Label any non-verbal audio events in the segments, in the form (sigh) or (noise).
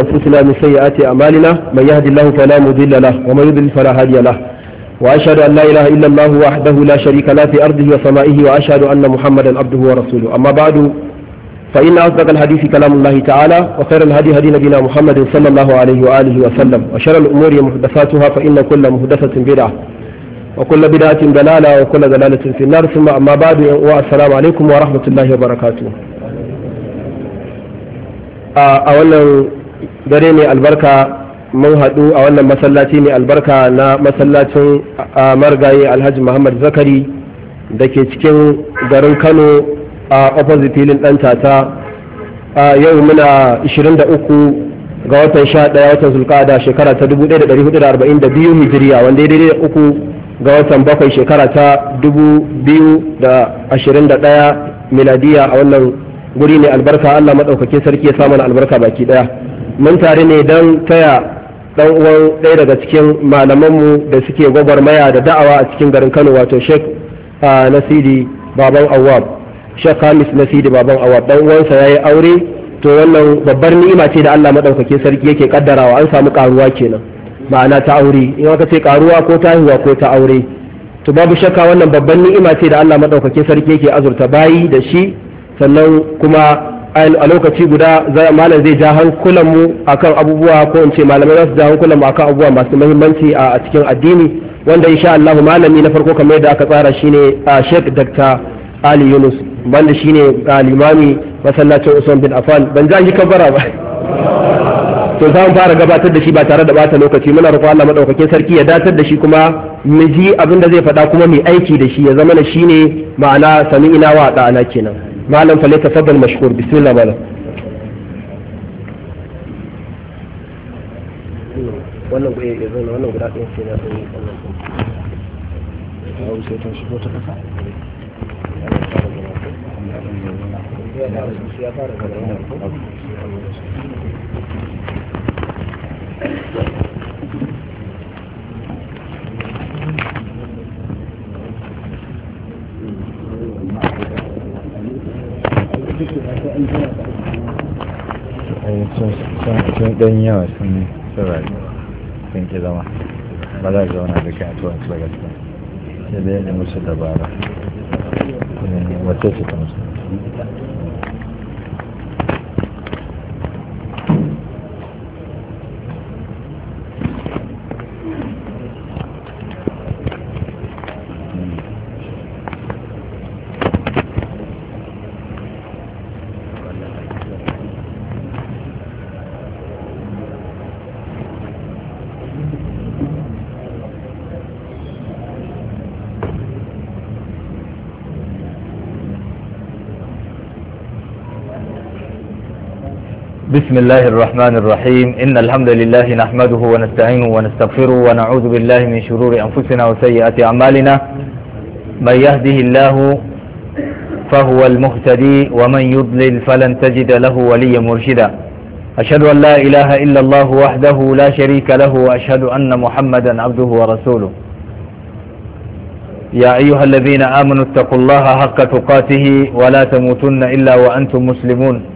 أنفسنا من سيئات أعمالنا من يهد الله فلا مضل له ومن يضلل فلا هادي له وأشهد أن لا إله إلا الله وحده لا شريك له في أرضه وسمائه وأشهد أن محمدا عبده ورسوله أما بعد فإن أصدق الحديث كلام الله تعالى وخير الهدي هدي نبينا محمد صلى الله عليه وآله وسلم وشر الأمور محدثاتها فإن كل محدثة بدعة وكل بدعة دلالة وكل دلالة في النار ثم أما بعد والسلام عليكم ورحمة الله وبركاته a wannan dare ne albarka mun haɗu a wannan masallaci ne albarka na masallacin margaye alhaji muhammad zakari da ke cikin garin kano a opposite filin ɗan tata a yau muna 23 ga watan 11 watan zulkada shekara ta 1442 hijiriya wanda ya daidai uku ga watan bakwai shekara ta 2021 miladiya a wannan guri ne albarka allah maɗaukake sarki ya samu albarka baki ɗaya mun tare ne don taya dan uwan ɗaya daga cikin malamanmu da suke gwagwarmaya da da'awa a cikin garin kano wato sheikh ah, nasidi baban awab sheikh hamis nasidi baban awab dan uwansa ya yi aure to wannan babbar ni'ima ce da allah maɗaukakin sarki yake kaddarawa an samu karuwa kenan ma'ana ta aure in aka ce karuwa ko haihuwa ko ta aure to babu shakka wannan babban ni'ima ce da allah maɗaukakin sarki yake azurta bayi da shi sannan kuma a lokaci guda malam zai ja mu akan abubuwa ko in ce malamai za su ja mu akan abubuwa masu muhimmanci a cikin addini wanda insha Allah malami na farko kamar yadda aka tsara shine Sheikh Dr. Ali Yunus banda shine limami masallacin Usman bin Affan ban ja kan bara ba (laughs) to za mu fara gabatar da shi ba tare da bata lokaci muna roƙon Allah madaukakin sarki ya datar da shi kuma mu ji abin da zai faɗa kuma mu aiki da shi ya zama shi ne ma'ana sami inawa wa da'ana kenan معلم فليت فضل مشهور بسم الله بلا وانا sun ɗan yawa sun saurari sun ki zama ba za zauna da kyantuwa su daga cikin sai da yadda musu dabara wata su kamar بسم الله الرحمن الرحيم إن الحمد لله نحمده ونستعينه ونستغفره ونعوذ بالله من شرور أنفسنا وسيئات أعمالنا من يهده الله فهو المهتدي ومن يضلل فلن تجد له وليا مرشدا أشهد أن لا إله إلا الله وحده لا شريك له وأشهد أن محمدا عبده ورسوله يا أيها الذين آمنوا اتقوا الله حق تقاته ولا تموتن إلا وأنتم مسلمون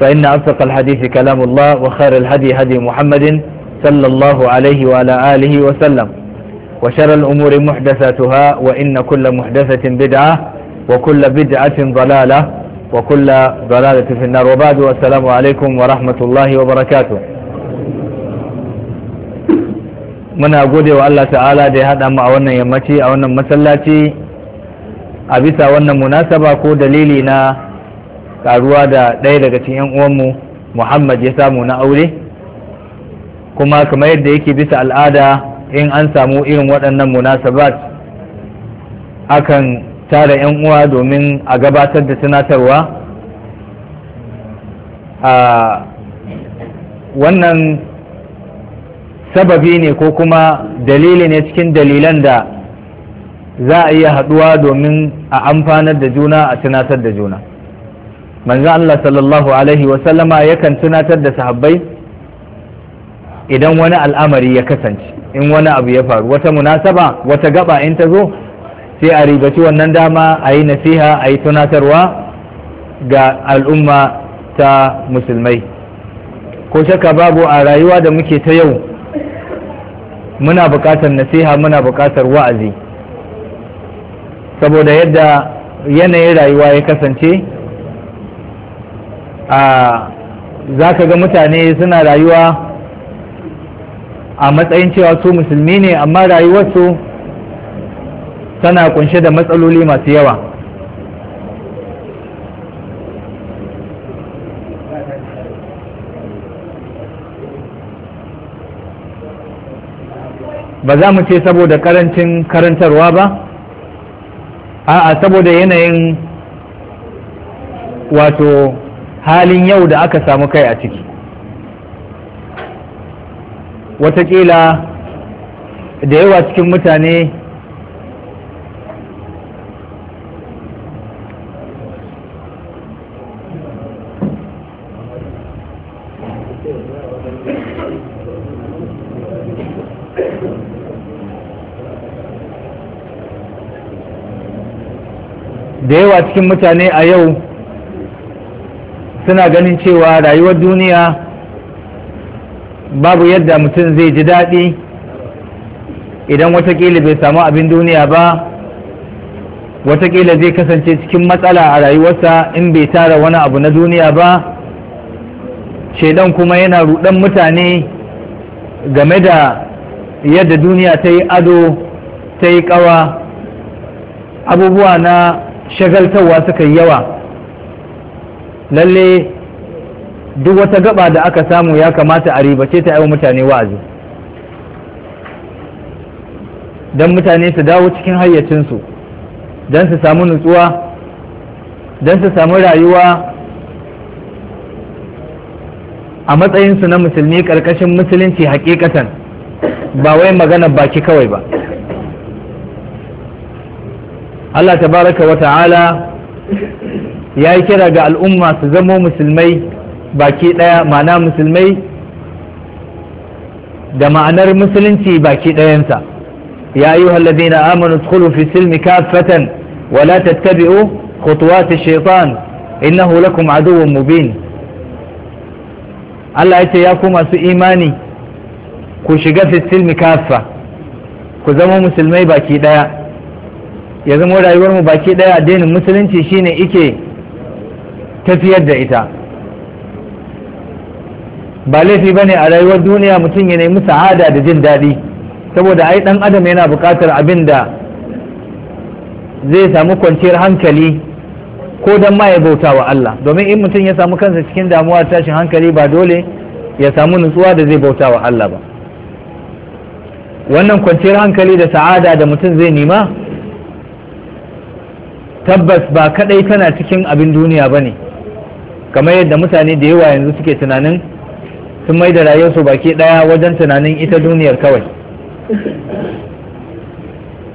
فإن أصدق الحديث كلام الله وخير الهدي هدي محمد صلى الله عليه وعلى آله وسلم وشر الأمور محدثاتها وإن كل محدثة بدعة وكل بدعة ضلالة وكل ضلالة في النار وبعد والسلام عليكم ورحمة الله وبركاته muna gode wa Allah ta'ala da ya haɗa mu a wannan yammaci a wannan masallaci a bisa wannan munasaba ko dalili na karuwa da ɗaya daga cikin yan uwanmu muhammad ya samu na aure kuma kamar yadda yake bisa al'ada in an samu irin waɗannan munasabat akan tara yan uwa domin a gabatar da tunatarwa a wannan sababi ne ko kuma dalili ne cikin dalilan da za a iya haɗuwa domin a amfanar da juna a tunatar da juna manzo Allah sallallahu alaihi wa sallama yakan tunatar da sahabbai idan wani al'amari ya kasance in wani abu ya faru wata munasaba wata gaba in ta zo sai a ribaci wannan dama a yi nasiha a yi tunatarwa ga al'umma ta musulmai ko shaka babu a rayuwa da muke ta yau muna buƙatar nasiha muna buƙatar wa'azi saboda yadda yanayin rayuwa ya kasance a za ka ga mutane suna rayuwa a matsayin cewa su musulmi ne amma rayuwarsu tana kunshe da matsaloli masu yawa ba za mu ce saboda karancin karantarwa ba a'a saboda yanayin wato halin yau da aka samu kai a ciki wataƙila da yawa cikin mutane da yawa cikin mutane a yau suna ganin cewa rayuwar duniya babu yadda mutum zai ji daɗi idan watakila bai samu abin duniya ba watakila zai kasance cikin matsala a rayuwarsa in bai tara wani abu na duniya ba shaidan kuma yana ruɗan mutane game da yadda duniya ta yi ado ta yi ƙawa abubuwa na shagaltarwa suka yi yawa lalle duk wata gaba da aka samu ya kamata a ribace ta aiwa mutane wa'azi don mutane su dawo cikin hayyacinsu don su samu nutsuwa don su samu rayuwa a matsayinsu na musulmi ƙarƙashin musulunci hakikatan ba wai magana baki kawai ba Allah Ta baraka wa ta'ala ya yi kira ga al'umma su zamo musulmai baki ɗaya ma'ana musulmai da ma'anar musulunci baki ɗayansa ya yi hallabi na amonu tsoro fi silmi kafatan wala tattabi'u khutuwati shaitan innahu lakum aduwwun mubin Allah ya ce ya ku masu imani ku shiga fi silmi kafa ku zama musulmai baki ɗaya ya zama rayuwar mu baki ɗaya addinin musulunci shine ike tafiyar da ita ba laifi ba ne a rayuwar duniya mutum ya nemi sa'ada da jin daɗi saboda ai ɗan adam yana buƙatar abin da zai samu kwanciyar hankali ko don ma ya bauta wa Allah domin in mutum ya samu kansa cikin damuwa tashin hankali ba dole ya samu nutsuwa da zai bauta wa Allah ba wannan kwanciyar hankali da sa'ada da mutum zai nema tabbas ba kaɗai tana cikin abin duniya ba ne kamar yadda mutane da yawa yanzu suke tunanin sun mai da rayuwarsu baki ɗaya wajen tunanin ita duniyar kawai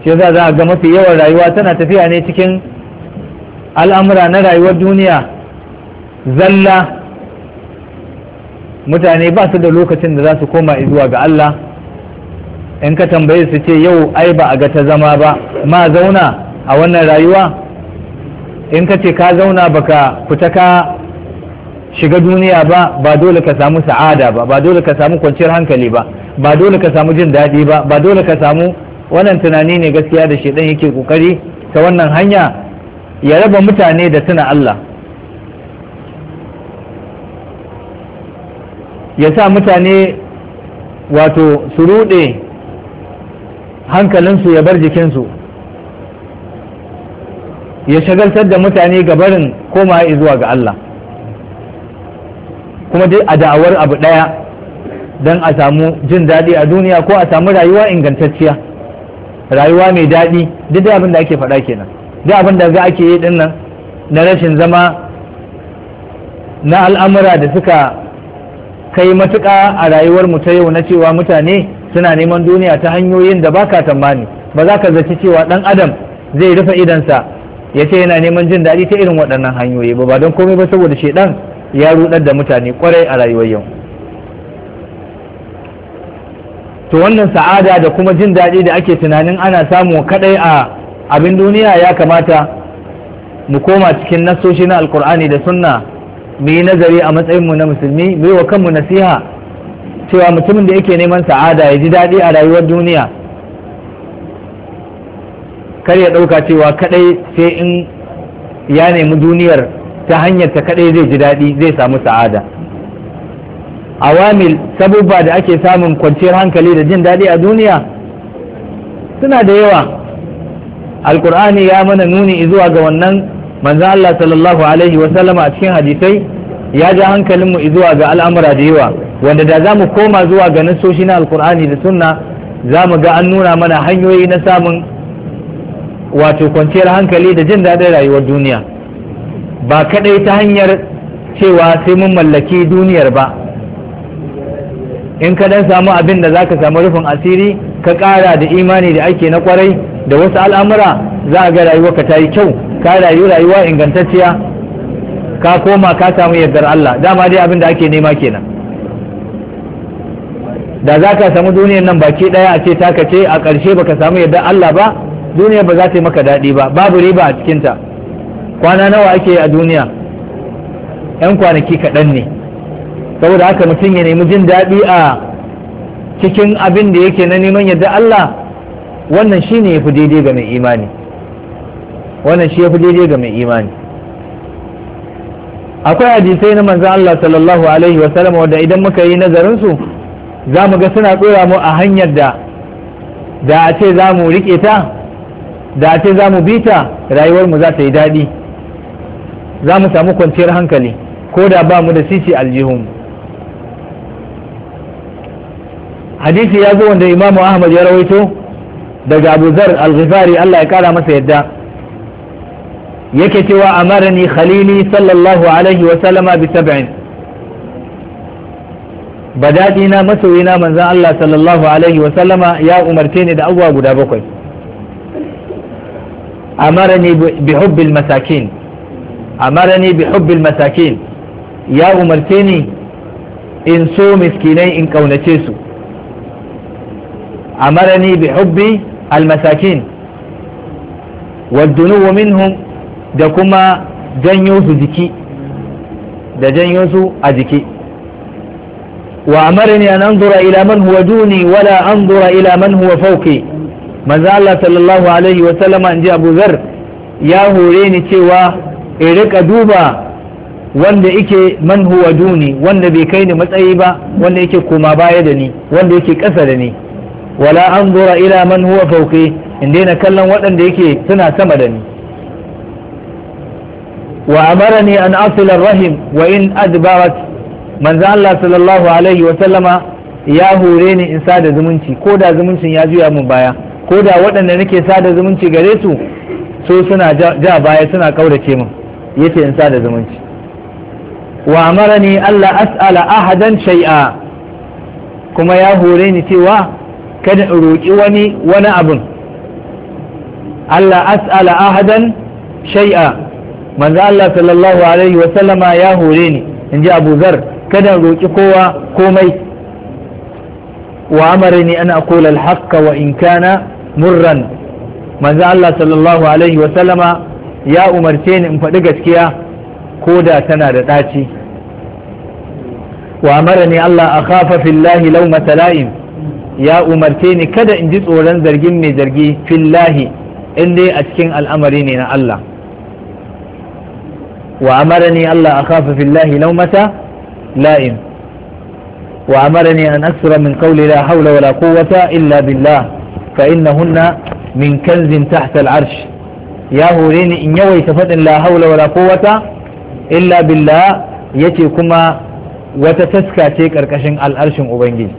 shi za a ga mafi yawan rayuwa tana tafiya ne cikin al'amura na rayuwar duniya zalla mutane ba su da lokacin da za su koma zuwa ga Allah in ka tambaye su ce yau ai ba a ga ta zama ba ma zauna a wannan rayuwa in ka ce ka zauna baka fita ka shiga duniya ba ba dole ka samu sa'ada ba ba dole ka samu kwanciyar hankali ba ba dole ka samu jin daɗi ba ba dole ka samu wannan tunani ne gaskiya da shedan yake kokari ta wannan hanya ya raba mutane da tuna Allah ya sa mutane wato su ruɗe hankalinsu ya bar jikinsu ya shagaltar da mutane gabarin koma zuwa ga Allah kuma dai a da'awar abu ɗaya don a samu jin daɗi a duniya ko a samu rayuwa ingantacciya rayuwa mai daɗi duk da abin da ake faɗa kenan duk abin da ga ake yi ɗin nan na rashin zama na al'amura da suka kai matuƙa a rayuwar mu ta yau na cewa mutane suna neman duniya ta hanyoyin da baka tambani ba za ka zaci cewa ɗan adam zai rufe idansa ya ce yana neman jin daɗi ta irin waɗannan hanyoyi ba ba don komai ba saboda shaidan ya rudar da mutane kwarai a rayuwar yau to wannan sa'ada da kuma jin daɗi da ake tunanin ana samu kadai a abin duniya ya kamata mu koma cikin nasoshi na alkur'ani da sunna mu yi nazari a matsayinmu na musulmi mu yi wa kanmu nasiha cewa mutumin da yake neman sa'ada ya ji daɗi a rayuwar duniya kar ya ɗauka cewa kadai sai in ya nemi duniyar ta hanyar ta kaɗai zai ji daɗi zai samu sa'ada awamil sabubba da ake samun kwanciyar hankali da jin daɗi a duniya suna da yawa alkur'ani ya mana nuni zuwa ga wannan manzo Allah sallallahu alaihi wa sallama a cikin hadisai ya ja hankalinmu zuwa ga al'amura da yawa wanda da za mu koma zuwa ga nasoshi na alkur'ani da sunna za mu ga an nuna mana hanyoyi na samun wato kwanciyar hankali da jin daɗin rayuwar duniya ba kaɗai ta hanyar cewa sai mun mallaki duniyar ba in ka dan samu abin da za ka samu rufin asiri ka kara da imani da ake na kwarai da wasu al'amura za a ga rayuwa ka tayi kyau ka rayu rayuwa ingantacciya ka koma ka samu yardar Allah dama dai abin da ake nema kenan da za ka samu duniyar nan baki ɗaya a ce taka ce a ƙarshe baka samu yardar Allah ba duniyar ba za ta yi maka daɗi ba babu riba a cikinta kwana nawa ake yi a duniya yan kwanaki kaɗan ne saboda haka mutum ya nemi jin daɗi a cikin abin da yake na neman yadda Allah wannan shi ne ya fi daidai ga mai imani wannan shi ya fi daidai ga mai imani akwai hadisai na manzan Allah sallallahu alaihi wasallam wadda idan muka yi nazarinsu za mu ga suna tsora mu a hanyar da da a ce za mu riƙe ta da a ce za mu bi ta rayuwarmu za ta yi daɗi za mu samu kwanciyar hankali ko da ba mu da sisi aljihun hadisi ya zo wanda imamu ahmad ya rawaito daga abu zar al-ghifari allah ya kara masa yadda yake cewa amarani khalili sallallahu alaihi wa sallama bi sab'in badadina masoyina manzan allah sallallahu alaihi wa sallama ya umarce ni da abubuwa guda bakwai amarani bi hubbil masakin amarani bi hubbil masakin ya umarce ni in so miskinai in kaunace su amarani bi hubbi al masakin waddunuwa minhum da kuma janyo su jiki da janyo su a jiki wa amarani an anzura ila man huwa duni wala anzura ila man huwa fawqi manzo Allah sallallahu alaihi wa sallama inji Abu Zar ya hore ni cewa E, rika duba wanda yake man huwa duni wanda bai kai ni matsayi ba wanda yake koma baya da ni wanda yake ƙasa da ni wala anzura ila man huwa fawqi in daina kallon waɗanda yake suna sama da ni wa amarani an asila rahim wa in adbarat manzo Allah sallallahu alaihi wa sallama ya hore ni in sada zumunci ko da zumuncin ya juya min baya ko da waɗanda nake sada zumunci gare su so suna ja baya suna kaurace min yace in sada zumunci wa amarani Allah as'ala ahadan shay'a kuma ya hore ni cewa kada in roki wani wani abun Allah as'ala ahadan shay'a manzo Allah sallallahu alaihi wa sallama ya hore ni inji Abu Zar kada in roki kowa komai wa amarani an aqula al-haqqa wa in kana murran manzo Allah sallallahu alaihi wa sallama ya umarce ni in faɗi gaskiya ko da tana da ɗaci wa amara ni Allah a kafa fillahi lauma tala'im ya umarce ni kada in ji tsoron zargin mai zargi fillahi in dai a cikin al'amari ne na Allah wa amara ni Allah a kafa fillahi laumata la'im wa amara ni an aksura min kauli la haula wala quwwata illa billah fa innahunna min kanzin tahta al ya hore ni in yawaita faɗin la haula wala quwwata illa billah yace kuma wata taska ce karkashin al'arshin ubangiji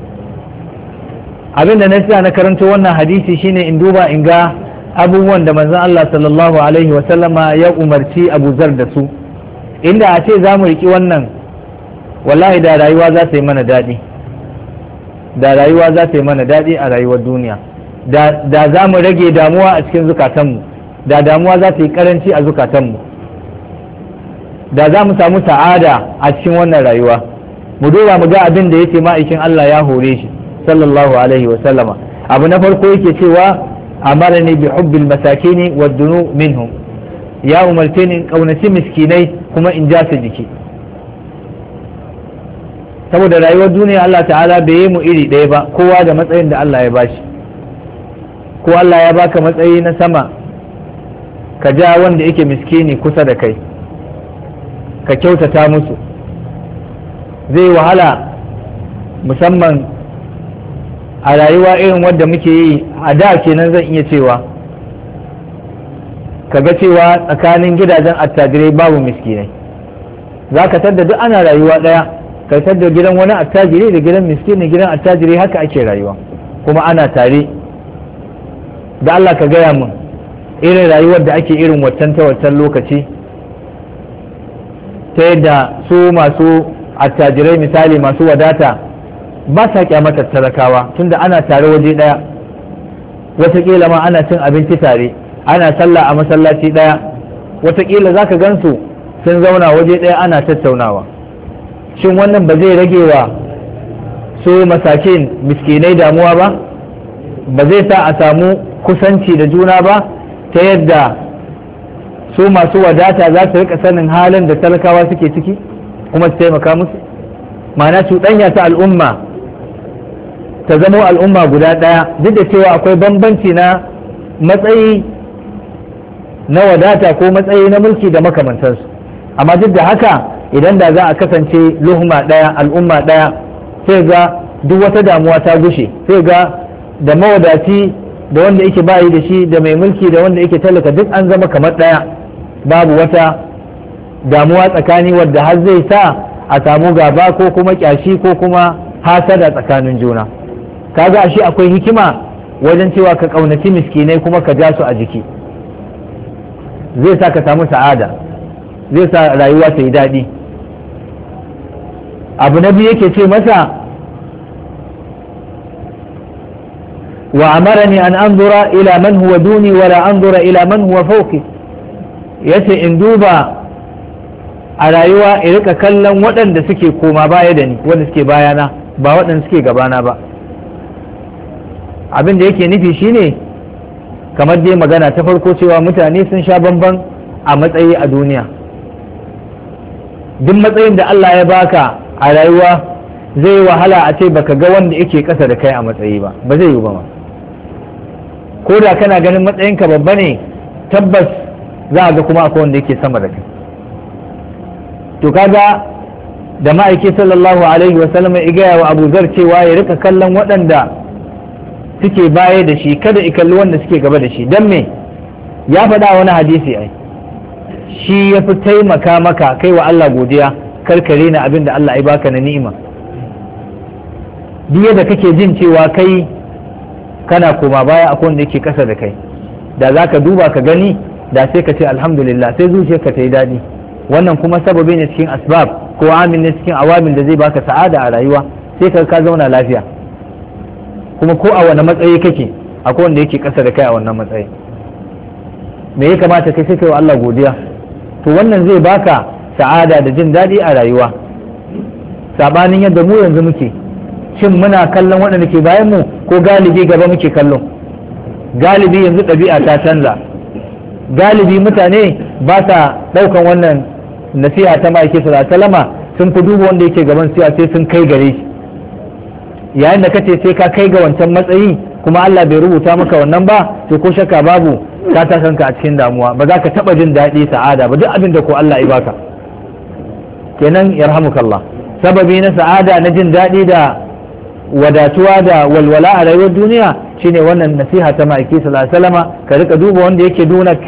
abin da na sa na karanto wannan hadisi shine in duba in ga abubuwan da manzon Allah sallallahu alaihi wa sallama ya umarci Abu Zar da su inda a ce za mu riki wannan wallahi da rayuwa za ta yi mana daɗi da rayuwa za ta yi mana daɗi a rayuwar duniya da za mu rage damuwa a cikin zukatanmu da damuwa za ta yi karanci a zukatanmu da za mu samu sa'ada a cikin wannan rayuwa mu duba mu ga abin da yake ma'aikin Allah ya hore shi sallallahu alaihi wa sallama abu na farko yake cewa amarani bi hubbil masakini wa dunu minhum ya umarce ni kaunaci miskinai kuma in ja su jiki saboda rayuwar duniya Allah ta'ala bai yi mu iri ɗaya ba kowa da matsayin da Allah ya bashi ko Allah ya baka matsayi na sama ka ja wanda yake miskini kusa da kai ka kyautata musu zai wahala musamman a rayuwa irin wadda muke yi a da kenan zan iya cewa ka ga cewa tsakanin gidajen attajirai babu miskinai za ka tadda duk ana rayuwa ɗaya ka tadda gidan wani attajiri da gidan miskini gidan attajiri haka ake rayuwa kuma ana tare da Allah ka gaya mun irin rayuwar da ake irin waccan ta waccan lokaci ta yadda su masu attajirai misali masu wadata ba sa kyamatar talakawa tunda ana tare waje ɗaya wataƙila ma ana cin abinci tare ana sallah a masallaci ɗaya wataƙila za ka gansu sun zauna waje ɗaya ana tattaunawa shin wannan ba zai rage wa su masakin miskinai damuwa ba ba zai sa a samu kusanci da juna ba ta yadda su masu wadata za su rika sanin halin da talakawa suke ciki kuma su taimaka musu ma'ana cuɗanya ta al'umma ta zama al'umma guda ɗaya duk da cewa akwai bambanci na matsayi na wadata ko matsayi na mulki da makamantansu amma duk da haka idan da za a kasance luhuma ɗaya al'umma ɗaya sai ga duk wata damuwa ta gushe sai ga da mawadaci da wanda yake bayi da shi da mai mulki da wanda yake talaka duk an zama kamar ɗaya babu wata damuwa tsakani wadda har zai sa a samu gaba ko kuma kyashi ko kuma hasada tsakanin juna kaga ashe akwai hikima wajen cewa ka ƙaunaci miskinai kuma ka ja su a jiki zai sa ka samu sa'ada zai sa rayuwa ta yi daɗi abu na biyu yake ce masa وأمرني أن أنظر إلى من هو دوني ولا أنظر إلى من هو فوقي yace in duba a rayuwa in rika kallon waɗanda suke koma baya da ni wanda suke bayana ba waɗanda suke gabana ba abin da yake nufi shine kamar dai magana ta farko cewa mutane sun sha bamban a matsayi a duniya duk matsayin da Allah ya baka a rayuwa zai wahala a ce baka ga wanda yake ƙasa da kai a matsayi ba ba zai yi ba ma ko da kana ganin matsayinka babba ne tabbas za a ga kuma akwai wanda yake sama da kai to kaga da ma'aiki sallallahu alaihi wa sallam ya gaya wa Abu Zar cewa ya rika kallon waɗanda suke baya da shi kada i kalli wanda suke gaba da shi dan me ya faɗa wani hadisi ai shi ya fi taimaka maka kai wa Allah godiya karkare na abin da Allah ya baka na ni'ima duk da kake jin cewa kai kana koma baya a kowanne yake kasa da kai da za ka duba ka gani da sai ka ce alhamdulillah sai ka ta yi daɗi wannan kuma sababi ne cikin asbab ko amin ne cikin awamin da zai baka sa'ada a rayuwa sai ka ka zauna lafiya kuma ko a wani matsayi kake a kowanne yake kasa da kai a wannan matsayi me ya kamata kai sai kai wa Allah godiya to wannan zai baka sa'ada da jin daɗi a rayuwa sabanin yadda mu yanzu muke shin muna kallon waɗanda ke bayan mu ko galibi gaba muke kallo galibi yanzu ɗabi'a ta canza galibi mutane ba sa ɗaukan wannan nasiha ta ma'aike salama sun fi duba wanda yake gaban siya sai sun kai gare shi yayin da ka ce sai ka kai ga wancan matsayi kuma Allah bai rubuta maka wannan ba to ko shakka babu ka ta kanka a cikin damuwa ba za ka taba jin daɗi sa'ada ba duk abin da ko Allah ya baka kenan yarhamukallah sababi na sa'ada na jin daɗi da wadatuwa da walwala a rayuwar duniya shine wannan nasiha ta ma'aiki sallallahu alaihi ka rika duba wanda yake dunak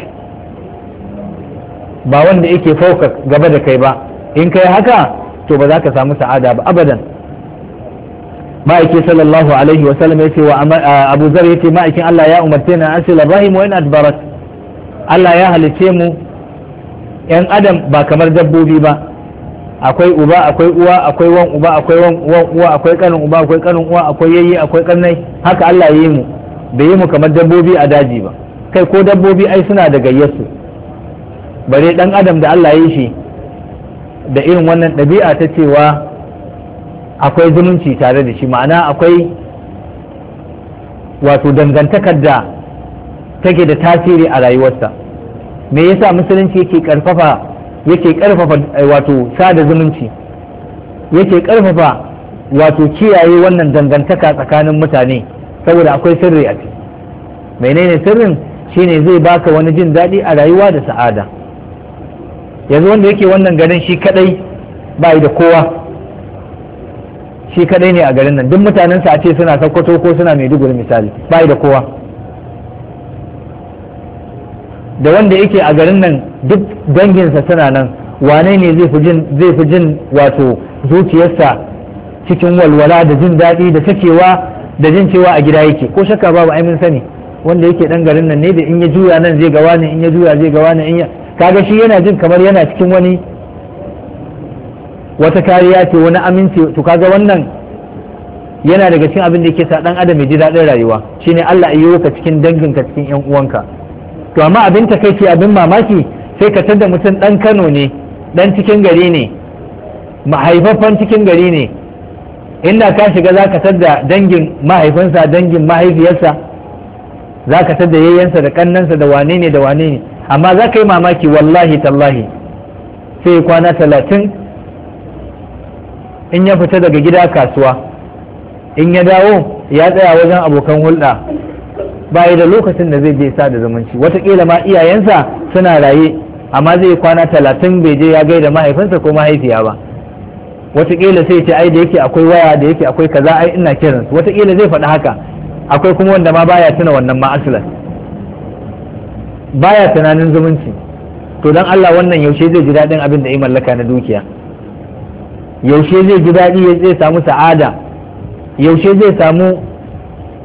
ba wanda yake fauka gaba da kai ba in kai haka to ba za ka samu sa'ada ba abadan ma'aiki sallallahu alaihi wa sallam yace wa Abu Zar yace ma'aikin Allah ya umarce na asila rahim wa in adbarat Allah ya halice mu yan adam ba kamar dabbobi ba akwai uba akwai uwa akwai wan uba akwai wan uwa akwai kanin uba akwai kanin uwa akwai yayi akwai kannai haka Allah ya yi mu bai yi mu kamar dabbobi a daji ba kai ko dabbobi ai suna da gayyarsu bare dan adam da Allah ya yi shi da irin wannan ɗabi'a ta cewa akwai zumunci tare da shi ma'ana akwai wato dangantakar da take da tasiri a rayuwarsa me yasa musulunci yake karfafa yake karfafa eh, wato sada zumunci yake karfafa wato kiyaye wannan dangantaka tsakanin mutane saboda akwai sirri a ciki menene sirrin shine zai baka wani jin daɗi a rayuwa da sa'ada yanzu wanda yake wannan garin shi kadai bai da kowa shi kadai ne a garin nan duk mutanensa a ce suna sakkwato ko suna maiduguri misali ba da kowa da wanda yake a garin nan duk danginsa tana nan wane ne zai fi jin wato zuciyarsa cikin walwala da jin daɗi da sakewa da jin cewa a gida yake ko shakka babu ai mun sani wanda yake dan garin nan ne da in ya juya nan zai ga wani in ya juya zai ga wani in ya kaga shi yana jin kamar yana cikin wani wata kariya ce wani aminci to kaga wannan yana daga cikin abin da yake sa dan adam ya ji daɗin rayuwa shine Allah ya yi wuka cikin danginka cikin yan uwanka to amma abin takaici abin mamaki sai ka tada mutum dan Kano ne dan cikin gari ne mahaifafan cikin gari ne inda ka shiga za ka tada dangin mahaifinsa dangin mahaifiyarsa za ka tada yayyansa da kannansa da wane ne da wane ne amma za ka yi mamaki wallahi tallahi sai kwana talatin in ya fita daga gida kasuwa in ya dawo ya tsaya wajen abokan hulɗa baya da lokacin da zai je sa da zamanci watakila ma iyayensa suna raye amma zai kwana talatin bai je ya gaida mahaifinsa ko mahaifiya ba watakila sai ce ai da yake akwai waya da yake akwai kaza ai ina kiransu watakila zai faɗi haka akwai kuma wanda ma baya tuna wannan ma aslan baya tunanin zumunci to dan Allah wannan yaushe zai ji daɗin abin da ya mallaka na dukiya yaushe zai ji daɗi zai samu sa'ada yaushe zai samu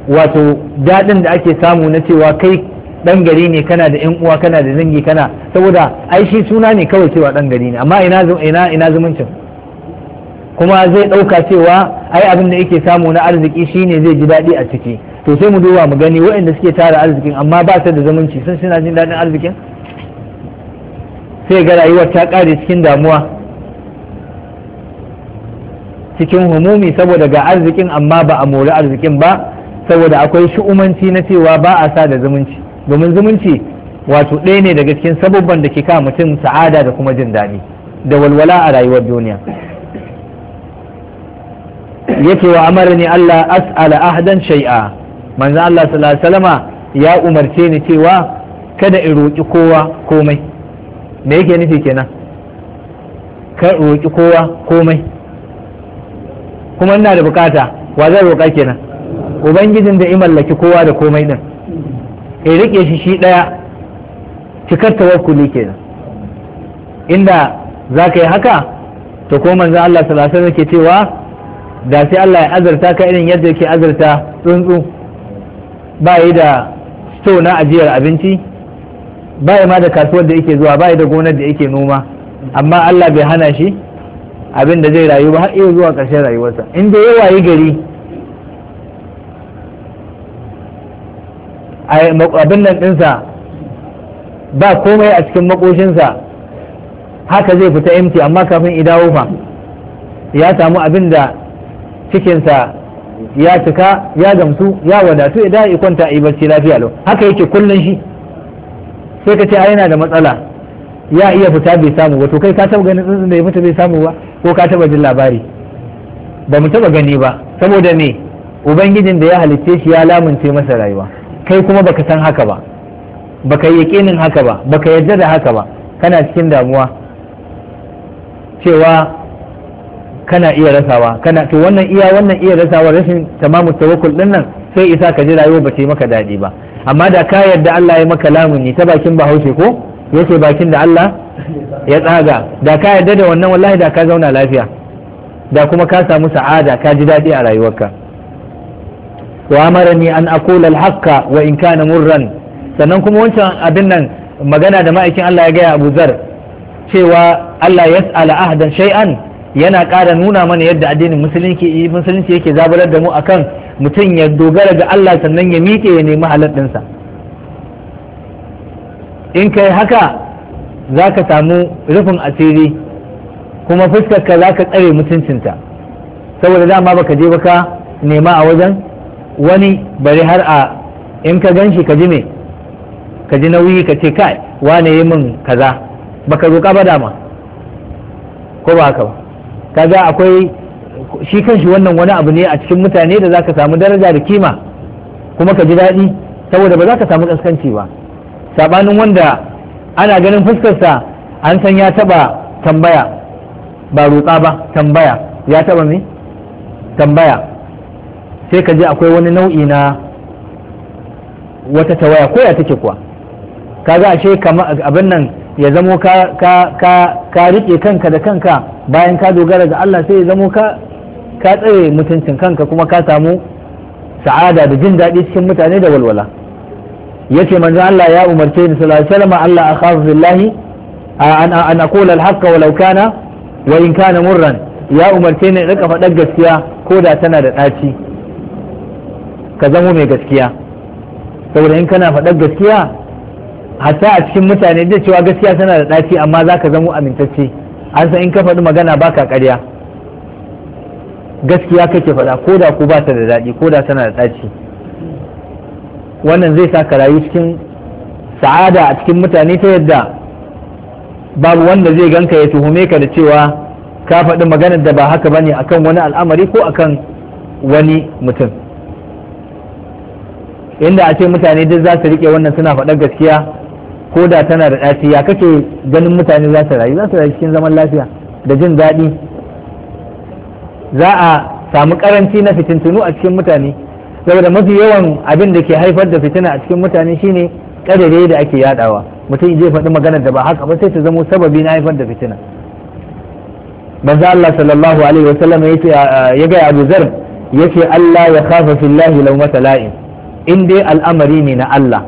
wato daɗin da ake samu na cewa kai ɗan gari ne kana da ƴan uwa kana da zangi kana saboda ai shi suna ne kawai cewa ɗan gari ne amma ina ina ina zumuncin kuma zai ɗauka cewa ai abin da yake samu na arziki shine zai ji daɗi a ciki to sai mu duba mu gani waɗanda suke tara arzikin amma ba su da zumunci sun suna jin daɗin arzikin sai ga rayuwar ta ƙare cikin damuwa cikin humumi saboda ga arzikin amma ba a mori arzikin ba saboda akwai shu'umanci na cewa ba a sa da zumunci domin zumunci wato ɗaya ne daga cikin sabubban da ke kawo mutum sa'ada da kuma jin daɗi da walwala a rayuwar duniya yake wa amara ne Allah as'ala ahdan shay'a manzo Allah sallallahu alaihi wasallama ya umarce ni cewa kada in roƙi kowa komai me yake nufi kenan ka roƙi kowa komai kuma ina da bukata wa zai roƙa kenan ubangijin da ya mallaki kowa da komai din ya rike shi shi ɗaya. cikar tawakkuli kenan inda za ka yi haka to ko manzo Allah sallallahu alaihi ke cewa da sai Allah ya azarta ka irin yadda ke azarta tsuntsu ba yi da sto na ajiyar abinci ba yi ma da kasuwar da yake zuwa ba yi da gonar da yake noma amma Allah bai hana shi abin da zai rayu ba har iya zuwa ƙarshen rayuwarsa in da ya wayi gari abin nan ɗinsa ba komai a cikin makoshinsa haka zai fita imti amma kafin idawo fa ya samu abin da cikinsa ya cika ya gamsu ya wadatu idan ya kwanta a yi barci lafiya lau haka yake kullun shi sai ka ce a yana da matsala ya iya fita bai samu ba to kai ka taba ganin tsuntsun da ya fita bai samu ba ko ka taba jin labari ba mu taba gani ba saboda me ubangijin da ya halicce shi ya lamunce masa rayuwa kai kuma baka san haka ba baka yi haka ba baka yarda da haka ba kana cikin damuwa cewa kana iya rasawa kana to wannan iya wannan iya rasawa rashin tamamu tawakkul din nan sai isa ka ji rayuwa ba ce maka daɗi ba amma da ka yarda Allah ya maka lamuni ta bakin bahaushe ko yake bakin da Allah ya tsaga da ka yarda da wannan wallahi da ka zauna lafiya da kuma ka samu sa'ada ka ji daɗi a rayuwarka wa amarani an aqula al wa in kana murran sannan kuma wancan abin nan magana da ma'aikin Allah ya gaya Abu Zar cewa Allah ya yas'ala ahdan shay'an yana ƙara nuna mana yadda addinin musulunci musulunci yake zabarar da mu akan mutum ya dogara ga Allah sannan ya miƙe ya nemi halal sa in kai haka za ka samu rufin asiri kuma fuskarka za ka tsare mutuncinta saboda dama baka je baka nema a wajen wani bari har a in ka gan shi ka ji me ka ji nauyi ka ce kai wane yi min kaza baka roƙa ba dama ko ba haka ba kaga akwai shi kanshi wannan wani abu ne a cikin mutane da za ka samu daraja da kima kuma ka ji daɗi saboda ba za ka samu ƙasƙanci ba saɓanin wanda ana ganin fuskarsa an san ya taɓa tambaya ba roƙa ba tambaya ya taɓa me tambaya sai ka ji akwai wani nau'i na wata tawaya ko ya take kuwa kaga ashe kamar abin nan ya zamo ka ka ka ka rike kanka da kanka bayan ka dogara ga Allah sai ya zamo ka ka tsaye mutuncin kanka kuma ka samu sa'ada da jin daɗi cikin mutane da walwala yace manzo Allah ya umarce ni sallallahu alaihi wasallam Allah akhafu billahi an an aqula al-haqq walau kana wa in kana murran ya umarce ni rika faɗar gaskiya ko da tana da ɗaci ka zamo mai gaskiya saboda in kana faɗar gaskiya hatta a cikin mutane da cewa gaskiya tana da ɗaci amma za ka zamo amintacce an san in ka faɗi magana ba ka ƙarya gaskiya kake faɗa ko da ko ba ta da daɗi ko da tana da ɗaci wannan zai sa ka rayu cikin sa'ada a cikin mutane ta yadda babu wanda zai ganka ya tuhume ka da cewa ka faɗi maganar da ba haka ba bane akan wani al'amari ko akan wani mutum inda a ce mutane duk za su rike wannan suna faɗar gaskiya ko da tana da ɗaci ya kake ganin mutane za su rayu za su rayu cikin zaman lafiya da jin daɗi za a samu karanci na fitintunu a cikin mutane saboda mafi yawan abin da ke haifar da fitina a cikin mutane shine ƙarere da ake yaɗawa mutum zai faɗi maganar da ba haka ba sai ta zamo sababi na haifar da fitina manzo Allah sallallahu alaihi wasallam yace ya ga Abu Zar yace Allah ya khafa fillahi law matala'in in dai al'amari ne na Allah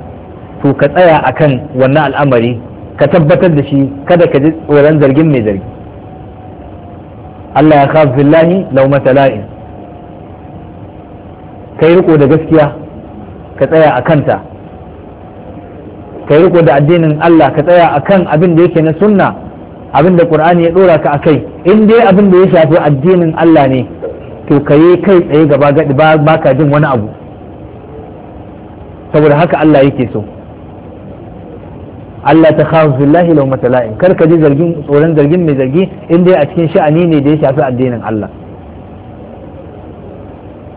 to ka tsaya akan wannan al'amari ka tabbatar da shi kada ka ji tsoron zargin mai zargi Allah ya khaf billahi law matala'in kai riko da gaskiya ka tsaya a kanta ka yi riko da addinin Allah ka tsaya a kan abin da yake na sunna abin da Qur'ani ya dora ka a kai in dai abin da ya shafi addinin Allah ne to ka yi kai tsaye gaba gadi ba ka jin wani abu saboda haka Allah yake so Allah ta khafu billahi law matala'in kar ka ji zargin tsoron zargin mai zargi in dai a cikin sha'ani ne da ya shafi addinin Allah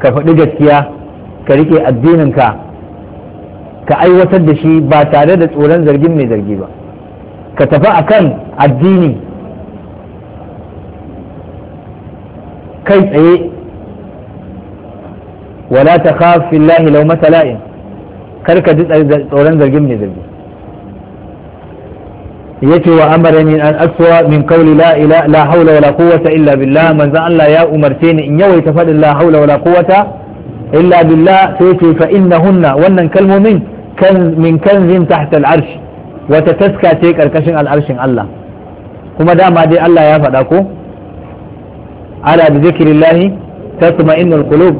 ka faɗi gaskiya ka rike addinin ka ka aiwatar da shi ba tare da tsoron zargin mai zargi ba ka tafi akan addini kai tsaye wala ta khafu billahi law matala'in karka ka ji tsoron zargin mai zargi yace wa amara min an aswa min qawli la ilaha la hawla wala quwwata illa billah manzo Allah ya umarce ni in yawaita fadin la hawla wala quwwata illa billah sai ce fa innahunna wannan kalmomin kan min kanzin tahta al-arsh wata taska ce karkashin al'arshin Allah kuma dama dai Allah ya faɗa ko ala bi zikrillah tatma'innul qulub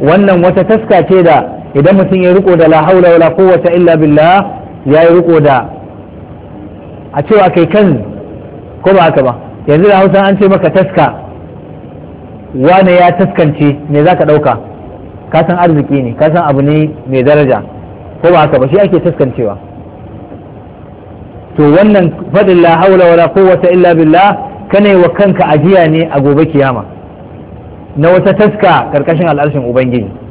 wannan wata taska ce da idan mutum ya riko da la haula wala quwwata illa billah yi riko da a cewa kai kan ko ba haka ba yanzu da Hausa an ce maka taska wane ya taskance me za ka ɗauka ka san arziki ne ka san abu ne mai daraja ko ba haka ba shi ake taskancewa to wannan faɗin la haula wala quwwata illa billah kana wa kanka ajiya ne a gobe kiyama na wata taska karkashin al'arshin ubangiji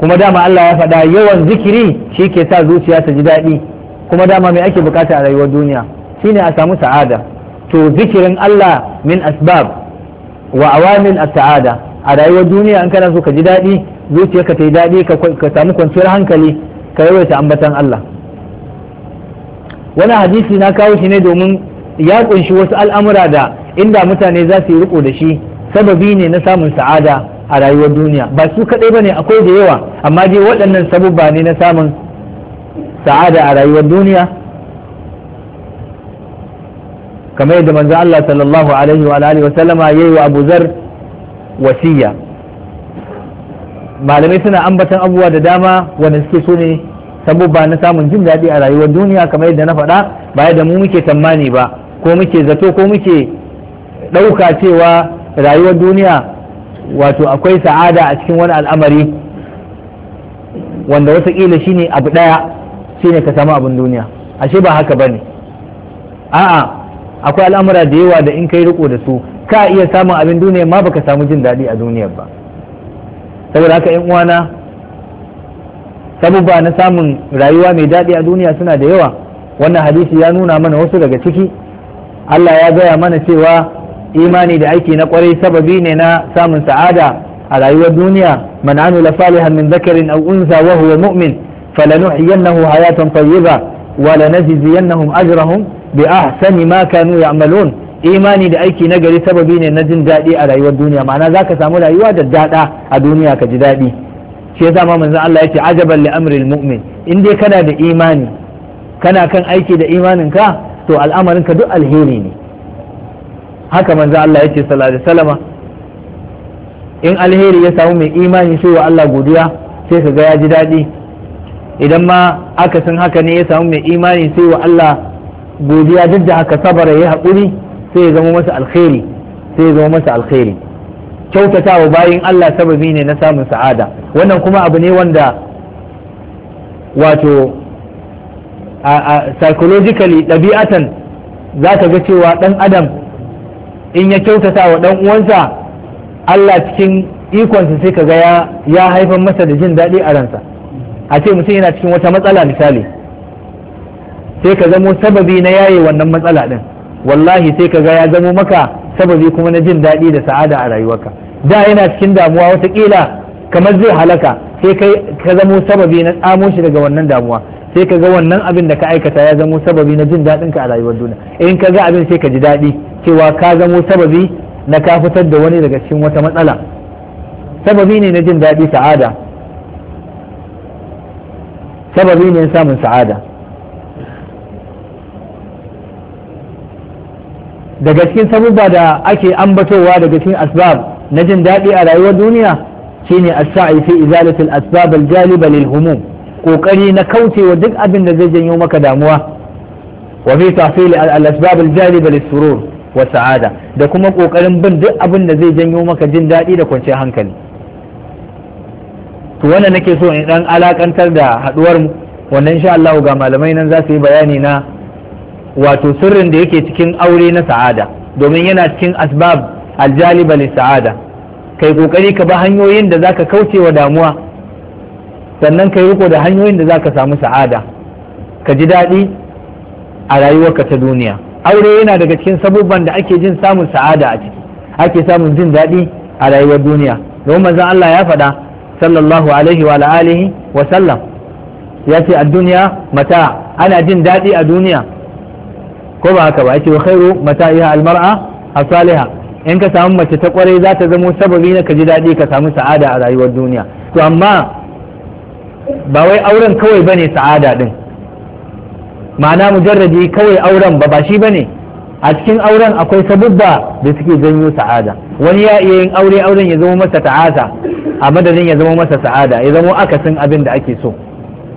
kuma dama Allah ya faɗa yawan zikiri shi ke sa zuciya ta ji daɗi kuma dama mai ake bukata a rayuwar duniya shine a samu sa'ada to zikirin Allah min asbab wa awamin as-sa'ada a rayuwar duniya in kana so ka ji daɗi ka ta yi daɗi ka samu kwanciyar hankali ka yawaita ambatan Allah wani hadisi na kawo shi ne domin ya kunshi wasu al'amura da inda mutane za su yi riko da shi sababi ne na samun sa'ada a rayuwar duniya ba su kaɗai ba ne akwai da yawa amma dai waɗannan sabubba ne na samun sa'ada a rayuwar duniya kamar yadda manzo Allah sallallahu alaihi wa alihi wa sallama yayi wa Abu Zar wasiya malamai suna ambaton abubuwa da dama wanda suke so ne sabubba na samun jin daɗi a rayuwar duniya kamar yadda na faɗa ba yadda mu muke tammani ba ko muke zato ko muke ɗauka cewa rayuwar duniya wato akwai sa'ada a cikin wani al'amari wanda shi shine abu ɗaya shine ka samu abin duniya ashe ba haka ba ne a'a akwai al'amura da yawa da in kai riko da su ka iya samun abin duniya ma baka samu jin daɗi a duniya ba saboda haka yan uwana ba na samun rayuwa mai daɗi a duniya suna da yawa wannan hadisi ya nuna mana wasu daga ciki Allah ya gaya mana cewa imani da aiki na kwarai sababi ne na samun sa'ada a rayuwar duniya man amila salihan min dhakarin aw unsa wa huwa mu'min falanuhyiyannahu hayatan tayyiba wa lanajziyannahum ajrahum bi ahsani ma kanu ya'malun imani da aiki na gari sababi ne na jin daɗi a rayuwar duniya ma'ana zaka samu rayuwa da daɗa a duniya ka ji daɗi shi yasa ma manzon Allah yace ajaban li amril mu'min in dai kana da imani kana kan aiki da imanin ka to al'amarin ka duk alheri ne haka manzo Allah yace sallallahu alaihi salama in alheri ya samu mai imani sai wa Allah godiya sai ka ga ya ji daɗi idan ma aka san haka ne ya samu mai imani sai wa Allah godiya duk da haka sabara ya haƙuri sai ya zama masa alkhairi sai ya zama masa alkhairi kyautatawa bayin Allah sababi ne na samun sa'ada wannan kuma abu ne wanda wato psychologically ɗabi'atan za ka ga cewa ɗan adam in ya kyautata wa dan uwansa Allah cikin ikonsa sai kaga ya ya haifar masa da jin daɗi a ransa a ce mutum yana cikin wata matsala misali sai ka zamo sababi na yaye wannan matsala ɗin, wallahi sai ka gaya zamo maka sababi kuma na jin daɗi da sa'ada a rayuwarka da yana cikin damuwa wata kila kamar zai halaka sai ka zamo sababi na tsamo shi daga wannan damuwa sai ka ga wannan abin da ka aikata ya zamo sababi na jin daɗin ka a rayuwar duniya in ka ga abin sai ka ji daɗi cewa ka zamo sababi na ka fitar da wani daga cikin wata matsala sababi ne na jin daɗi sa'ada sababi ne na samun sa'ada daga cikin sabubba da ake ambatowa daga cikin asbab na jin daɗi a rayuwar duniya shine as-sa'i fi izalatil asbab al-jaliba lil humum kokari na kaucewa duk abin da zai janyo maka damuwa wa fi tahsil al-asbab al jalib al surur wa sa'ada da kuma kokarin bin duk abin da zai janyo maka jin daɗi da kwanciyar hankali to wannan nake so in dan alakantar da haduwar mu wannan insha Allah ga malamai nan za su yi bayani na wato sirrin da yake cikin aure na sa'ada domin yana cikin asbab jalib al saada kai kokari ka ba hanyoyin da zaka kaucewa damuwa sannan ka yi riko da hanyoyin da za ka samu sa'ada ka ji daɗi a rayuwarka ta duniya aure yana daga cikin sabubban da ake jin samun sa'ada a ciki ake samun jin daɗi a rayuwar duniya domin manzon Allah ya faɗa sallallahu alaihi wa alihi wa sallam ya ce a duniya mata ana jin daɗi a duniya ko ba haka ba yace wa khairu mata'iha almar'a as in ka samu mace ta kwarai za ta zamo sababi na ka ji daɗi ka samu sa'ada a rayuwar duniya to amma ba wai auren kawai bane sa'ada din ma'ana mujarradi kawai auren ba ba shi bane a cikin auren akwai sabubba da suke janyo sa'ada wani ya iya yin aure auren ya zama masa ta'asa a madadin ya zama masa sa'ada ya zama akasin abin da ake so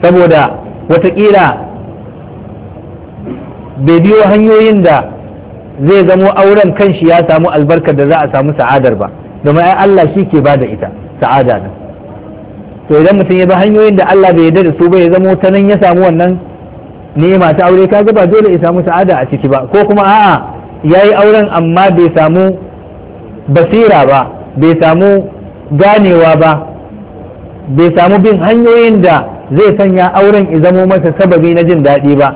saboda watakila bai biyo hanyoyin da zai zamo auren kanshi ya samu albarkar da za a samu sa'adar ba domin ai Allah shi ke ba da ita sa'ada nan to idan mutum ya bi hanyoyin da Allah bai yarda da su ba ya zamo ta nan ya samu wannan ni'ima ta aure kaga ba dole ya samu sa'ada a ciki ba ko kuma a'a yayi auren amma bai samu basira ba bai samu ganewa ba bai samu bin hanyoyin da zai sanya auren ya zamo masa sababi na jin daɗi ba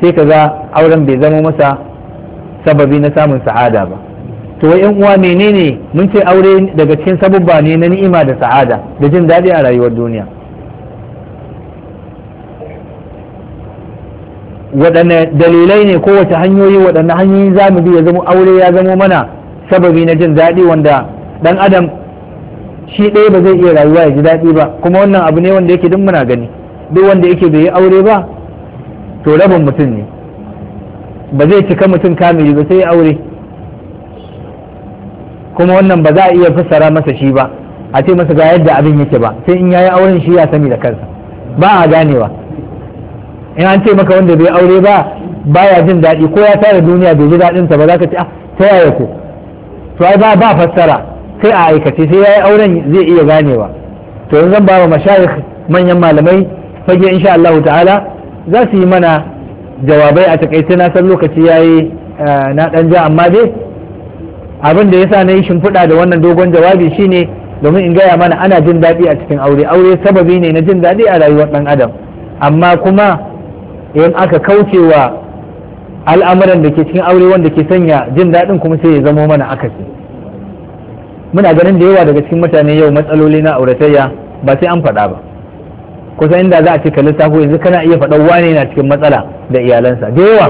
sai kaga auren bai zamo masa sababi na samun sa'ada ba to yan uwa menene mun ce aure daga cikin sabubba ne na ni'ima da sa'ada da jin daɗi a rayuwar duniya waɗanne dalilai ne kowace hanyoyi waɗanne hanyoyi za mu bi ya zama aure ya zama mana sababi na jin daɗi wanda ɗan adam shi ɗaya ba zai iya rayuwa ya ji daɗi ba kuma wannan abu ne wanda yake duk muna gani duk wanda yake bai yi aure ba to rabin mutum ne ba zai cika mutum kamili ba sai aure kuma wannan ba za a iya fassara masa shi ba a ce masa ga yadda abin yake ba sai in yayi auren shi ya sani da kansa ba a ganewa in an ce maka wanda bai aure ba baya jin daɗi ko ya tara duniya bai ji daɗin sa ba za ka ce ah ta yaya ko to ai ba ba fassara sai a aikace sai yayi auren zai iya ganewa to yanzu zan ba wa mashayikh manyan malamai fage insha Allahu ta'ala za su yi mana jawabai a takaice na san lokaci yayi eh, na dan ja amma dai abin da yasa na yi shimfiɗa da wannan dogon jawabi shine domin in gaya mana ana jin daɗi a cikin aure aure sababi ne na jin daɗi a rayuwar ɗan adam amma kuma in aka kaucewa al'amuran da ke cikin aure wanda ke sanya jin daɗin kuma sai ya zamo mana akasi muna ganin da yawa daga cikin mutane yau matsaloli na auratayya ba sai an faɗa ba kusa inda za a ce ka lissafo yanzu kana iya faɗa wane na cikin matsala da iyalansa da yawa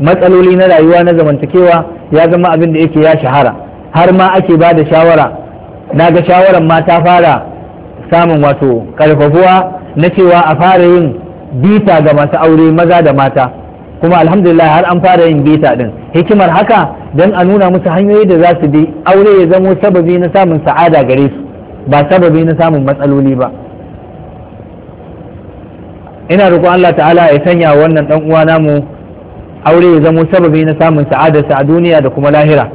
matsaloli na rayuwa na zamantakewa ya zama abin da yake ya shahara har ma ake ba da shawara na ga shawaran ma ta fara samun wato karfafuwa na cewa a fara yin bita ga masu aure maza da mata kuma alhamdulillah har an fara yin bita din hikimar haka don a nuna musu hanyoyi da za su bi aure ya zamo sababi na samun sa'ada gare su ba sababi na samun matsaloli ba ina roƙon Allah ta'ala ya sanya wannan dan uwa namu aure ya zamo sababi na samun sa'adarsa a duniya da kuma lahira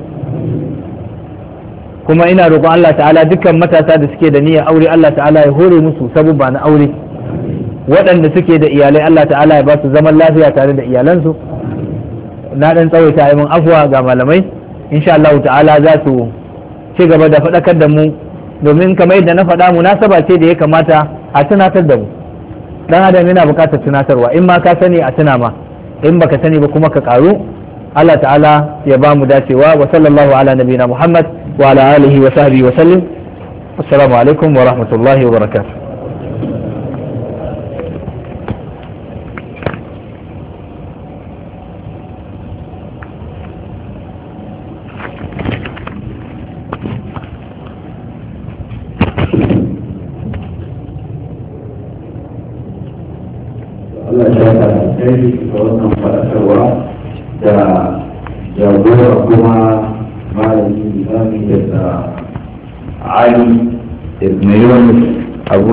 kuma ina roƙon Allah ta'ala dukkan matasa da suke da niyyar aure Allah ta'ala ya hore musu sabubba na aure waɗanda suke da iyalai Allah ta'ala ya ba su zaman lafiya tare da iyalansu na ɗan tsawaita yi mun afuwa ga malamai insha Allah ta'ala za su ci gaba da faɗakar da mu domin kamar yadda na faɗa mu nasaba ce da ya kamata a tunatar da mu dan adam yana buƙatar tunatarwa in ma ka sani a tuna ma in baka sani ba kuma ka karu Allah ta'ala ya ba mu dacewa wa sallallahu ala nabina Muhammad wa ala alihi wa sahbihi wa sallim assalamu alaikum wa rahmatullahi wa barakatuh Thank you. gabatarwa da jagora kuma malami da ali ibn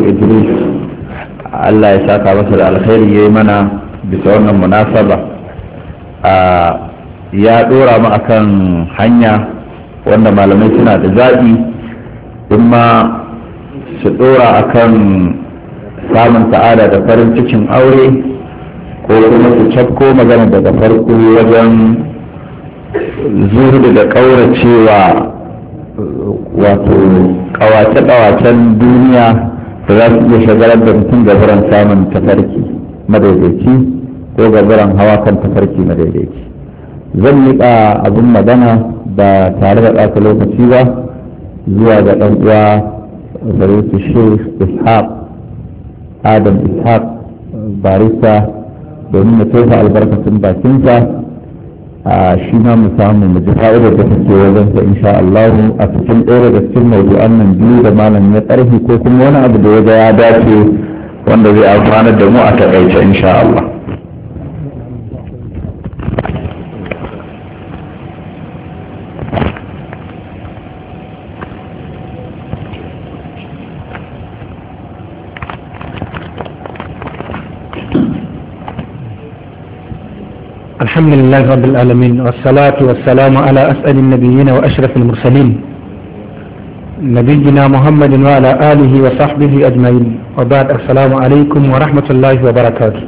idris allah ya saka masa da alkhairi yayi mana bisa wannan munasaba ya dora mu akan hanya wanda malamai suna da zaɓi in ma su dora akan samun ta'ada da farin cikin aure ko kuma su cakko magana daga farko wajen zuhudu da cewa wato ƙawace-ƙawacen duniya da za su iya shagarar da mutum gabaran samun tafarki madaidaici ko gabaran hawa kan tafarki madaidaici zan miƙa abin magana ba tare da ɗaka lokaci ba zuwa ga ɗan uwa barutu sheikh ishaq adam ishaq barista domin ya tofa albarkacin bakinsa a shi ma mu samu mu ji fa'idar da take wajen sa insha Allah a cikin ɗaya da cikin mawdu'an nan biyu da malam ya ƙarfi ko kuma wani abu da ya ga ya dace wanda zai amfanar da mu a taƙaice insha Allah الحمد لله رب العالمين والصلاة والسلام على أسأل النبيين وأشرف المرسلين نبينا محمد وعلى آله وصحبه أجمعين وبعد السلام عليكم ورحمة الله وبركاته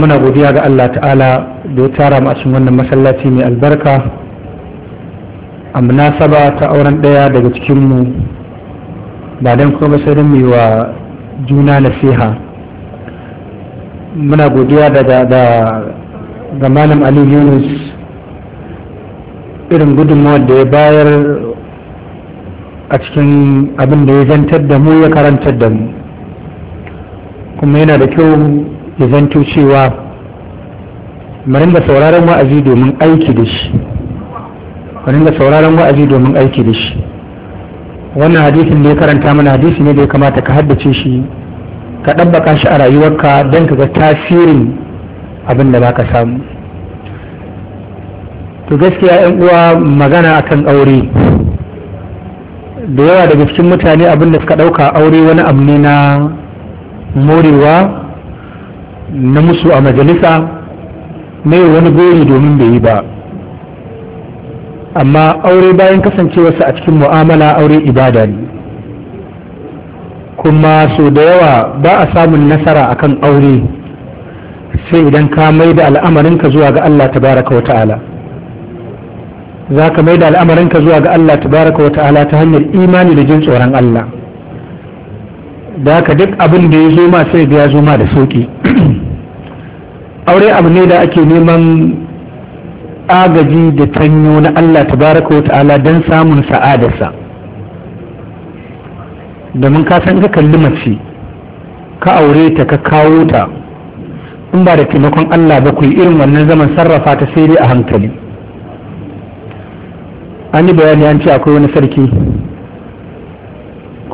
muna godiya ga Allah ta'ala da tara mu a cikin wannan masallaci mai albarka a munasaba ta auren ɗaya daga cikinmu ba don kuma sai don wa juna nasiha muna godiya da malam ali yunus irin gudunmawar da ya bayar a cikin abin da ya zantar da mu ya karantar da mu kuma yana da kyau ya zanto cewa marin da sauraron wa'azi domin aiki da shi marin da sauraron wa'azi domin aiki da shi wannan hadisin da ya karanta mana hadisi ne da ya kamata ka haddace shi ka ɗabbaka shi a rayuwarka don ka ga tasirin abin da baka samu to gaskiya yan uwa magana akan aure da yawa daga cikin mutane abin da suka ɗauka aure wani abu ne na morewa na musu a majalisa na yi wani gori domin bai yi ba amma aure bayan kasancewarsa a cikin mu'amala aure ibada ne kuma so da yawa ba a samun nasara akan aure sai idan ka mai da al'amarinka zuwa ga Allah tabaraka wa ta'ala za ka mai da al'amarinka zuwa ga Allah tabaraka wa ta'ala ta hanyar imani da jin tsoron Allah da haka duk abin da ya zo ma sai ya zo ma da sauki (clears throat) aure abu ne da ake neman agaji da tanyo na Allah tabaraka wa ta'ala don samun sa'adarsa domin ka san ka kalli mace ka aure ta ka kawo ta in ba da taimakon Allah ba ku yi irin wannan zaman sarrafa ta sai dai a hankali an yi bayani an ce akwai wani sarki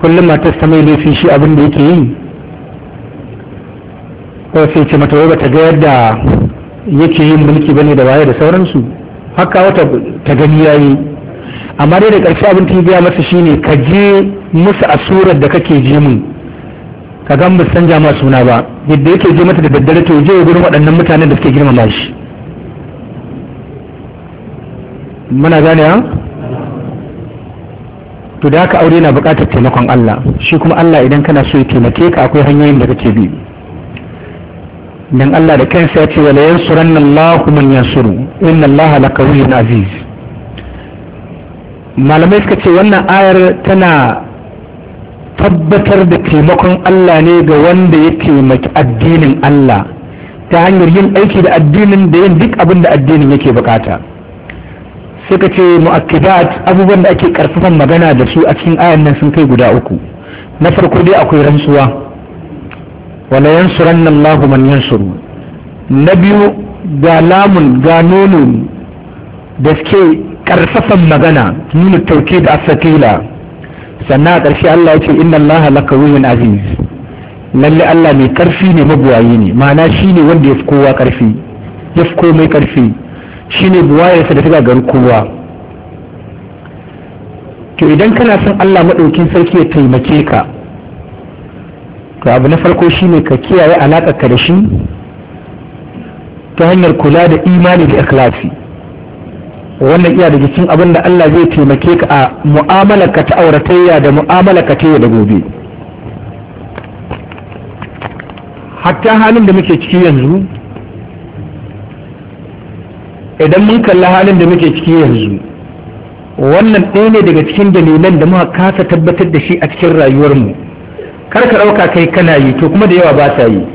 kullum matar ta mai laifi shi abin da yake yi kawai sai ce mata wai ta ga yadda yake yin mulki bane da waye da sauransu haka wata ta gani yayi amma dai da ƙarshe abin ta gaya masa shine ka je musu a surar da kake ji mun ka gan mu san Jama suna ba yadda yake je mata da daddare to je gurin waɗannan mutanen da suke girmama shi muna gane ha to da haka aure na buƙatar taimakon Allah shi kuma Allah idan kana so ya taimake ka akwai hanyoyin da kake bi dan Allah da kansa ya ce wala yansuranna Allahu man yansuru inna Allaha lakawiyyun aziz malamai suka ce wannan ayar tana tabbatar da taimakon Allah ne ga wanda ya taimaki addinin Allah ta hanyar yin aiki da addinin da yin duk abin da addinin yake bukata suka ce mu'akkidat abubuwan da ake karfafan magana da su a cikin ayan nan sun kai guda uku na farko dai akwai rantsuwa wala nan Allahu man yansuru na biyu ga lamun ga nono da suke karfafan magana nuna tauke da asatila sannan a ƙarshe Allah ya ce inna Allah lakawiyyun aziz lalle Allah mai karfi ne mabuwayi ne ma'ana shine wanda ya fi kowa karfi ya fi komai karfi shi ne sa da ta kowa to idan kana son Allah maɗaukin sarki ya taimake ka to abu na farko shi ka kiyaye ka da shi ta hanyar kula da imani da ikhlasi wannan iya daga cikin abin da Allah zai taimake ka a mu'amalarka ta auratayya da mu'amalarka ta da gobe hatta halin da muke ciki yanzu idan mun kalli halin da muke ciki yanzu wannan ɗaya ne daga cikin dalilan da muka kasa tabbatar da shi a cikin rayuwarmu kar ka ɗauka kai kana yi to kuma da yawa ba sa yi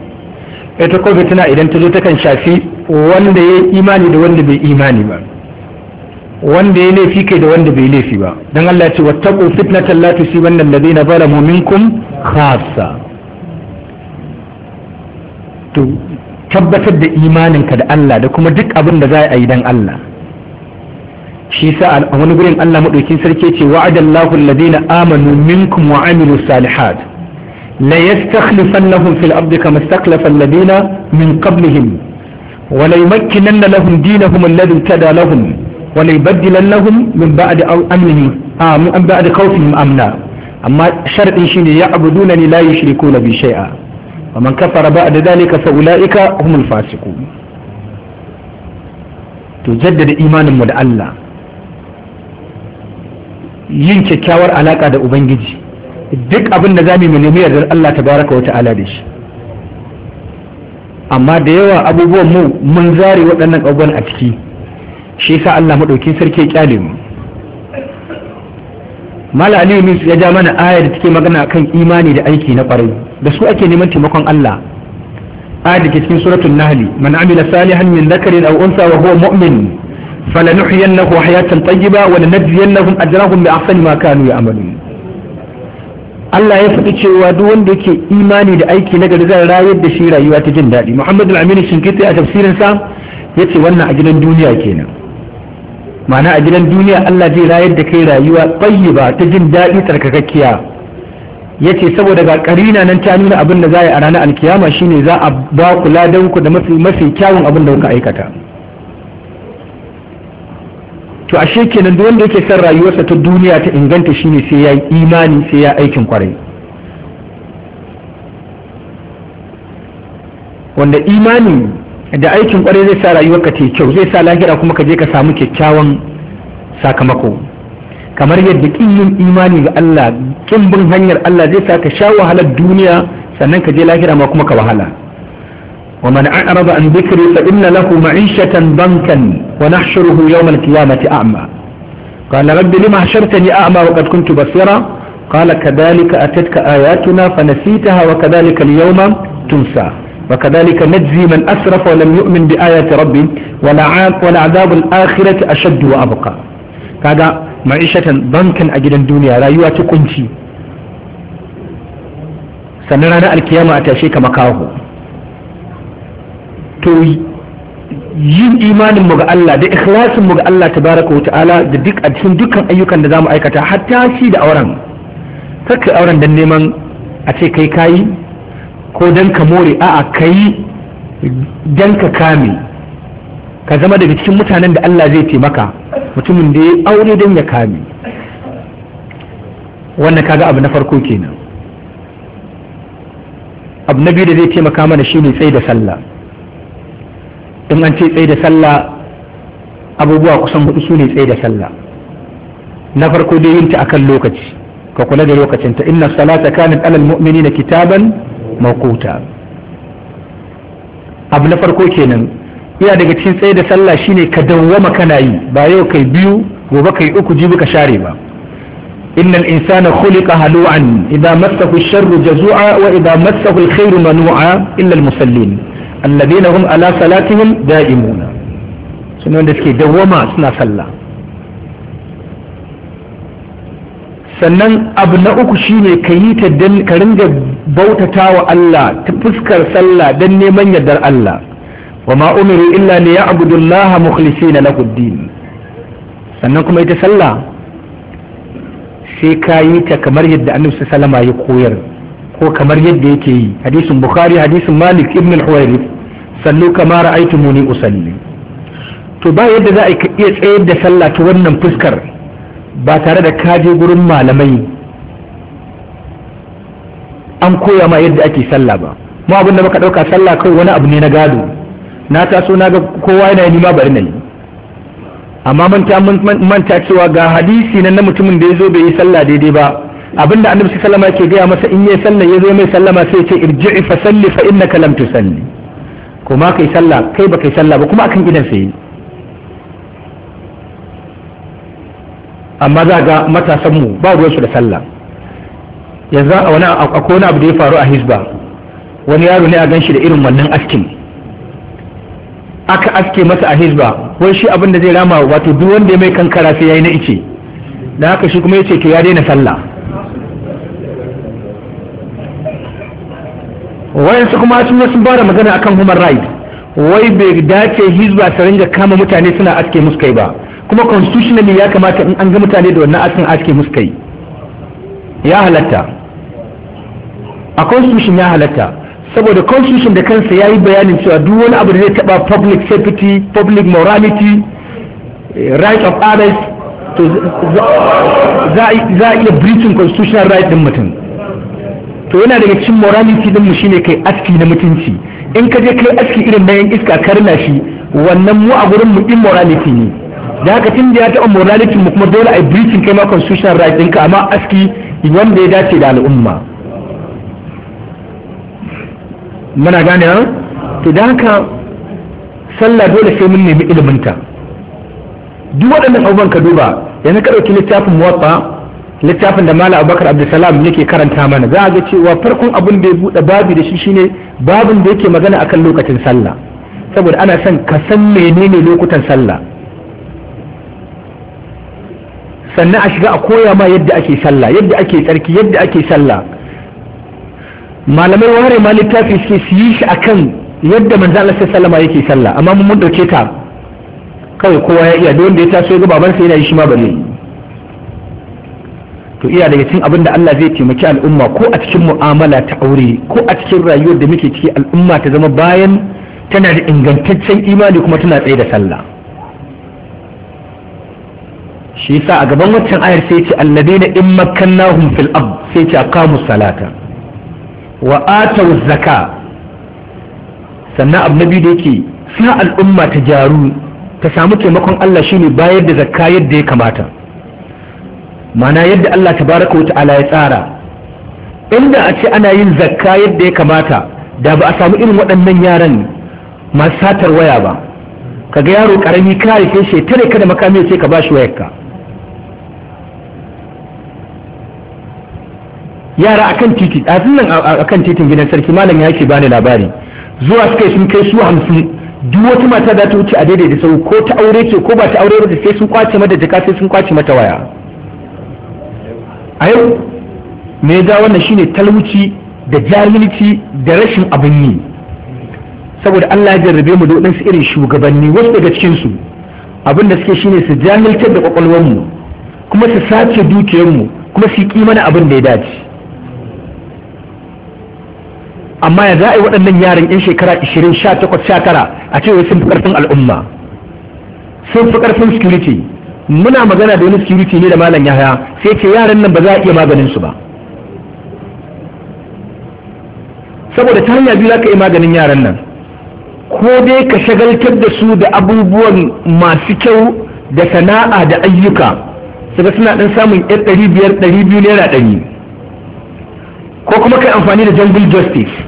ita Kofi tana idan ta zo takan shafi wanda ya imani da wanda bai imani ba wanda ya laifi kai da wanda bai laifi ba don Allah ce wattaqu fitnatan la tusibanna alladhina zalamu minkum khassa to tabbatar da imaninka da Allah da kuma duk abin da za a yi dan Allah shi sa a wani gurin Allah madaukin sarki ce wa'adallahu alladhina amanu minkum wa amilu salihat la yastakhlifannahum fil ardi kama istakhlafa alladhina min qablihim wa la yumakkinanna lahum dinahum alladhi tada lahum wala yubaddilannahum min ba'di amnihim min ba'di khawfihim amna amma sharadin shine ya'buduna ni la yushrikuna bi shay'a wa man kafara ba'da dhalika fa ulaika humul fasiqun to jaddada imanin da Allah yin kyakkyawar alaka da ubangiji duk abin da zamu mu nemi yardar Allah tabaraka wa ta'ala da shi amma da yawa abubuwan mu mun zare waɗannan abubuwan a ciki shi sa Allah maɗaukin sarki ya kyale mu mala aliyu min ya ja mana ayar da take magana kan imani da aiki na ƙwarai da su ake neman taimakon Allah ayar da ke cikin suratul nahli man amila salihan min dhakarin aw unsa wa huwa mu'min falanuhyiyannahu hayatan tayyiba wa lanajziyannahum ajrahum bi ahsani ma kanu ya'malun Allah ya faɗi cewa duk wanda yake imani da aiki na gari zai rayar da shi rayuwa ta jin daɗi Muhammadu Aminu Shinkiti a tafsirinsa ya ce wannan a gidan duniya kenan ma'ana a gidan duniya Allah zai rayar da kai rayuwa ba ta jin daɗi tsarkakakkiya ce saboda ga ƙarina nan ta nuna abin da za a ranar alkiyama shine za a ba ku ladan ku da mafi kyawun abin da kuka aikata to ashe kenan duk wanda yake son rayuwarsa ta duniya ta inganta shine sai ya yi imani sai ya aikin kwarai wanda imani da aikin kwarai zai sa rayuwarka ta kyau zai sa lahira kuma ka je ka samu kyakkyawan sakamako kamar yadda kin yin imani ga Allah kin bin hanyar Allah zai sa ka sha wahalar duniya sannan ka je lahira ma kuma ka wahala wa man a'rada an dhikri fa inna lahu ma'ishatan bankan wa nahshuruhu yawm al-qiyamati a'ma qala rabbi lima hashartani a'ma wa qad kuntu basira qala kadhalika atatka ayatuna fa nasitaha wa kadhalika al-yawma tunsa وكذلك نجزي من أسرف ولم يؤمن بآيات ربي ولعذاب الآخرة أشد وأبقى كذا معيشة ضنكا أجد الدنيا لا يواتقنشي سنرانا الكيامة أتاشيك مكاوه توي yin imanin mu ga Allah da ikhlasin mu ga Allah tabaraka wa ta'ala da duk a cikin dukkan ayyukan da zamu aikata hatta shi da auren kake auren dan neman a ce kai kayi ko dan ka more a'a ka yi dan ka kame ka zama daga cikin mutanen da Allah zai taimaka mutumin da ya aure don ya kame wannan kaga abu na farko kenan abu na biyu da zai taimaka mana shine tsaye da sallah in an ce tsaye da sallah abubuwa kusan hudu su ne tsaye da sallah na farko dai yin ta akan lokaci ka kula da lokacinta inna salata kanat alal mu'minina kitaban makuta abu na farko kenan iya daga cikin tsaye da sallah shine ka dawwama kana yi ba yau kai biyu gobe kai uku jibi ka share ba innal insana khuliqa halu'an idza massahu sharru jazu'a wa idza massahu alkhairu manu'a illa almusallin alladhina hum ala salatihim da'imuna sunan da suke dawwama suna sallah sannan abu na uku shine ka yi ta dan ka ringa bautata wa Allah ta fuskar sallah dan neman yardar Allah wa ma umiru illa li ya'budu Allah mukhlisina lahu din sannan kuma ita sallah sai ka yi ta kamar yadda Annabi sallama ya koyar ko kamar yadda yake yi hadisin Bukhari hadisin Malik ibn al-Huwayrith sallu kama ra'aytumuni usalli to ba yadda za a iya tsayar da sallah ta wannan fuskar ba tare da kaje gurin malamai an koya ma yadda ake sallah ba mu abin da muka ɗauka sallah kai wani abu ne na gado na taso na ga kowa yana yi ma bari na ni amma manta cewa ga hadisi nan na mutumin da ya zo bai yi sallah daidai ba abin da annabi sallama ke gaya masa in yayi sallah ya zo mai sallama sai ce irji'i fa salli fa innaka lam tusalli kuma kai sallah kai ba kai sallah ba kuma akan gidan sai amma za ga mu ba ruwansu da sallah yanzu a wani akwai abu da ya faru a hisba wani yaro ne a ganshi da irin wannan askin aka aske masa a hisba wai shi abin da zai rama wato duk wanda ya mai kankara sai yayi na ice da haka shi kuma ya ce to ya daina sallah wayansu kuma sun sun bada magana akan human rights wai bai dace hisba su ringa kama mutane suna aske musu kai ba kuma constitutionally ya kamata in an ga mutane da wannan asin aske muskai ya halatta a constitution ya halatta saboda constitution da kansa ya yi bayanin cewa duk wani abu da zai taba public safety public morality right of others to za a iya breaching constitutional right din mutum to yana daga cikin morality din mu shine kai aski na mutunci in ka je kai aski irin bayan iska karna shi wannan mu a gurin mu morality ne da haka tun da ya taɓa morality mu kuma dole a breaching kai ma constitutional rights ɗinka amma aski wanda ya dace da al'umma muna gane to da haka sallah dole sai mun nemi iliminta duk waɗannan abubuwan ka duba yanzu ka ɗauki littafin muwatsa littafin da malam abubakar abdulsalam yake karanta mana za a ga cewa farkon abin da ya buɗe babi da shi shine babin da yake magana akan lokacin sallah saboda ana son ka san menene lokutan sallah sannan a shiga a koya ma yadda ake sallah yadda ake tsarki yadda ake sallah malamai ware ma littafi suke su yi shi akan yadda manzo Allah sallama yake sallah amma mun mun dauke ta kawai kowa ya iya don da ya taso ga babansa yana yi shi ma ba to iya daga cikin abin da Allah zai taimaki al'umma ko a cikin mu'amala ta aure ko a cikin rayuwar da muke ciki al'umma ta zama bayan tana da ingantaccen imani kuma tana tsaye da sallah shi a gaban waccan ayar sai ce alladina in makkannahum fil ard sai ce aqamu salata wa atau zaka sannan abu nabi da yake sa al'umma ta jaru ta samu taimakon Allah shine bayar da zakka yadda ya kamata mana yadda Allah tabaraka wa ta'ala ya tsara inda a ce ana yin zakka yadda ya kamata da ba a samu irin waɗannan yaran masu satar waya ba kaga yaro karami ka haife shi tare ka da makami sai ka bashi wayarka yara akan titi a nan akan titin gidan sarki malam ya ke bani labari zuwa suka yi sun kai su hamsin duk wata mata za ta wuce a daidai da sau ko ta aure ce ko ba ta aure ba sai sun kwace mata jaka sai sun kwace mata waya a yau me ya wannan shine talmuci da jahilci da rashin abin yi saboda Allah ya jarrabe mu da waɗansu irin shugabanni wasu daga cikinsu da suke shine su jahiltar da mu kuma su sace dukiyar mu kuma su yi mana abin da ya dace amma ya za a yi waɗannan yaran yan shekara takwas sha tara a cewa sun fi ƙarfin al'umma sun fi ƙarfin security muna magana da wani security ne da malam yahaya sai ce yaran nan ba za a iya maganin su ba saboda ta hanya biyu za ka iya maganin yaran nan ko dai ka shagaltar da su da abubuwan masu kyau da sana'a da ayyuka saka suna ɗan samun yan ɗari biyar ɗari biyu naira ɗari ko kuma kai amfani da jungle justice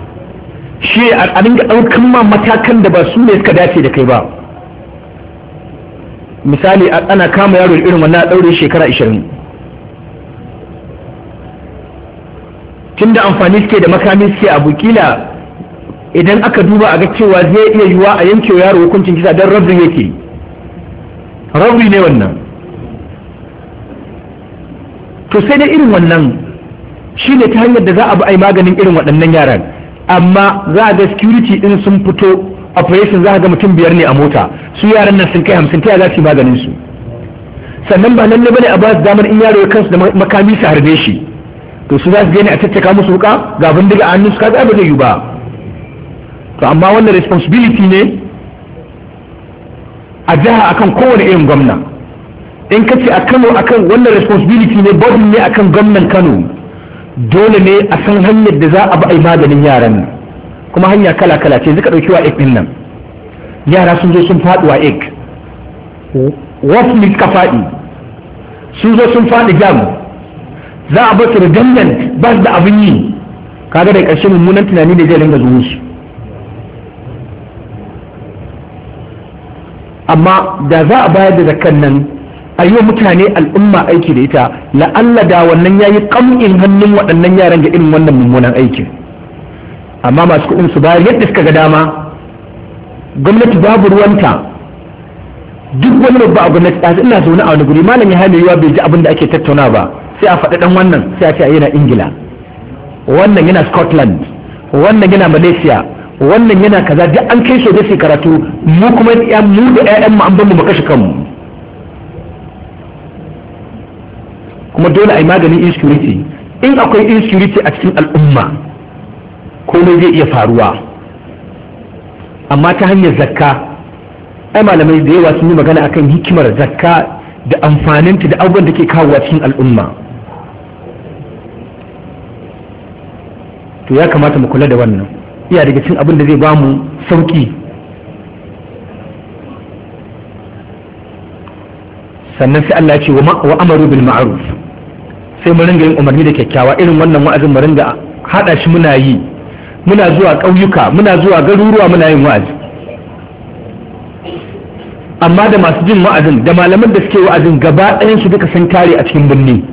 shi a dinga ɗaukan ma matakan da ba su ne suka dace da kai ba misali ana kama yaro irin wannan ɗaure shekara ashirin tun amfani suke da makami suke a bukila idan aka duba a ga cewa zai iya yiwuwa a yanke yaro hukuncin kisa don rabin yake rabi ne wannan to sai dai irin wannan shi ne ta hanyar da za a bi ai maganin irin waɗannan yaran amma za a ga security din sun fito operation za ga mutum biyar ne a mota su yaran nan sun kai hamsin ta za su maganin su sannan ba nan lalle bane a ba su damar in yaro kansu da makami su harbe shi to su za su gani a caccaka musu wuka ga bindiga a hannun su kaga ba zai yi ba to amma wannan responsibility ne a jiha akan kowane irin gwamna in ka ce a kano akan wannan responsibility ne bodin ne akan gwamnan kano dole ne a san hanyar da za a ba a maganin yaran nan kuma hanya kala-kala ce zika ɗauki wa ɗin nan yara sun zo sun faɗi wa egg wasu mil ka faɗi sun zo sun faɗi jam za a basu redundant ba da abin yi kaga da ƙarshe mummunan tunani da zai ringa zuwa su amma da za a bayar da zakan nan a yi wa mutane al'umma aiki da ita la'alla da wannan ya yi kam'in hannun waɗannan yaran ga irin wannan mummunan aikin amma masu kuɗin su bayar yadda suka ga dama gwamnati babu ruwanta duk wani babba a gwamnati ɗazu ina zaune a wani guri malam ya hana yiwa bai ji abin da ake tattauna ba sai a faɗi ɗan wannan sai a ce yana ingila wannan yana scotland wannan yana malaysia wannan yana kaza duk an kai shi da karatu mu kuma mu da 'ya'yan mu an bamu mu kashe kanmu kuma dole a yi maganin insecurity in akwai insecurity a cikin al'umma komai zai iya faruwa amma ta hanyar zakka ai malamai da yawa sun yi magana akan hikimar zakka da amfaninta da abubuwan da ke kawo cikin al'umma to ya kamata mu kula da wannan iya daga cikin abin da zai ba mu sauki sannan sai Allah ya ce wa amaru bil ma'ruf sai mu ringa yin umarni da kyakkyawa irin wannan wa'azin mu ringa hada shi muna yi muna zuwa ƙauyuka muna zuwa garuruwa muna yin wa'azi amma da masu jin wa'azin da malaman da suke wa'azin gaba ɗayan su duka sun kare a cikin birni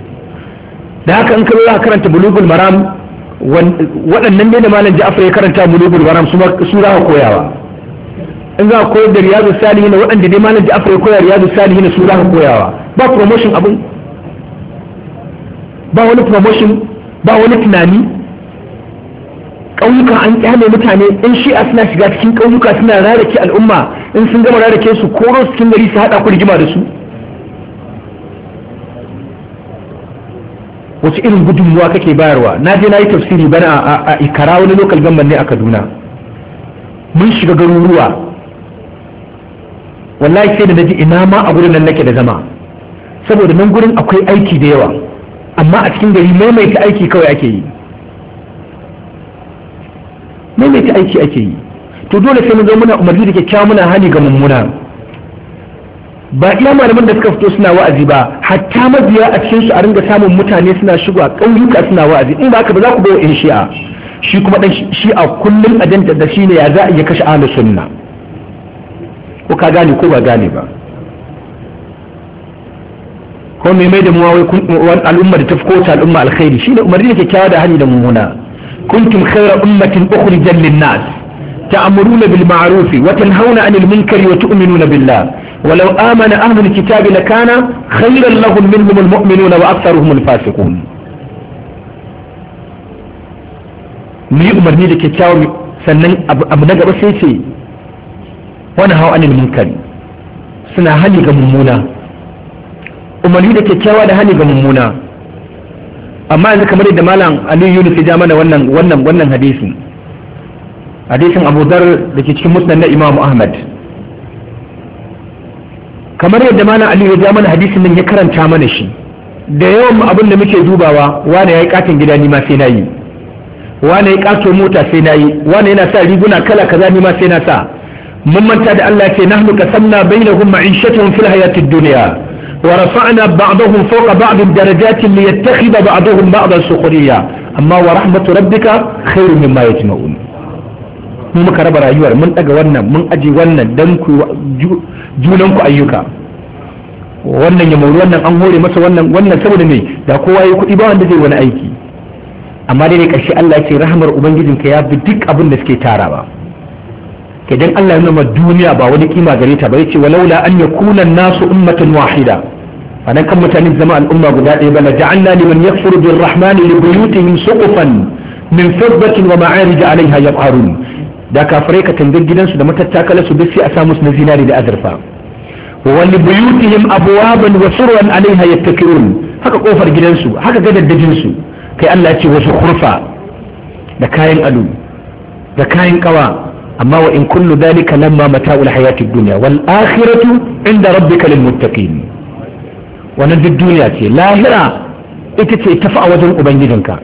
da haka in kallo a karanta bulugul maram waɗannan ne da malam ja'afar ya karanta bulugul maram su su za koyawa in za ka koyar da riyadu salihin waɗanda ne malam ja'afar ya koyar riyadu salihin su za ka koyawa ba promotion abin ba wani promotion ba wani tunani ƙauyuka an kyale mutane in shi'a suna shiga cikin ƙauyuka suna rarake al'umma in sun gama rarake su koro cikin gari su haɗa ku rigima da su Wasu irin gudunmuwa kake bayarwa na je na yi tafsiri bana a ikara wani lokal gamban ne a kaduna mun shiga garuruwa wallahi sai da na ji ina ma a gurin nan nake da zama saboda nan gurin akwai aiki da yawa amma a cikin gari maimaita aiki kawai ake yi maimaita aiki ake yi to dole sai mun zo muna umarni da kyakkyawa muna hali ga mummuna ba iya malaman da suka fito suna wa'azi ba hatta mabiya a cikin su a ringa samun mutane suna shigo a ƙauyuka suna wa'azi in ba ka ba za ku bawa in shi'a shi kuma dan shi'a kullum danta da shi ne ya za a iya kashe ahlus sunna ko ka gane ko ba gane ba ko mai mai da mu wai wani al'umma da ta fiko ta al'umma alkhairi shine umarni da kyakkyawa da hani da mummuna kuntum khayra ummatin ukhrijat lin-nas ta'muruna bil ma'ruf wa tanhauna 'anil munkari wa tu'minuna billah ولو آمن أهل الكتاب لكان خيرا لهم منهم المؤمنون وأكثرهم الفاسقون mu yi umarni da kyakkyawan sannan abu na gaba sai ce wani hau anil munkari suna hali ga mummuna umarni da kyakkyawa da hani ga mummuna amma yanzu kamar yadda malam aliyu yunus ya ja mana wannan wannan wannan hadisi hadisin abu dar da ke cikin musnad na imamu ahmad kamar yadda malam aliyu ya ja mana hadisin nan ya karanta mana shi da yawan abin da muke dubawa wane ya yi katin gida ni ma sai na yi wane ya kato mota sai na yi wane yana sa riguna kala kaza ni ma sai na sa mun manta da Allah ce nahnu qasamna bainahum ma'ishatuhum fil hayatid dunya ورفعنا بعضهم فوق بعض درجات ليتخذ بعضهم بعضا سخرية أما ورحمة ربك خير مما يجمعون mu muka raba rayuwar mun daga wannan mun aji wannan dan ku junan ku ayyuka wannan ya mori wannan an hore masa wannan wannan saboda me da kowa yayi kuɗi ba wanda zai wani aiki amma dai ne karshe Allah ya ce rahmar ubangijinka ya bi duk abin da suke ba. idan Allah ya nuna duniya ba wani kima gare ta ba yace laula an yakuna nasu ummatan wahida anan kan mutane zama al'umma guda ɗaya bala ja'alna liman yakfuru rahmani li buyutihim suqufan min fiddatin wa ma'arij 'alayha yab'arun da kafirai ka tangar gidansu da matattakala su duk sai a samu na zinari da azurfa wa wali buyutihim abwaban wa surran 'alayha yattakirun haka kofar gidansu haka gadaddajin su kai Allah ya ce wasu khurfa da kayan ado da kayan kawa amma wa in kullu dhalika lamma mata'ul hayatid dunya wal akhiratu inda rabbika lil muttaqin wannan duk duniya ce lahira ita ce tafi a wajen ubangijinka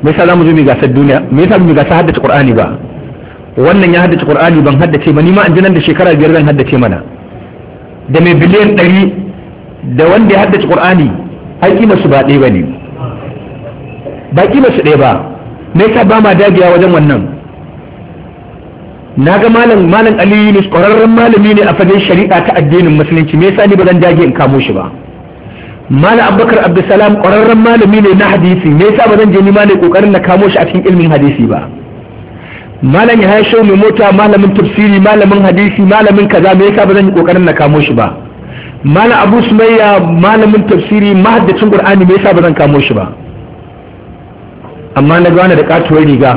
me yasa zamu zo mu gasar duniya me yasa mu gasar haddace qur'ani ba wannan ya haddace qur'ani ban haddace ba ni ma an ji da shekara biyar zan haddace mana da mai biliyan ɗari da wanda ya haddace qur'ani ai kima su ba ɗaya ba ne ba kima su ɗaya ba me yasa ba ma dagiya wajen wannan na ga malam malam Ali Yunus ƙwararren malami ne a fagen shari'a ta addinin musulunci me yasa ni ba zan dage in kamo shi ba malam Abubakar Abdulsalam ƙwararren malami ne na hadisi me yasa ba zan je ni ma ne kokarin na kamo shi a cikin ilmin hadisi ba malam ya haisho mai mota malamin tafsiri malamin hadisi malamin kaza me yasa ba zan yi kokarin na kamo shi ba malam Abu Sumayya malamin tafsiri mahaddacin Qur'ani me yasa ba zan kamo shi ba amma na gane da katuwar riga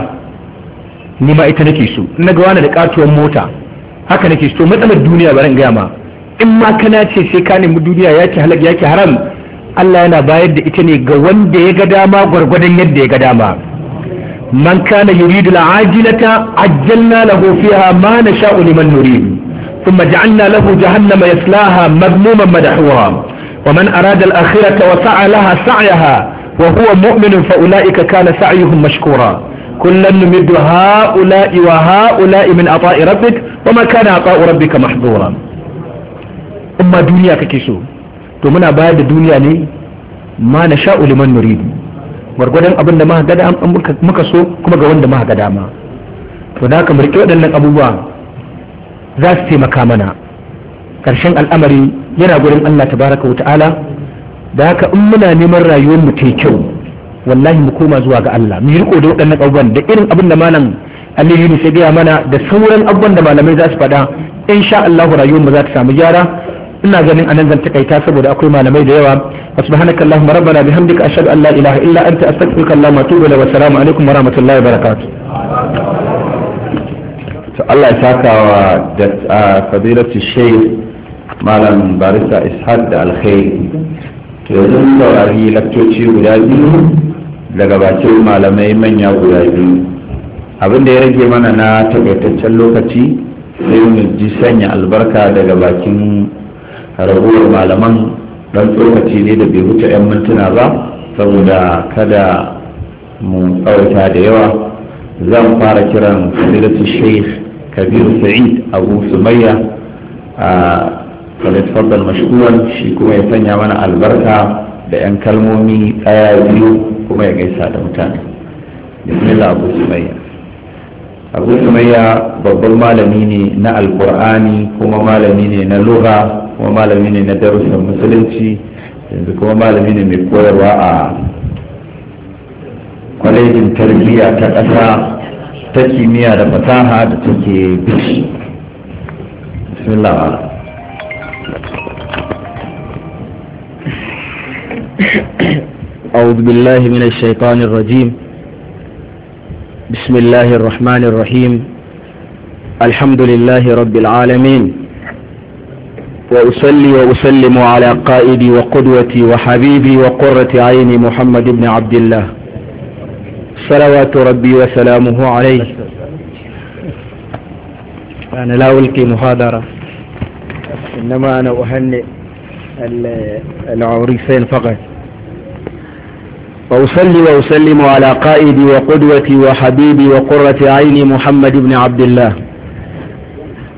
ni ma ita nake so na ga wani da katuwar mota haka nake so matsalar duniya baran ga ma in ma kana ce sai ka nemi duniya yake halak yake haram Allah yana bayar da ita ne ga wanda ya ga dama gwargwadon yadda ya ga dama man kana yuridu al-ajilata ajjalna lahu fiha ma nasha'u liman nurid thumma ja'alna lahu jahannama yaslaha madmuman madhura wa man arada al-akhirata wa sa'a laha sa'yaha wa huwa mu'minun fa ulaika kana kullum numiddu ha'ula'i wa ha'ula'i min ata'i rabbik wa ma ata'u rabbika mahdura in ma duniya kake so to muna bayar da duniya ne ma na sha'u liman nuridu gwargwadon abin da muka gada muka so kuma ga wanda muka gada ma to da ka rike waɗannan abubuwa za su taimaka mana karshen al'amari yana gurin Allah tabaraka wa ta'ala da haka in muna neman rayuwar mu ta kyau wallahi mu koma zuwa ga Allah mu riko da waɗannan abubuwan da irin abin da malam Ali Yunus sai gaya mana da sauran abubuwan da malamai za su faɗa insha Allah rayuwar mu za ta samu gyara ina ganin anan zan takaita saboda akwai malamai da yawa subhanaka allahumma rabbana bihamdika ashhadu an la ilaha illa anta astaghfiruka wa atubu ilayka wa assalamu alaikum wa rahmatullahi wa barakatuh to Allah ya saka wa da fadilatu shaykh malam barisa ishaq da alkhairi to yanzu saurari lakcoci guda biyu daga bakin malamai manya guda biyu abin da ya rage mana na takaitaccen lokaci sai mu ji sanya albarka daga bakin raguwar malaman dan tsokaci ne da bai wuce 'yan mintuna ba saboda kada mu tsawata da yawa zan fara kiran fadilatu sheikh kabiru sa'id abu sumayya a falle mashkuran shi kuma ya sanya mana albarka da 'yan kalmomi tsaya biyu kuma ya gaisa da mutane bismillah abu sumayya abu sumayya babban malami ne na alkur'ani kuma malami ne na lura kuma malami ne na darussan musulunci yanzu kuma malami ne mai koyarwa a kwalejin tarbiyya ta ƙasa ta kimiyya da fasaha da take bishi bismillah (coughs) أعوذ بالله من الشيطان الرجيم بسم الله الرحمن الرحيم الحمد لله رب العالمين وأصلي وأسلم على قائدي وقدوتي وحبيبي وقرة عيني محمد بن عبد الله صلوات ربي وسلامه عليه أنا لا ألقي محاضرة إنما أنا أهنئ العريسين فقط وأصلي وأسلم على قائدي وقدوتي وحبيبي وقرة عيني محمد بن عبد الله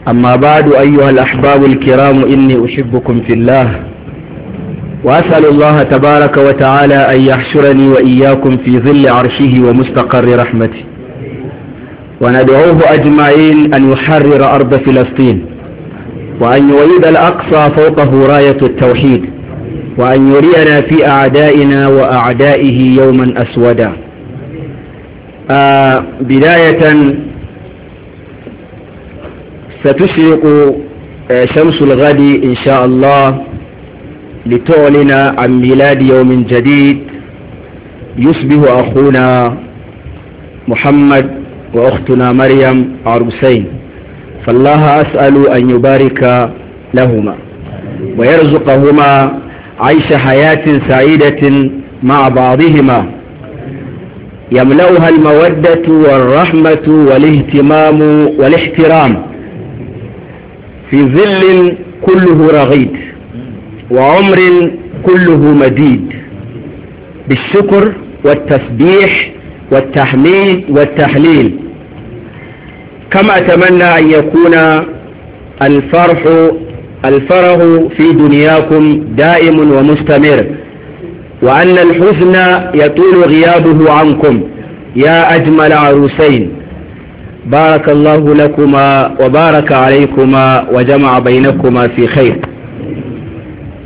أما بعد أيها الأحباب الكرام إني أحبكم في الله وأسأل الله تبارك وتعالى أن يحشرني وإياكم في ظل عرشه ومستقر رحمته وندعوه أجمعين أن يحرر أرض فلسطين وأن يعيد الأقصى فوقه راية التوحيد وأن يرينا في أعدائنا وأعدائه يوما أسودا آه بداية ستشرق آه، شمس الغد إن شاء الله لتعلن عن ميلاد يوم جديد يصبح أخونا محمد وأختنا مريم عرسين فالله أسأل أن يبارك لهما ويرزقهما عيش حياة سعيدة مع بعضهما يملأها المودة والرحمة والاهتمام والاحترام في ظل كله رغيد وعمر كله مديد بالشكر والتسبيح والتحميد والتحليل كما أتمنى أن يكون الفرح الفرح في دنياكم دائم ومستمر وأن الحزن يطول غيابه عنكم يا أجمل عروسين بارك الله لكما وبارك عليكما وجمع بينكما في خير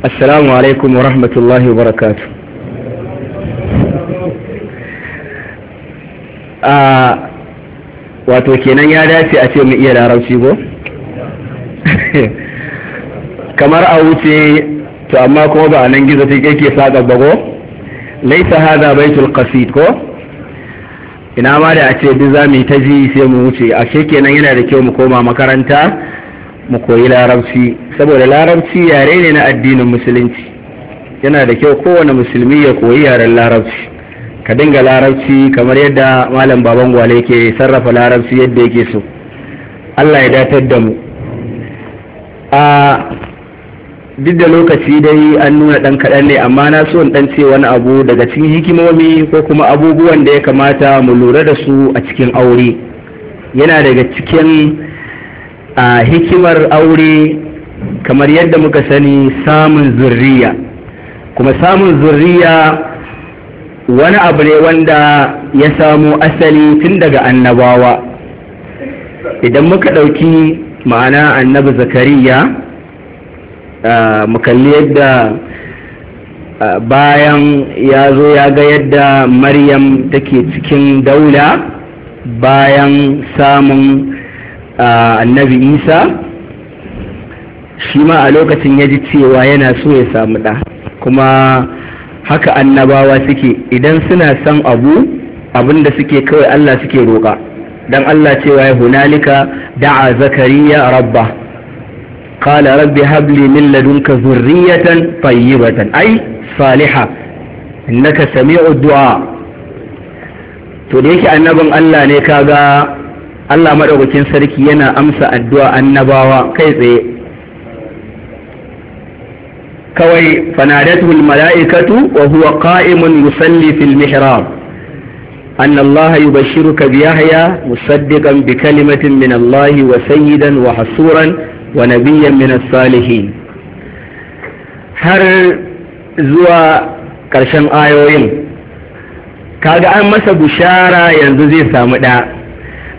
السلام عليكم ورحمة الله وبركاته wato kenan ya dace a ce mu iya larabci go kamar a wuce to amma kuma ba a nan gizo take yake saka bago laisa hada baitul qasid ko ina ma da a ce duk za mu ta ji sai mu wuce a kenan yana da kyau mu koma makaranta mu koyi larabci saboda larabci yare ne na addinin musulunci yana da kyau kowane musulmi ya koyi yaren larabci ka dinga larabci kamar yadda malam baban gwale yake sarrafa larabci yadda yake so Allah ya datar da mu a duk da lokaci dai an nuna ɗan kaɗan ne amma na so in ɗan ce wani abu daga cikin hikimomi ko kuma abubuwan da ya kamata mu lura da su a cikin aure yana daga cikin hikimar aure kamar yadda muka sani samun zurriya kuma samun zurriya wani abu ne wanda ya samo asali tun daga annabawa idan muka ɗauki ma'ana annabi zakariya Ah, mu kalli yadda ah, bayan ya zo ya ga yadda maryam take cikin daula bayan samun ah, annabi isa shi ma a lokacin ya ji cewa yana so ya samu ɗa kuma haka annabawa suke idan suna son abu abinda suke kawai allah suke roƙa don allah cewa ya hunalika da'a zakariya rabba qala rabbi hab li min ladunka zurriyatan tayyibatan ay saliha innaka sami'u du'a to da yake annabin Allah ne kaga Allah madaukakin sarki yana amsa addu'a annabawa kai tsaye kawai fanadatu almala'ikatu wa huwa qa'imun yusalli fil ka أن الله يبشرك بيحيى مصدقا بكلمة wa sayyidan وسيدا وحصورا wa nabiyyan min as-salihin har zuwa ƙarshen ayoyin kaga an masa bushara yanzu zai samu ɗa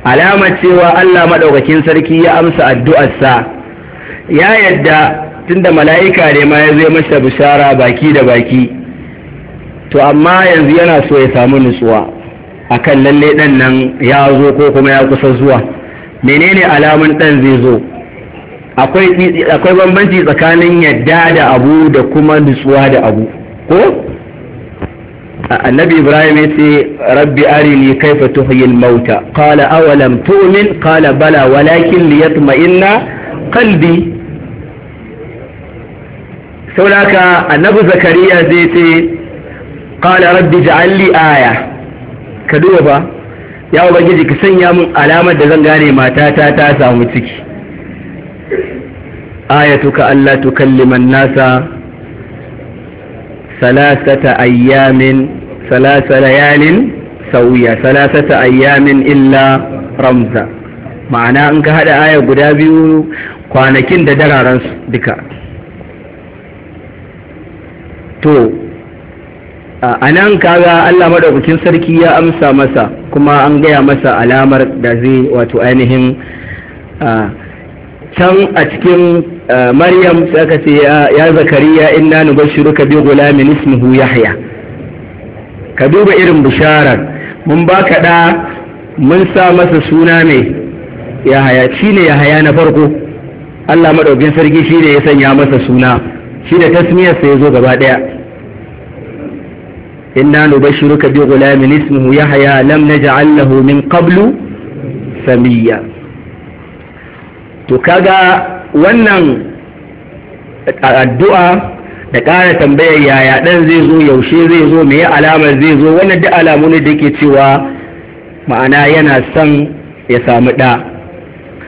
alamar cewa Allah maɗaukakin sarki ya amsa Addu'ar sa ya yadda tunda mala'ika ne ma ya zai masa bushara baki da baki to amma yanzu yana so ya samu nutsuwa akan lalle ɗan nan ya zo ko kuma ya kusa zuwa menene alamun ɗan zai zo akwai bambanci tsakanin yadda da abu da kuma nutsuwa da abu ko annabi ibrahim ya ce rabbi arini kaifa tuhyil mauta qala awalam tu'min qala bala walakin liyatma'inna qalbi saboda annabi zakariya zai ce qala rabbi ja'al li aya ka duba ya ubangiji ka sanya min alamar da zan gane matata ta samu ciki ayatuka alla tukallima an-nasa salasata ayyamin salasa layalin sawiya salasata ayyamin illa ramza ma'ana in ka hada aya guda biyu kwanakin da dararan su duka to a nan kaga Allah madaukakin sarki ya amsa masa kuma an gaya masa alamar da zai wato ainihin can a cikin maryam sai aka ce ya zakariya inna nubashshiruka bi gulamin ismuhu yahya ka duba irin bisharar mun baka da mun sa masa suna ne yahaya shine yahaya na farko Allah madaukin sarki shine ya sanya masa suna shine tasmiyar sa yazo gaba daya inna nubashshiruka bi gulamin ismuhu yahya lam naj'al lahu min qablu samiyya to kaga wannan addu'a da ƙara tambayar yaya ɗan zai zo yaushe zai zo mai alamar zai zo wannan duk alamu ne da ke cewa ma'ana yana son ya samu ɗa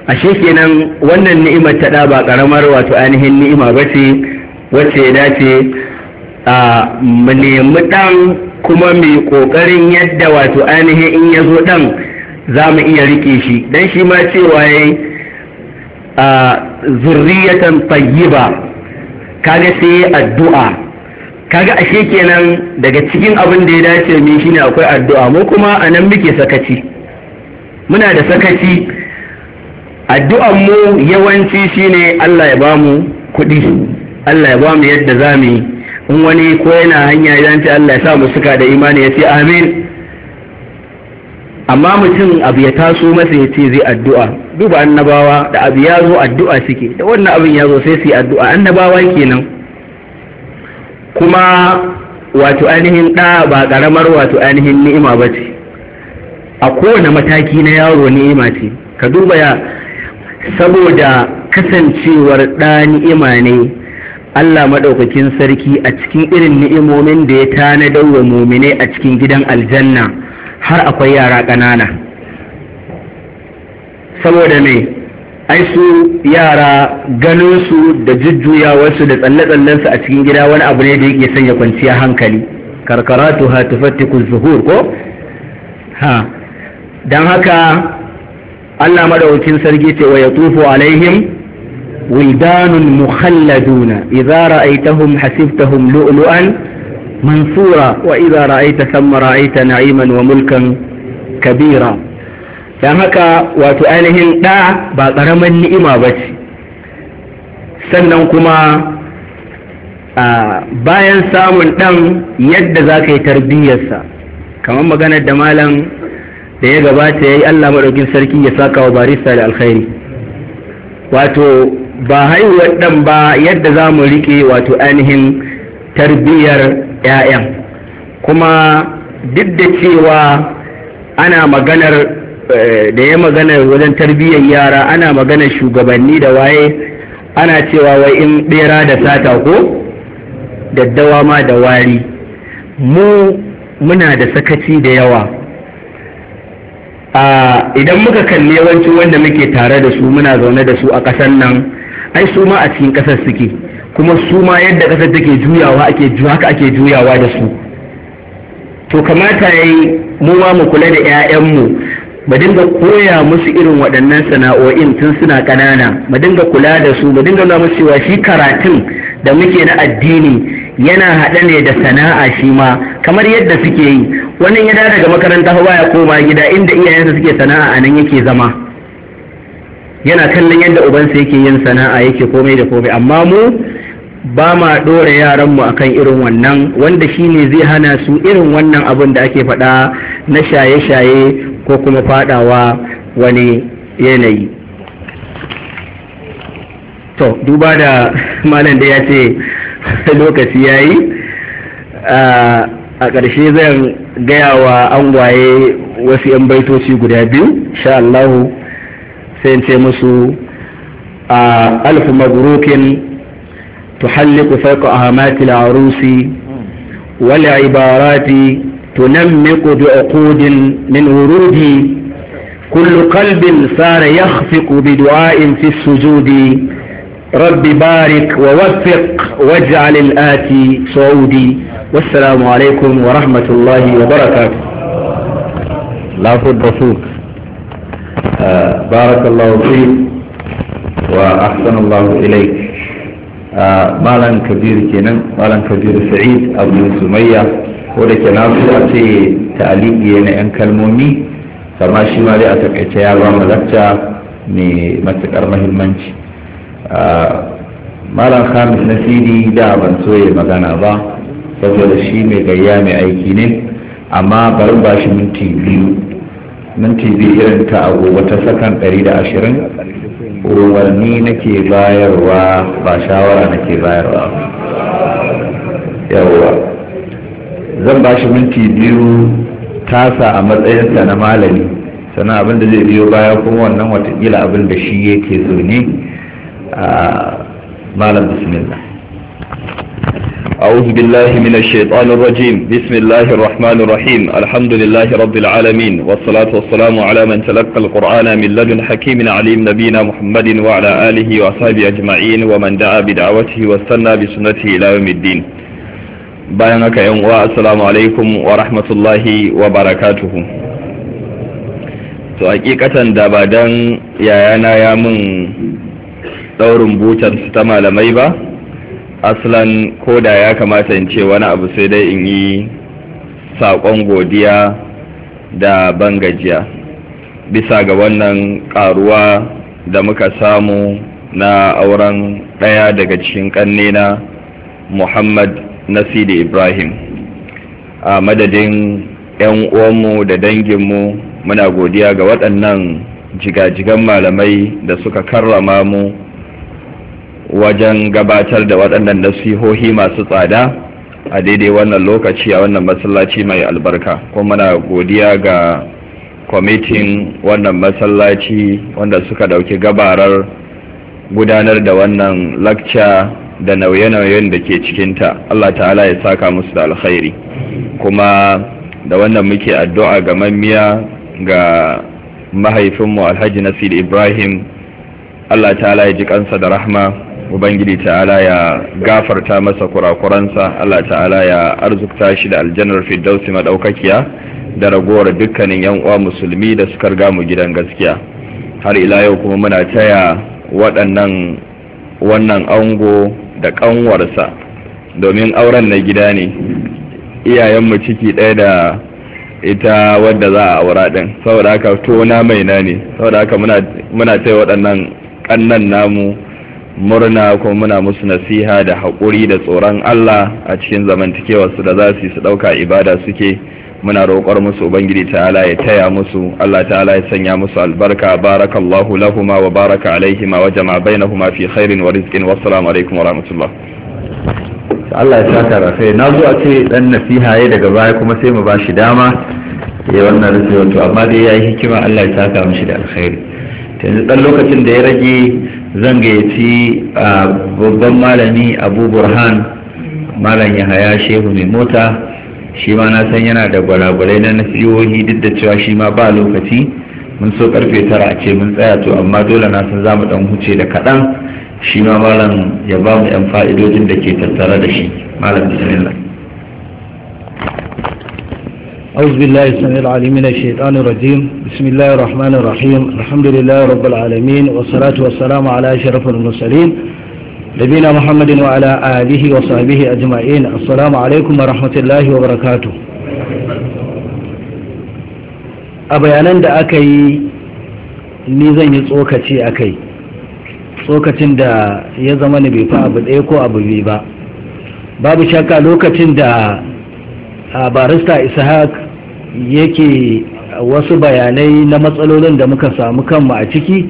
ashe kenan wannan ni'imar ta ɗa ba ƙaramar wato ainihin ni'ima ba ce wacce ya dace a nemi ɗan kuma mai ƙoƙarin yadda wato ainihin in ya zo ɗan za mu iya riƙe shi don shi ma cewa ya yi zurriyatan tayyiba kaga sai addu'a kaga ashe kenan daga cikin abin da ya dace mu shine akwai addu'a mu kuma a nan muke sakaci muna da sakaci addu'an mu yawanci shine Allah ya bamu kuɗi Allah ya bamu yadda zamu yi in wani ko yana hanya idan Allah ya sa mu suka da imani ya ce amin amma mutum abu ya taso masa ya ce zai addu'a duba annabawa da abu ya zo addu'a suke da wannan abin ya zo sai su yi addu'a annabawa kenan kuma wato ainihin ɗa ba ƙaramar wato ainihin ni'ima ba ce a kowane mataki na yaro ni'ima ce ka duba ya saboda kasancewar ɗa ni'ima ne Allah maɗaukakin sarki a cikin irin ni'imomin da ya tanadar wa muminai a cikin gidan aljanna har akwai yara ƙanana saboda me ai su yara ganinsu da jujjuyawarsu da tsalle-tsallensu a cikin gida wani abu ne da yake sanya kwanciya hankali karkaratu ha tufattiku zuhur ko ha don haka allah madaukin sarki ce wa ya tufo alaihim wildanun mukhalladuna idza ra'aytahum hasibtahum lu'lu'an منصورا وإذا رأيت na رأيت wa mulkan Kabira. dan haka wato ainihin ɗa ba ƙaramin ni'ima ba ce sannan kuma bayan samun ɗan yadda za ka yi tarbiyyarsa kamar maganar da malam da ya gabata ya yi allah maɗaukin sarki ya saka wa barista da alkhairi wato ba haihuwar ɗan ba yadda za mu riƙe wato ainihin tarbiyyar 'ya'yan kuma duk da cewa ana maganar eh, da ya magana wajen tarbiyyar yara ana magana shugabanni da waye ana cewa wai in bera da sata ko daddawa ma da wari mu muna da sakaci da yawa idan muka kalli yawanci wanda muke tare da su muna zaune da su a ƙasar nan ai su ma a cikin ƙasar suke kuma su ma yadda ƙasar take juyawa ake haka ake juyawa da su to kamata ya yi mu ma mu kula da 'ya'yanmu mu dinga koya musu irin waɗannan sana'o'in tun suna ƙanana Ba dinga kula da su Ba dinga nuna musu cewa shi karatun da muke na addini yana haɗa ne da sana'a shi ma kamar yadda suke yi wannan ya daga makaranta hawa ya koma gida inda iyayensa suke sana'a a nan yake zama yana kallon yadda ubansa yake yin sana'a yake komai da komai amma mu ba ma ɗora yaranmu a kan irin wannan wanda shi ne zai hana su irin wannan abin da ake faɗa na shaye-shaye ko kuma faɗawa wani yanayi to duba da (laughs) malam da ya ce (laughs) lokaci ya yi a ƙarshe zan gaya wa angwaye wasu 'yan baitoci guda biyu sha Allahu sai ce musu a alfu magurukin تحلق فوق أهامات العروس والعبارات تنمق بعقود من ورود كل قلب صار يخفق بدعاء في السجود رب بارك ووفق واجعل الآتي صعودي والسلام عليكم ورحمة الله وبركاته لا رسولك آه بارك الله فيك وأحسن الله إليك malam kabir kenan malam kabir sa'id abu sumayya ko da ke nasu a ce ta'aliki na 'yan kalmomi sama shi ma dai a takaice ya ba lacca mai matuƙar mahimmanci malam khamis na sidi da ban so magana ba saboda shi mai gayya mai aiki ne amma bari ba shi minti biyu minti biyu irin ta abu ta sakan 120 umarni nake bayarwa ba shawara nake bayarwa yawwa zan ba shi minti biyu tasa a matsayinsa na malami sannan abin da zai biyo baya kuma wannan watakila abin da shi yake zo ne a ah, malam bismillah أعوذ بالله من الشيطان الرجيم بسم الله الرحمن الرحيم الحمد لله رب العالمين والصلاة والسلام على من تلقى القرآن من لدن حكيم عليم نبينا محمد وعلى آله وأصحابه أجمعين ومن دعا بدعوته واستنى بسنته إلى يوم الدين bayan haka yan uwa assalamu alaikum wa rahmatullahi wa barakatuhu to hakikatan da ba dan yayana ya mun daurin butar ta malamai ba aslan koda ya kamata in ce wani abu sai dai in yi saƙon godiya da bangajiya bisa ga wannan ƙaruwa da muka samu na auren ɗaya daga cikin ƙannena muhammad nasiru ibrahim a madadin 'yan uwanmu da danginmu muna godiya ga waɗannan jigajigan malamai da suka karrama mu wajen gabatar da waɗannan nasihohi masu tsada a daidai wannan lokaci a wannan masallaci mai albarka kuma muna godiya ga kwamitin wannan masallaci wanda suka ɗauki gabarar gudanar da wannan lakca da nauye-nauyen da ke cikinta Allah ta'ala ya saka musu da alkhairi kuma da wannan muke addu'a ga mamiya ga mahaifinmu alhaji nasir ibrahim Allah ta'ala ya ji kansa da rahma ubangiji ta'ala ya gafarta masa kurakuransa Allah ta'ala ya arzukta shi da aljannar firdausi madaukakiya da ragowar dukkanin yan uwa musulmi da suka riga mu gidan gaskiya har ila yau kuma muna taya waɗannan wannan ango da ƙanwarsa domin auren na gida ne iyayenmu ciki ɗaya da ita wadda za a aura din saboda haka tona na ne saboda haka muna taya waɗannan ƙannan namu murna kuma muna musu nasiha da haƙuri da tsoron Allah a cikin zamantakewarsu da za su yi su ɗauka ibada suke muna roƙar musu ubangiji ta'ala ya taya musu Allah ta'ala ya sanya musu albarka barakallahu lahuma wa baraka alaihima wa jama bainahuma fi khairin wa rizqin wa assalamu alaikum wa rahmatullah Allah ya saka rafe na zo a ce dan nasiha ya daga baya kuma sai mu bashi dama ya wannan rufe wato amma dai yayi hikima Allah ya saka mishi da alkhairi yanzu dan lokacin da ya rage zan gayyaci babban malami abu burhan malam haya shehu mai mota shi ma na san yana da gwalagwalai na nasihohi duk da cewa shi ma ba lokaci mun so karfe tara a ce mun tsaya to amma dole na san za mu dan huce da kaɗan shi ma malam ya ba mu 'yan fa'idojin da ke tattare da shi malam bismillah أعوذ بالله السميع العليم من الشيطان الرجيم بسم الله الرحمن الرحيم الحمد لله رب العالمين والصلاة والسلام على أشرف المرسلين نبينا محمد وعلى آله وصحبه أجمعين السلام عليكم ورحمة الله وبركاته a bayanan da aka yi ni zan yi tsokaci a kai tsokacin da ya zama ni bai fa abu ɗaya ko abu biyu ba babu shakka lokacin da a barista ishaq yake wasu bayanai na matsalolin da muka samu kanmu a ciki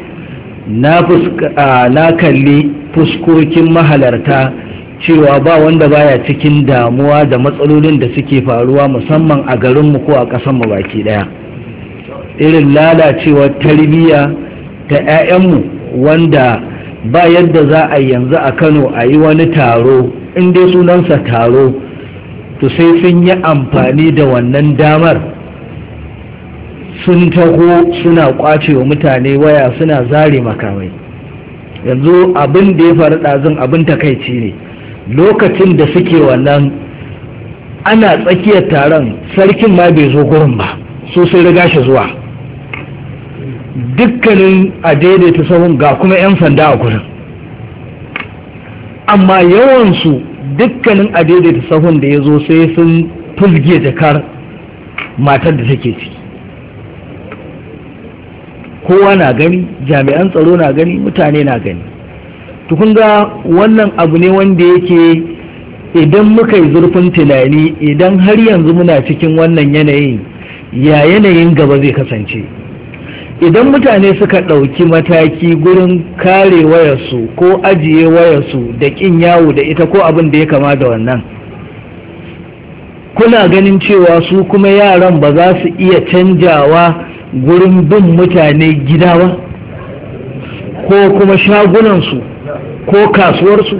na kalli fuskokin mahalarta cewa ba wanda baya cikin damuwa da matsalolin da suke faruwa musamman a garinmu ko a ƙasanmu baki ɗaya irin lalacewar tarbiyya ta 'ya'yanmu wanda ba yadda za a yanzu a kano a yi wani taro in dai sunansa taro to sai sun yi amfani da wannan damar sun taho suna kwace wa mutane waya suna zare makamai yanzu abin da ya faru ɗazun abin takaici ne lokacin da suke wannan ana tsakiyar taron sarkin ma bai zo gurin ba so sai riga shi zuwa dukkanin a daidaita sahun ga kuma 'yan sanda a kusa amma yawansu dukkanin daidaita sahun da ya zo sai sun fulge jakar matar da take ciki, kowa na gani jami'an tsaro na gani mutane na gani tukun ga wannan abu ne wanda yake idan muka yi zurfin tunani idan har yanzu muna cikin wannan yanayin ya yanayin gaba zai kasance idan mutane suka ɗauki mataki gurin kare wayarsu ko ajiye wayarsu da ƙin yawo da ita ko abin da ya kama da wannan kuna ganin cewa su kuma yaran ba za su iya canjawa gurin bin mutane gida ba ko kuma shagunansu ko kasuwarsu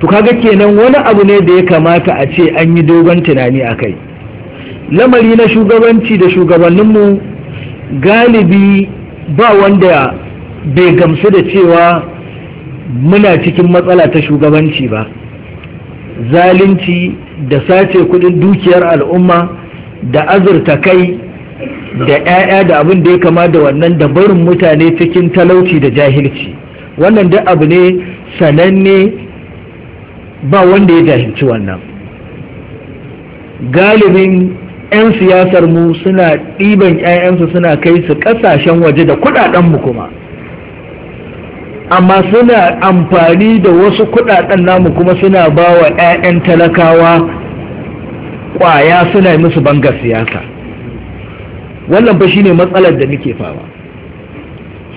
to kaga kenan wani abu ne da ya kamata a ce an yi dogon tunani a kai lamari na shugabanci da shugabanninmu galibi ba wanda bai gamsu da cewa muna cikin matsala ta shugabanci ba zalunci da sace kudin dukiyar al'umma da azurta kai da 'ya'ya da abin da ya kama da wannan da barin mutane cikin talauci da jahilci wannan duk abu ne sananne ba wanda ya jahilci wannan galibin 'yan siyasar mu suna ɗiban 'ya'yansu suna kai su ƙasashen waje da kuɗaɗenmu kuma amma suna amfani da wasu kuɗaɗen namu kuma suna ba wa 'ya'yan talakawa ƙwaya suna musu banga siyasa wannan ba shine matsalar da muke fama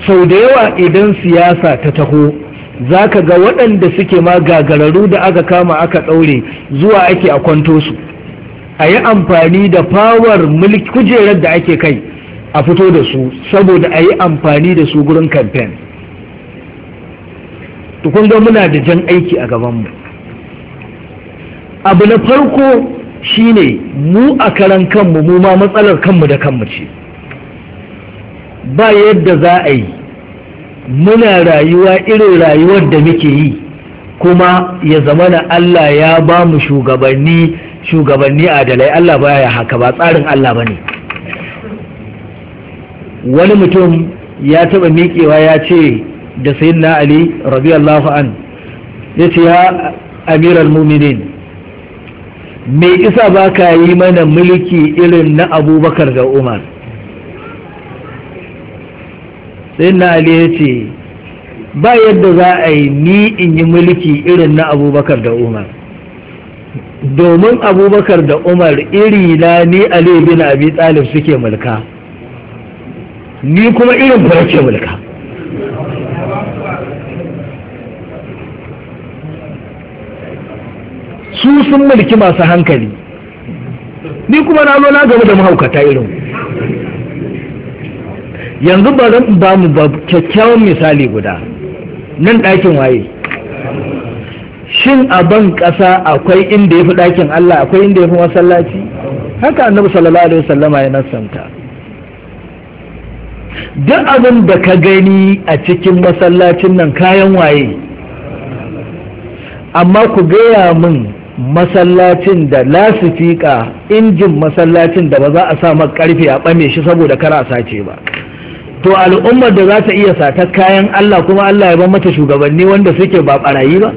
sau da yawa idan siyasa ta taho za ka ga waɗanda suke ma gagararu da aka kama aka ɗaure zuwa ake a kwanto su a yi amfani da fawar mulki kujerar da ake kai a fito da su saboda a yi amfani da su gurin kamfen tukun ga muna da jan aiki a gabanmu abu na farko shine mu a karan kanmu mu ma matsalar kanmu da kanmu ce ba yadda za a yi muna rayuwa irin rayuwar da muke yi kuma ya zama na Allah ya ba mu shugabanni shugabanni adalai Allah baya haka ba tsarin Allah ba ne. wani mutum ya taba miƙewa ya ce da sayyidina Ali radiyallahu an ya ce ya amiral muminin me isa ba ka yi mana mulki irin na abubakar da umar sayyidina Ali ya ce ba yadda za a yi ni in yi mulki irin na abubakar da umar domin abubakar da umar iri na ni ali bin abi talib suke mulka ni kuma irin fara ke mulka su sun mulki masu hankali ni kuma na zo na gaba da mahaukata irin yanzu ba mu ba kyakkyawan misali guda nan ɗakin waye shin a ban ƙasa akwai inda ya fi ɗakin Allah akwai inda ya fi masallaci haka annabi sallallahu alaihi wasallam ya nasanta duk abin da ka gani a cikin masallacin nan kayan waye amma ku gaya min masallacin da lasifika injin masallacin da ba za a sa karfe a ɓame shi saboda kara sace ba to al'ummar da za ta iya sata kayan Allah kuma Allah ya ban mata shugabanni wanda suke ba barayi ba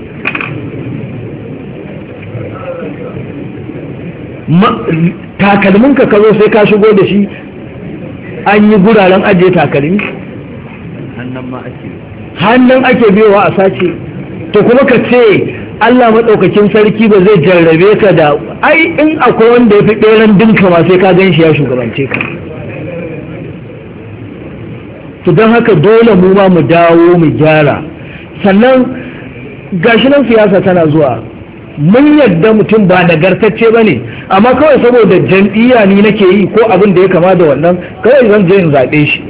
takalmin ka kazo sai ka shigo da shi an yi guraren ajiye takalmi hannun ake biyowa a sace to kuma ka ce Allah maɗaukakin sarki ba zai jarrabe ka da ai in akwai wanda ya fi ɗeran dinka ma sai ka gan shi ya shugabance ka to don haka dole mu ma mu dawo mu gyara sannan gashi siyasa tana zuwa mun yadda mutum ba nagartacce ba ne amma kawai saboda jam'iyya ni nake yi ko abin da ya kama da wannan kawai zan je in zaɓe shi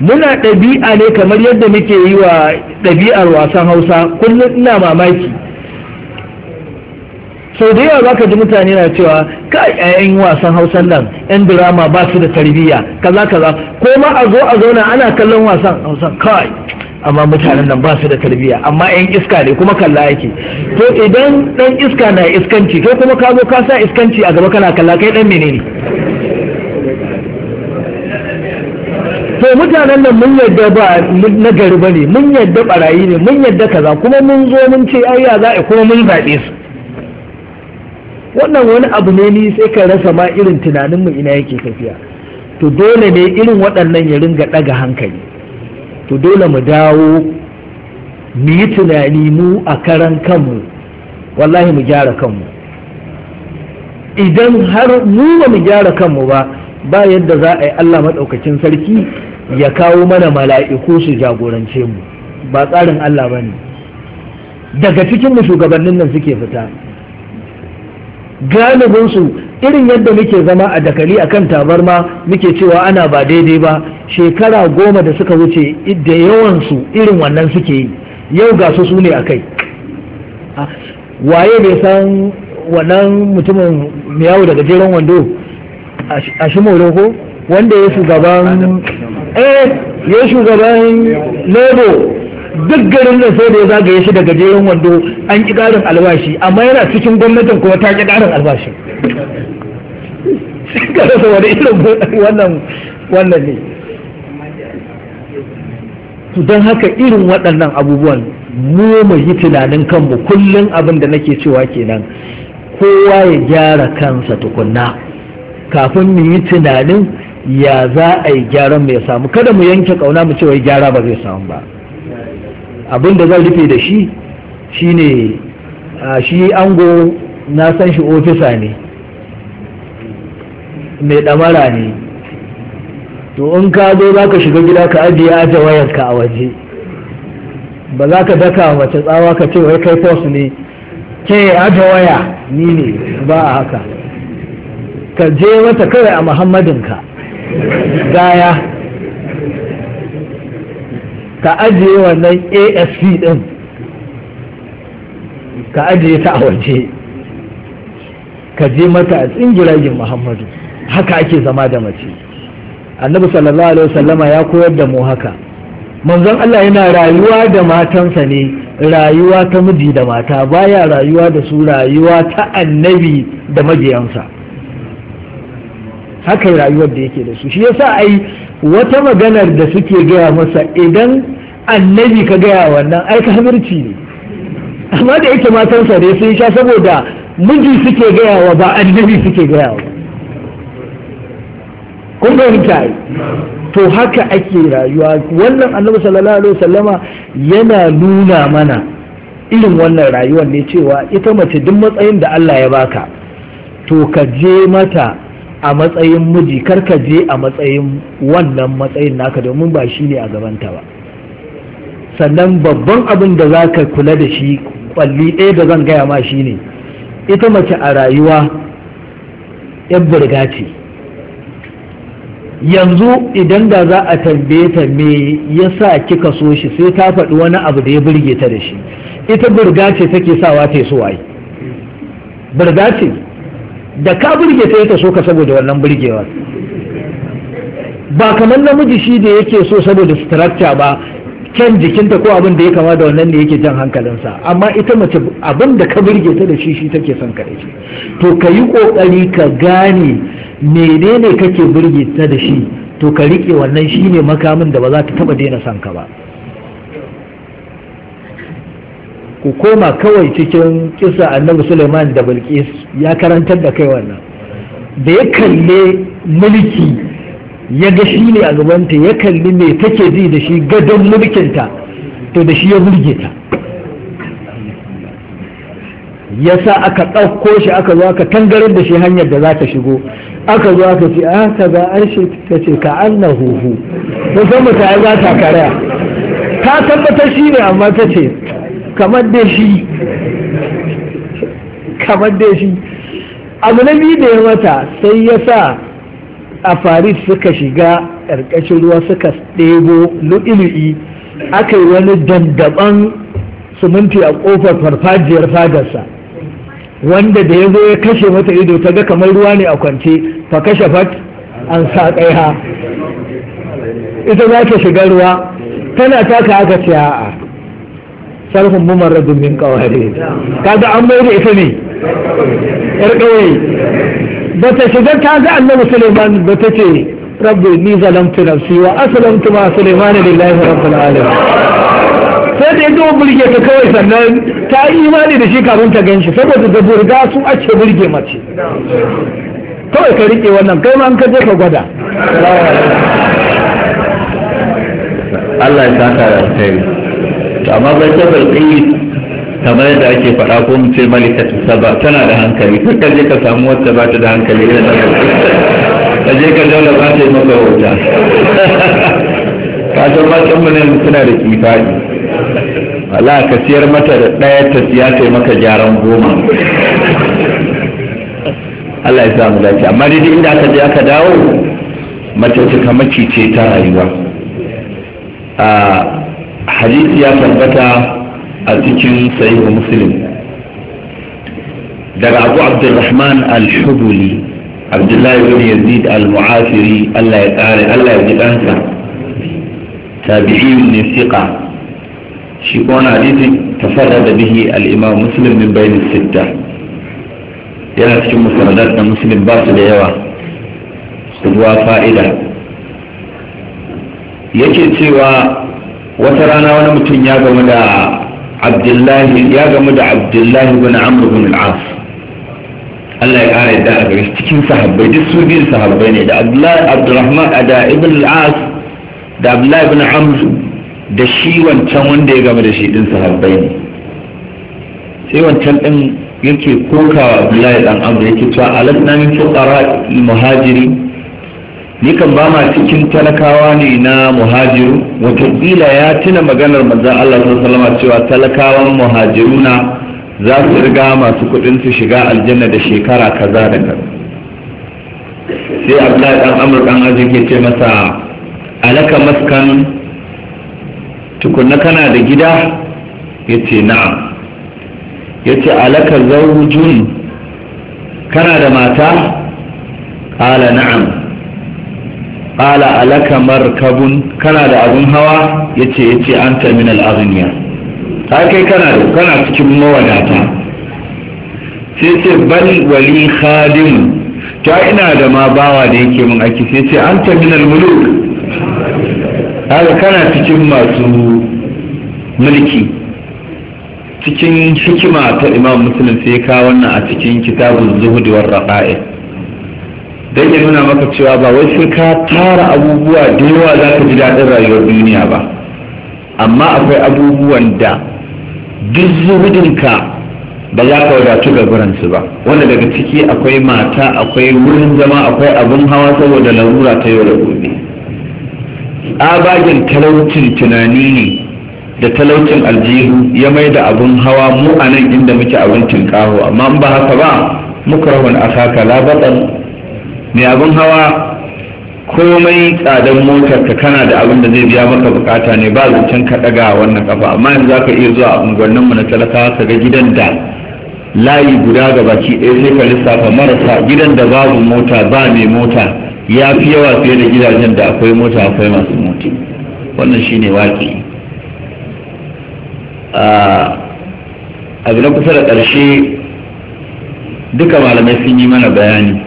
muna ɗabi'a ne kamar yadda muke yi wa ɗabi'ar wasan hausa kullum ina mamaki sau da yawa za ka ji mutane na cewa ka yayan wasan hausan nan yan drama ba su da tarbiyya kaza kaza ko ma a zo a zauna ana kallon wasan hausan kai amma mutanen nan ba su da tarbiyya amma yan iska ne kuma kalla yake to idan dan iska na iskanci kai kuma ka zo ka sa iskanci a gaba kana kalla kai dan menene to mutanen nan mun yadda ba na gari ba ne mun yadda barayi ne mun yadda kaza kuma mun zo mun ce ai ya za a kuma mun zaɓe su wannan wani abu ne ni sai ka rasa ma irin tunanin mu ina yake tafiya to dole ne irin waɗannan ya ringa ɗaga hankali to dole mu dawo mu yi tunani mu a karan kanmu wallahi mu gyara kanmu idan har mu ba mu gyara kanmu ba ba yadda za a yi Allah maɗaukacin sarki ya kawo mana mala'iku su jagorance mu ba tsarin Allah ba ne daga cikinmu shugabannin nan suke fita galibinsu irin yadda muke zama a dakali akan tabarma muke cewa ana ba daidai ba shekara goma da suka wuce da yawansu irin wannan suke yi yau ga su ne a kai ah, waye bai san wannan mutumin miyawu daga jeron wando a shi ko wanda ya shugaban eh ya shugaban lebo duk garin nan sai da ya zagaye shi daga jerin wando an ƙi karin albashi amma yana cikin gwamnatin kuma ta ƙi karin albashi ka sa wani irin wannan wannan ne to don haka irin waɗannan abubuwan mu mu yi tunanin kanmu kullun abin da nake cewa kenan kowa ya gyara kansa tukunna kafin mu yi tunanin ya za a yi gyaran mai samu kada mu yanke kauna mu cewa gyara ba zai samu ba abin da zan rufe da shi shine shi ango na san shi ofisa ne mai ɗamara ne to in ka zo za ka shiga gida ka ajiye aje wayarka a waje ba za ka daka mace tsawa ka ce wai kai fos ne ke aje waya ni ne ba a haka ka je mata kawai a muhammadinka gaya ka ajiye wannan asp din ka ajiye ta a waje ka je mata a tsingiragin muhammadu haka ake zama da mace annabi sallallahu alaihi wasallama ya koyar da mu haka manzon Allah yana rayuwa da matansa ne rayuwa ta miji da mata baya rayuwa da su rayuwa ta annabi da majiyansa haka rayuwar da yake da su shi yasa ai wata maganar da suke gaya masa idan annabi ka gaya wannan ai hamirci ne amma da yake matansa ne sun sha saboda miji suke gaya wa ba annabi suke gaya wa kun fahimta yi to haka ake rayuwa wannan annabi sallallahu alaihi wasallama yana nuna mana irin wannan rayuwar ne cewa ita mace duk matsayin da Allah ya baka to ka je mata a matsayin miji karka je a matsayin wannan matsayin naka domin ba shi ne a gabanta ba sannan babban abin da za ka kula da shi kwalli ɗaya da zan gaya ma shi ne ita mace a rayuwa yan burga ce yanzu idan da za a tambaye ta me ya sa kika so shi sai ta faɗi wani abu da ya burge ta da shi ita burga ce take sawa ta so waye burga ce da ka burge ta ta so ka saboda wannan burgewar ba kamar namiji shi da yake so saboda structure ba kyan jikinta ko abin da ya kama da wannan da yake jan hankalinsa amma ita mace abin da ka burge ta da shi shi take son ka shi to ka yi kokari ka gane menene kake burge ta da shi to ka riƙe wannan shi ne makamin da ba za ta taba daina son ka ba ku koma kawai cikin kisa annabi suleiman da bilkis ya karantar da kai wannan da ya kalle mulki ya ga shi ne a gabanta ya kalli me take ji da shi gadon mulkinta to da shi ya burge ta ya sa aka ɗauko shi aka zo aka tangarar da shi hanyar da za ta shigo aka zo aka ce a ah, ka za shi ta ce ka an na huhu ta za ta karaya ta tabbatar shi ne amma ta ce kamar da shi kamar da shi abu na biyu da ya mata sai ya sa a faris suka shiga ƙarƙashin ruwa suka ɗebo lu'ilu'i aka yi wani dandaban suminti a ƙofar farfajiyar fadarsa wanda da ya zo ya kashe mata ido ta ga kamar ruwa ne a kwance fa kashe fat an sa ha ita za ta shiga ruwa tana taka aka ce a'a sharhun rabin min Ka kaga an mai da ita ne yar kawai ta shiga kaga annabi ba ta ce rabbi ni zalamtu nafsi wa aslamtu ma Sulaiman lillahi rabbil alamin sai da yadda burge ta kawai sannan ta yi imani da shi kafin ta ganshi saboda da burga su ce burge mace kawai ka rike wannan kai ma an ka je ka gwada Allah ya saka da alheri to amma bai ta balqis kamar yadda ake faɗa ko mu ce malikatu saba tana da hankali sai ka je ka samu wata ba ta da hankali irin ta ka je ka daula ba ta yi maka wuta ka san matan mu ne suna da kifani wala ka siyar mata da ɗaya ta siya ta yi maka gyaran goma Allah ya samu dace amma dai duk inda aka je aka dawo mace ta kamaci ce ta rayuwa ah, hadisi ya tabbata a cikin sahihu muslim daga abu abdurrahman al-hubuli abdullahi bin yazid al-mu'afiri allah ya tsare allah ya ji ɗansa tabi'in ne siƙa shi kuma na hadisin tafarrada bihi al-imam muslim min bayin sitta yana cikin musaradat da muslim ba su da yawa su fa'ida yake cewa wata rana wani mutum ya gamu da abdullahi ya gamu da abdullahi bin amr bin al-as Allah ya kara yadda a gare cikin sahabbai duk su biyu sahabbai ne da abdullahi abdurrahman da ibn al-as da abdullahi bin amr da shi wancan wanda ya gama da shi din sahabbai ne sai wancan din yake kokawa abdullahi dan amr yake cewa alasna min fuqara al-muhajiri ni kan ba ma cikin talakawa ne na muhajiru watakila ya tuna maganar manzan Allah salama cewa talakawan muhajiruna za su riga masu kudin su shiga aljanna da shekara kaza da kaza sai abdullahi dan amur dan aji ke ce masa alaka maskan tukunna kana da gida yace na'am yace alaka zawjun kana da mata qala na'am ala alaka markabun kana da abun hawa yace yace an terminal al Ta kai kana kana cikin mawadata sai ce bal wali khadim ta ina da ma bawa da yake mun aiki sai ce an terminal muluk haka kana cikin masu mulki cikin hikima ta imam muslim sai ka wannan a cikin kitabun zuhudi war raqa'iq don ya nuna maka cewa ba wai sai ka tara abubuwa da yawa za ka ji daɗin rayuwar duniya ba amma akwai abubuwan da duk zurudinka ba za ka wadatu ga guransu ba wanda daga ciki akwai mata akwai wurin zama akwai abin hawa saboda larura ta yau da gobe tsabagen talaucin tunani ne da talaucin aljihu ya mai da abin hawa mu a nan inda muke abincin kaho amma ba haka ba mukrahun a kaka batsal mai abin hawa komai tsadar motar ka kana da abin da zai biya maka bukata ne ba zancen ka daga wannan kafa amma yanzu ka iya zuwa a unguwannin mu na talakawa ka ga gidan da layi guda ga baki ɗaya sai ka lissafa marasa gidan da babu mota ba mai mota ya fi yawa fiye da gidajen da akwai mota akwai masu moti wannan shine waki abu na kusa da ƙarshe duka malamai sun yi mana bayani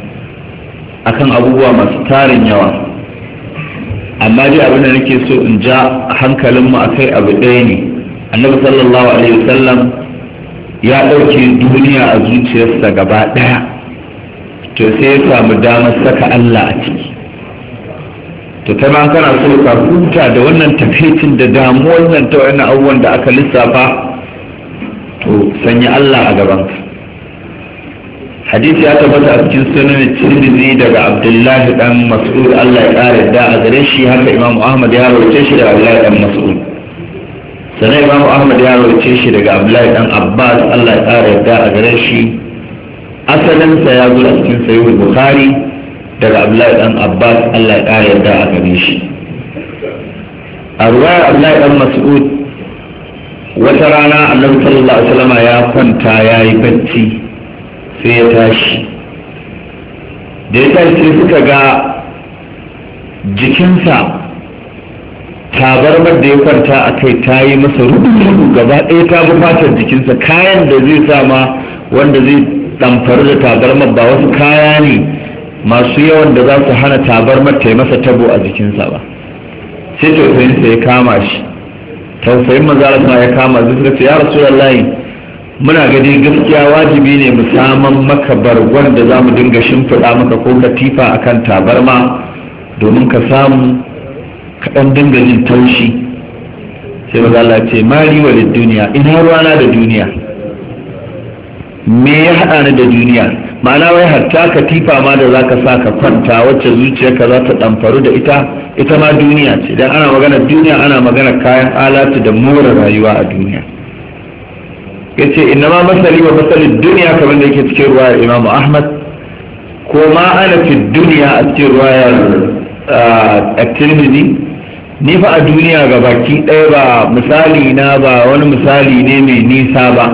akan abubuwa masu tarin yawa amma dai abin da nake so in ja hankalinmu a kai abu ɗaya ne annabi sallallahu alaihi wasallam ya ɗauke duniya a zuciyarsa gaba ɗaya to sai ya samu damar saka allah a ciki to kai ma kana so ka huta da wannan tafiyacin da damuwar nan ta wannan abubuwan da aka lissafa to sanya allah a gabanka hadisi ya tabbata a cikin sunan tirmidhi daga abdullahi dan mas'ud Allah ya kare da a gare shi haka imamu ahmad ya rawace shi daga abdullahi dan mas'ud sannan imamu ahmad ya rawace shi daga abdullahi dan abbas Allah ya kare da a gare shi asalin sa ya zo a cikin sahih bukhari daga abdullahi dan abbas Allah ya kare da a gare shi a ruwaya abdullahi dan mas'ud wata rana annabi sallallahu alaihi wasallam ya kwanta yayi bacci sai ya tashi da ya tashi sai suka ga jikinsa tabarmar da ya kwanta a kai ta yi masa rudu gaba ɗaya ta bi fatar jikinsa kayan da zai sa ma wanda zai ɗamfaru da tabarmar ba wasu kaya ne masu yawan da za su hana tabarmar ta yi masa tabo a jikinsa ba sai tausayinsa ya kama shi tausayin maza ya kama zai ya rasu layin. muna gani gaskiya wajibi ne mu saman maka bar da za mu dinga shimfiɗa maka ko katifa a kan tabarma domin ka samu kaɗan dinga jin taushi sai maza Allah ce mari wa duniya ina ruwana da duniya me ya haɗa ni da duniya ma'ana wai hatta katifa ma da za ka sa ka kwanta wacce zuciyarka za ta ɗamfaru da ita ita ma duniya ce dan ana magana duniya ana magana kayan alatu da more rayuwa a duniya ya ce inama masali wa masalin duniya kamar da yake cikin ruwayar imamu ahmad ko ma ana fi duniya a cikin ruwayar a tirmidhi ni fa a duniya ga baki ɗaya ba misali na ba wani misali ne mai nisa ba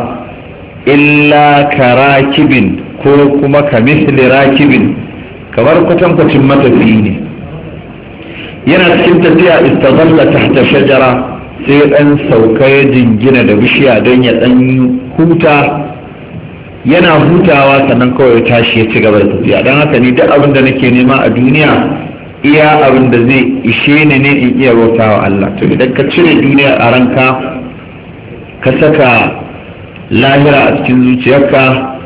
illa ka rakibin ko kuma ka misli rakibin kamar kwatankwacin matafi ne yana cikin tafiya istazalla tahta shajara sai ɗan sauka ya jingina da bishiya don ya ɗan huta yana hutawa sannan kawai ya tashi ya ci gaba da tafiya don haka ni duk abin da nake nema a duniya iya abin da zai ishe ni ne in iya bauta wa Allah to idan ka cire duniya a ranka ka saka lahira a cikin zuciyarka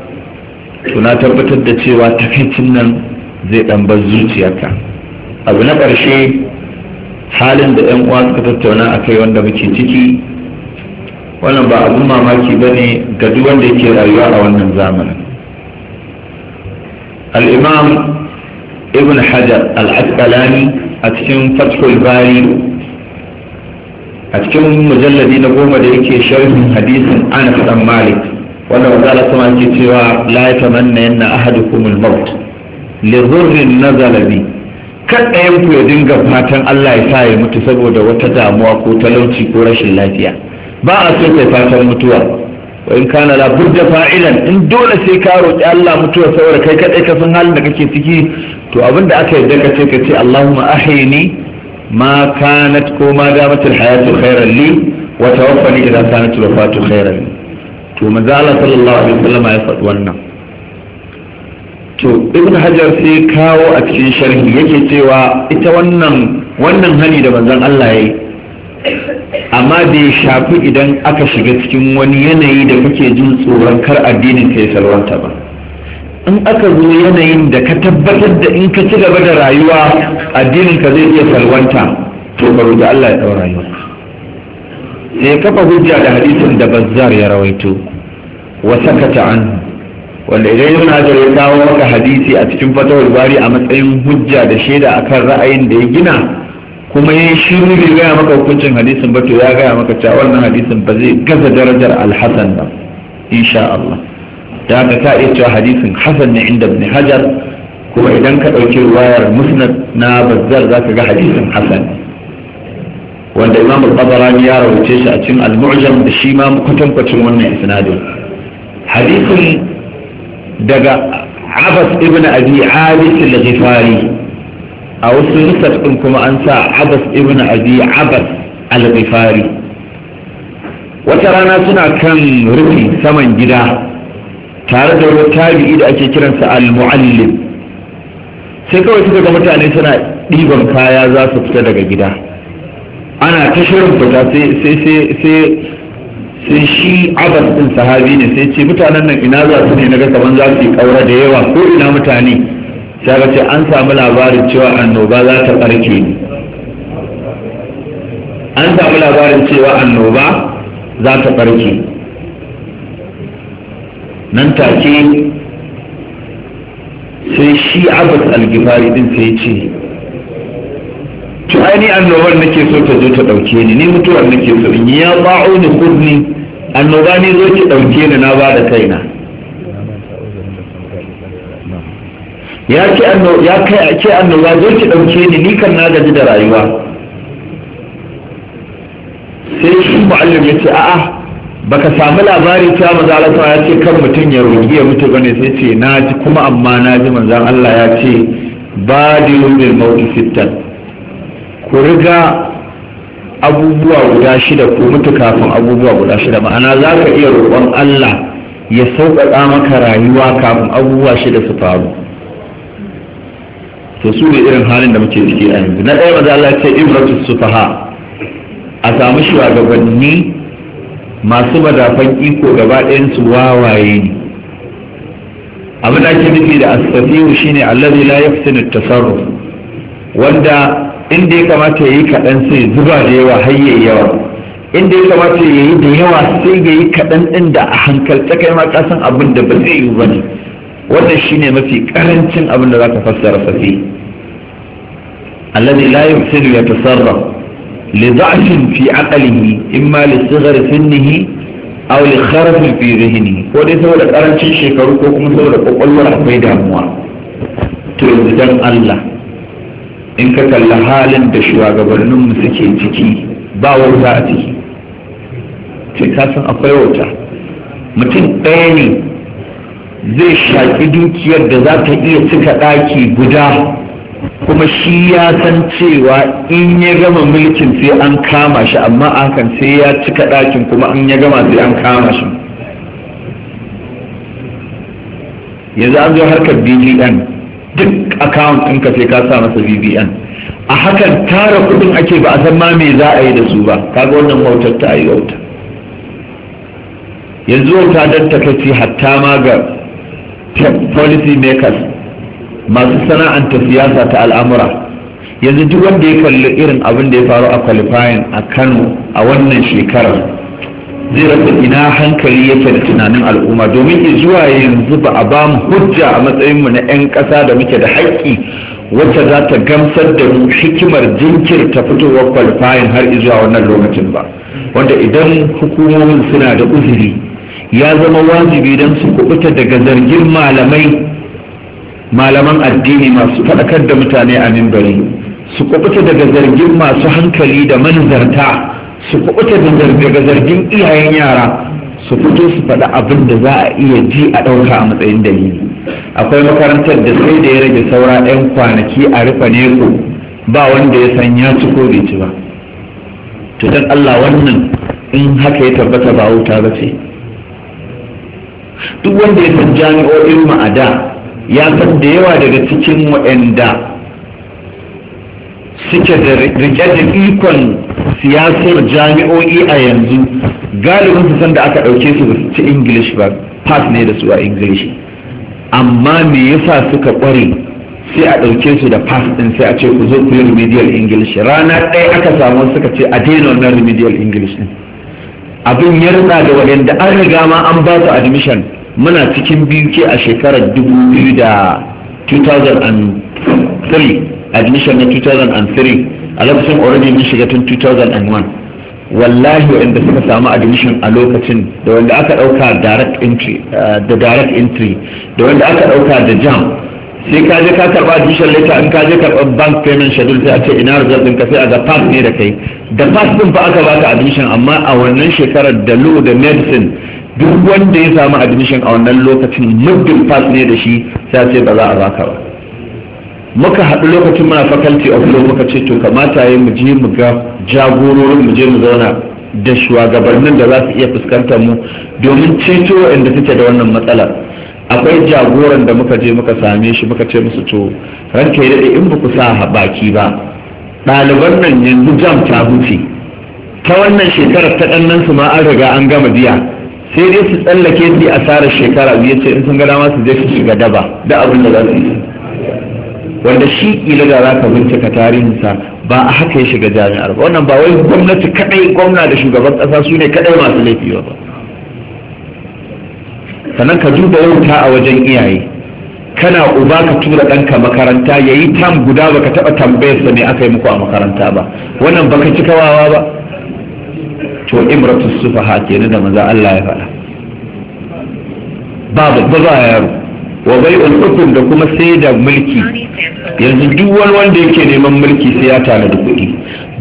to na tabbatar da cewa takaicin nan zai ɗan bar zuciyarka abu na ƙarshe halin da 'yan uwa suka tattauna a kai wanda muke ciki wannan ba abun mamaki ba ne ga duk wanda yake rayuwa a wannan zamanin al'imam ibn hajar al'asqalani a cikin fathul bari a cikin mujalladi na goma da yake sharhin hadisin anas dan malik wanda wazala sama ke cewa la yatamanna yanna ahadukum al-maut li dhurrin kan ɗayan ku ya dinga fatan Allah ya sa ya mutu saboda wata damuwa ko talauci ko rashin lafiya ba a so kai fatan mutuwa wa in kana la budda fa'ilan in dole sai ka roki Allah mutuwa saboda kai kadai ka san halin da kake ciki to abin da aka yarda ka ce ka ce Allahumma ahini ma kanat ko ma damat alhayatu khairan li wa tawaffani idha kanat alwafatu khairan to manzo Allah sallallahu alaihi wasallam ya faɗi wannan to ibn hajar sai kawo a cikin sharhi yake cewa ita wannan wannan hani da manzon Allah ya yi amma bai shafi idan aka shiga cikin wani yanayi da kake jin tsoron kar addinin ka ya salwanta ba in aka zo yanayin da ka tabbatar da in ka ci gaba da rayuwa addinin ka zai iya salwanta to ka roƙi Allah ya ɗaura rayuwa sai kafa hujja da hadisin da bazzar ya rawaito wa sakata anhu wanda idan ibn hajar ya kawo maka hadisi a cikin fatawar bari a matsayin hujja da shaida akan ra'ayin da ya gina kuma ya shiru bai gaya maka hukuncin hadisin ba to ya gaya maka cewa wannan hadisin ba zai gaza darajar alhassan ba insha Allah da haka ta iya cewa hadisin hasan ne inda ibn hajar kuma idan ka ɗauki ruwayar musnad na bazzar za ka ga hadisin hasan wanda imam al-qadarani ya rawace shi a cikin al-mu'jam da shi ma kwatankwacin wannan isnadin hadisin daga abbas ibn abi abis al-ghifari a wasu nusar ɗin kuma an sa abbas ibn abi abbas al-ghifari wata rana suna kan rufi saman gida tare da wani tabi'i da ake kiransa al-mu'allim sai kawai suka ga mutane suna ɗiban kaya za su fita daga gida ana ta shirin fita sai sai shi abas din sahabi ne sai ce mutanen nan ina za su ne na gasaban za su yi kaura da yawa ko ina mutane sai ga ce an samu labarin cewa annoba za ta barke ni an samu labarin cewa annoba za ta barke nan take sai shi abas algifari din sai ce to ai ni annobar nake so ta zo ta dauke ni ni mutuwar nake so in ya ba'u ni kudni annoba ne zo ki ɗauke ni na ba da kaina ya ce ya kai ce annoba zo ki ɗauke ni ni kan na gaji da rayuwa sai shi mu'allim ya ce a'a baka samu labari cewa manzo ya ce kan mutum ya roƙi ya mutu bane sai ce na ji kuma amma na ji manzo Allah ya ce badilu bil mauti sittan ku riga abubuwa guda shida ko mutu kafin abubuwa guda shida ma'ana za ka iya roƙon Allah ya sauƙaƙa maka rayuwa kafin abubuwa shida su faru to su ne irin halin da muke ciki a yanzu na ɗaya maza Allah ce su sufaha a samu shugabanni masu madafan iko gaba ɗayan su wawaye ne abin da ake nufi da asafiyu shine allazi la yafsinu tasarruf wanda inda ya kamata ya yi kaɗan sai zuba da yawa har yi yawa inda ya kamata ya yi da yawa sai ya yi kaɗan ɗin da a hankali ta kai ma kasan abin da ba zai yi ba ne wannan shi ne mafi ƙarancin abin da za ka fassara fasi alladhi la yusiru ya tasarra li dha'fin fi aqlihi imma li sighri sinnihi aw li kharafin fi dhihnihi ko dai saboda ƙarancin shekaru ko kuma saboda kwakwalwar akwai damuwa to yanzu dan Allah in ka kalli halin da shugabanninmu suke ciki ba wauta a ciki ce kasan akwai wauta mutum ɗaya ne zai shaƙi dukiyar da za ta iya cika ɗaki guda kuma shi ya san cewa in ya gama mulkin sai an kama shi amma hakan sai ya cika ɗakin kuma in ya gama sai an kama shi yanzu an zo harkar bgn duk account ɗin sai ka sa masa bbn a hakan tara kuɗin ake ba a san ma me za a yi da su ba kaga wannan wautar ta yi wauta yanzu wauta don takaici hatta ma ga policy makers masu sana'anta siyasa ta al'amura yanzu duk wanda ya kalli irin abin da ya faru a qualifying a kano a wannan shekarar zai rasa ina hankali yake da tunanin al'umma domin zuwa yanzu ba a ba mu hujja a matsayinmu na 'yan ƙasa da muke da haƙƙi wacce za ta gamsar da mu hikimar ta fitowar kwalifayin har zuwa wannan lokacin ba wanda idan hukumomin suna da uzuri ya zama wajibi don su kubuta daga zargin malamai malaman addini masu faɗakar da mutane a mimbari su kubuta daga zargin masu hankali da manzarta su kuɓuta zarge zargin iyayen yara su fito su faɗi abin da za a iya ji a ɗauka a matsayin dalili akwai makarantar da sai da ya rage saura 'yan kwanaki a rufe ku ba wanda ya san ya ci ko bai ci ba to dan Allah wannan in haka ya tabbata ba wuta ba ce duk wanda ya san jami'o'in ma'ada ya san da yawa daga cikin waɗanda suke da rike da ikon siyasar jami'o'i a yanzu galibin su sanda aka ɗauke su ci english ba pass ne da su a english amma me yasa suka ƙware sai a ɗauke su da pass ɗin sai a ce ku zo ku yi remedial english rana ɗaya aka samu suka ce a daina wannan remedial english ɗin abin ya rika da waɗanda an riga ma an ba su admission muna cikin biyu a shekarar dubu biyu da 2003 admission na 2003 a lokacin already mun shiga tun 2001 wallahi wanda suka samu admission a lokacin da wanda aka dauka direct entry uh, da direct entry da wanda aka dauka da jam sai ka je ka karba admission letter in ka je karba bank payment schedule sai a ce ina result ka sai a ga pass ne da kai da pass din ba aka baka admission amma a wannan shekarar da lu da medicine duk wanda ya samu admission a wannan lokacin muddin pass ne da shi sai a ce ba za a baka ba muka haɗu lokacin muna faculty of law muka ce to kamata ya mu je mu ga jagororin mu je mu zauna da shugabannin da za su iya fuskantar mu domin ceto inda take da wannan matsalar akwai jagoran da muka je muka same shi muka ce musu to ranke da in ba ku sa baki ba ɗaliban nan yanzu jam ta huce ta wannan shekarar ta ɗannan su ma an riga an gama biya sai dai su tsallake su asarar shekara biyu ce in sun ga dama su je su shiga daba da abin da za su yi wanda shi kila da ka bincika tarihinsa ba a haka ya shiga jami'ar ba wannan ba wai gwamnati kadai gwamna da shugaban kasa su ne kadai masu laifi ba sannan ka duba wauta a wajen iyaye kana uba ka tura ɗanka makaranta ya yi tam guda baka taɓa sa ne aka yi muku a makaranta ba wannan baka ci kawawa ba to imratu sufaha kenan da maza Allah ya faɗa ba za ba yaro wa bai'ul hukm da kuma sai da mulki yanzu duk wani wanda yake neman mulki sai ya tanadi kuɗi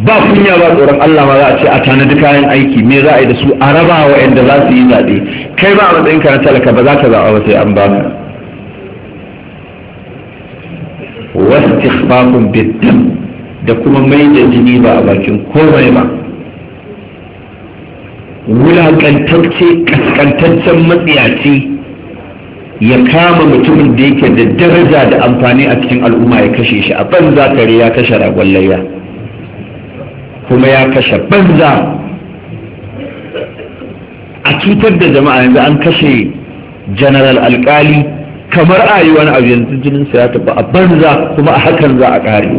ba kunya ba tsoron Allah ma za a ce a tanadi kayan aiki me za a yi da su a raba wa yanda za su yi zaɓe kai ba a matsayin ka na talaka ba za ka zaɓa ba sai an ba ka wastighfafun biddam da kuma mai da jini ba a bakin komai ba wulakantacce kaskantaccen matsiyaci ya kama mutumin da yake da daraja da amfani a cikin al'umma ya kashe shi a banza kare ya kashe ragon layya kuma ya kashe banza a cutar da jama'a yanzu an kashe general alkali kamar a yi wani abu yanzu jininsa ya tafi a banza kuma a hakan za a kare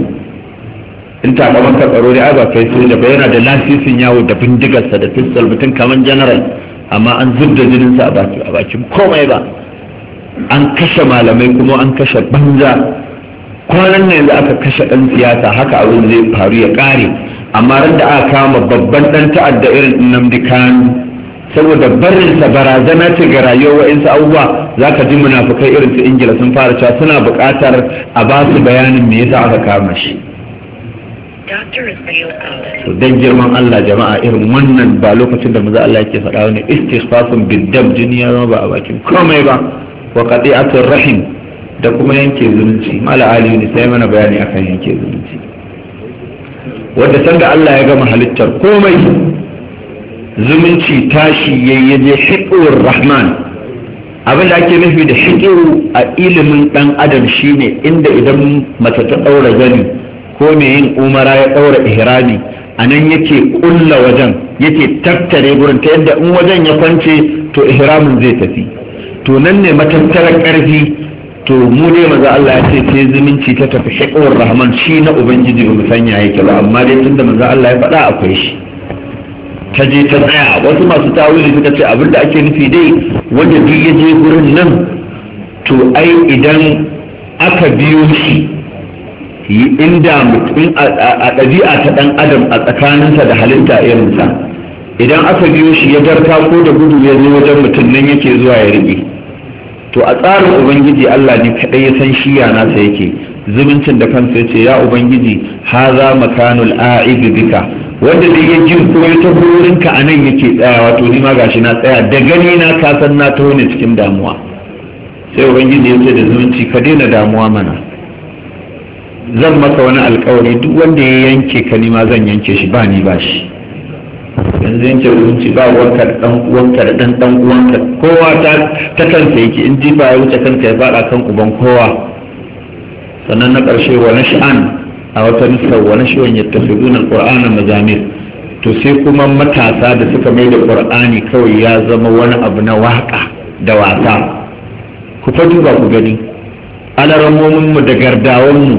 in takaman tsaro da ba kai soja ba yana da lasisin yawo da bindigarsa da fistal mutum kamar general amma an zub da jininsa a bakin komai ba an kashe malamai kuma an kashe banza kwanan nan da aka kashe ɗan siyasa haka abin zai faru ya ƙare amma ran da aka kama babban ɗan ta'adda irin Nnamdi Kanu saboda barinsa barazana ce ga rayuwar wa'insu abubuwa za ka ji munafukai irin su ingila sun fara cewa suna buƙatar a ba su bayanin me yasa aka kama shi don girman Allah jama'a irin wannan ba lokacin da maza Allah yake faɗa wani istighfasun biddab jini ya zama ba a bakin komai ba wa qati'atur rahim da kuma yanke zumunci mala ali ne sai mana bayani akan yanke zumunci wanda sanda Allah ya gama halittar komai zumunci tashi yayyaje shiqur rahman abin da ake nufi da shiqiru a ilimin dan adam shine inda idan mace ta daura zani ko mai yin umara ya daura ihrami a nan yake ƙulla wajen yake tattare gurin ta yadda in wajen ya kwance to ihramin zai tafi to nan ne matattarar ƙarfi to mu dai maza Allah ya ce sai zumunci ta tafi shaƙawar rahman shi na ubangiji ba sanya yake ba amma dai tunda maza Allah ya faɗa akwai shi ta je ta tsaya wasu masu tawili suka ce abin da ake nufi dai wanda duk ya je gurin nan to ai idan aka biyo shi inda mutum a ɗabi'a ta ɗan adam a tsakaninsa da halitta irinsa idan aka biyo shi ya darta ko da gudu ya zo wajen mutum nan yake zuwa ya riƙe to a tsarin ubangiji Allah ne kaɗai ya san shiya nasa yake zumuncin da kansa ya ce ya ubangiji haza makanul a'ibi bika wanda da ya ji ko ya taho wurinka a nan yake tsaya, wato ni ma gashi na tsaya da gani na ka san na taho ne cikin damuwa sai ubangiji ya ce da zumunci ka daina damuwa mana zan maka wani alkawari duk wanda ya yanke ka ni ma zan yanke shi ba ni ba shi yanzu yanke wuce ba wanka da dan uwanka dan dan uwanka kowa ta ta yake in ji ba ya wuce kanka ya fada kan uban kowa sannan na karshe wa nash'an a wata nisa wa nash'an yattafiduna alqur'ana mazamir to sai kuma matasa da suka mai da qur'ani kawai ya zama wani abu na waka da wasa ku fatu ba ku gani alaramomin mu da gardawan mu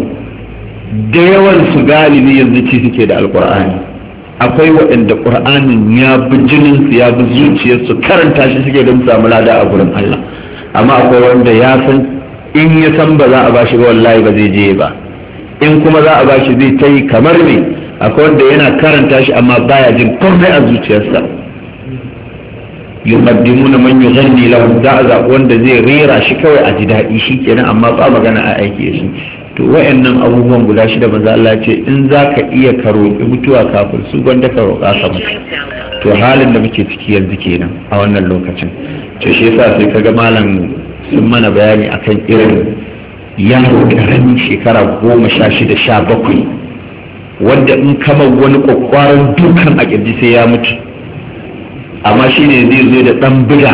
da yawan su galibi yanzu ci suke da alqur'ani akwai waɗanda ƙur'anin ya bi jininsu ya bi zuciyarsu karanta shi suke don samu lada a gurin Allah amma akwai wanda ya san in ya san ba za a bashi ba wallahi ba zai je ba in kuma za a bashi zai ta yi kamar ne akwai wanda yana karanta shi amma baya jin komai a zuciyarsa yuqaddimuna man yughanni lahum za a wanda zai rera shi kawai a ji daɗi shi kenan amma ba magana a aike shi to wayannan abubuwan guda shida manzo Allah ce in za ka iya karo roƙi mutuwa kafin su gwanda ka roƙa ka mutu to halin da muke ciki yanzu kenan a wannan lokacin to shi yasa sai kaga malam sun mana bayani akan irin yaro karami shekara goma sha shida sha bakwai wanda in kama wani kwakwaran dukan a kirji sai ya mutu amma shine zai zo da ɗan buga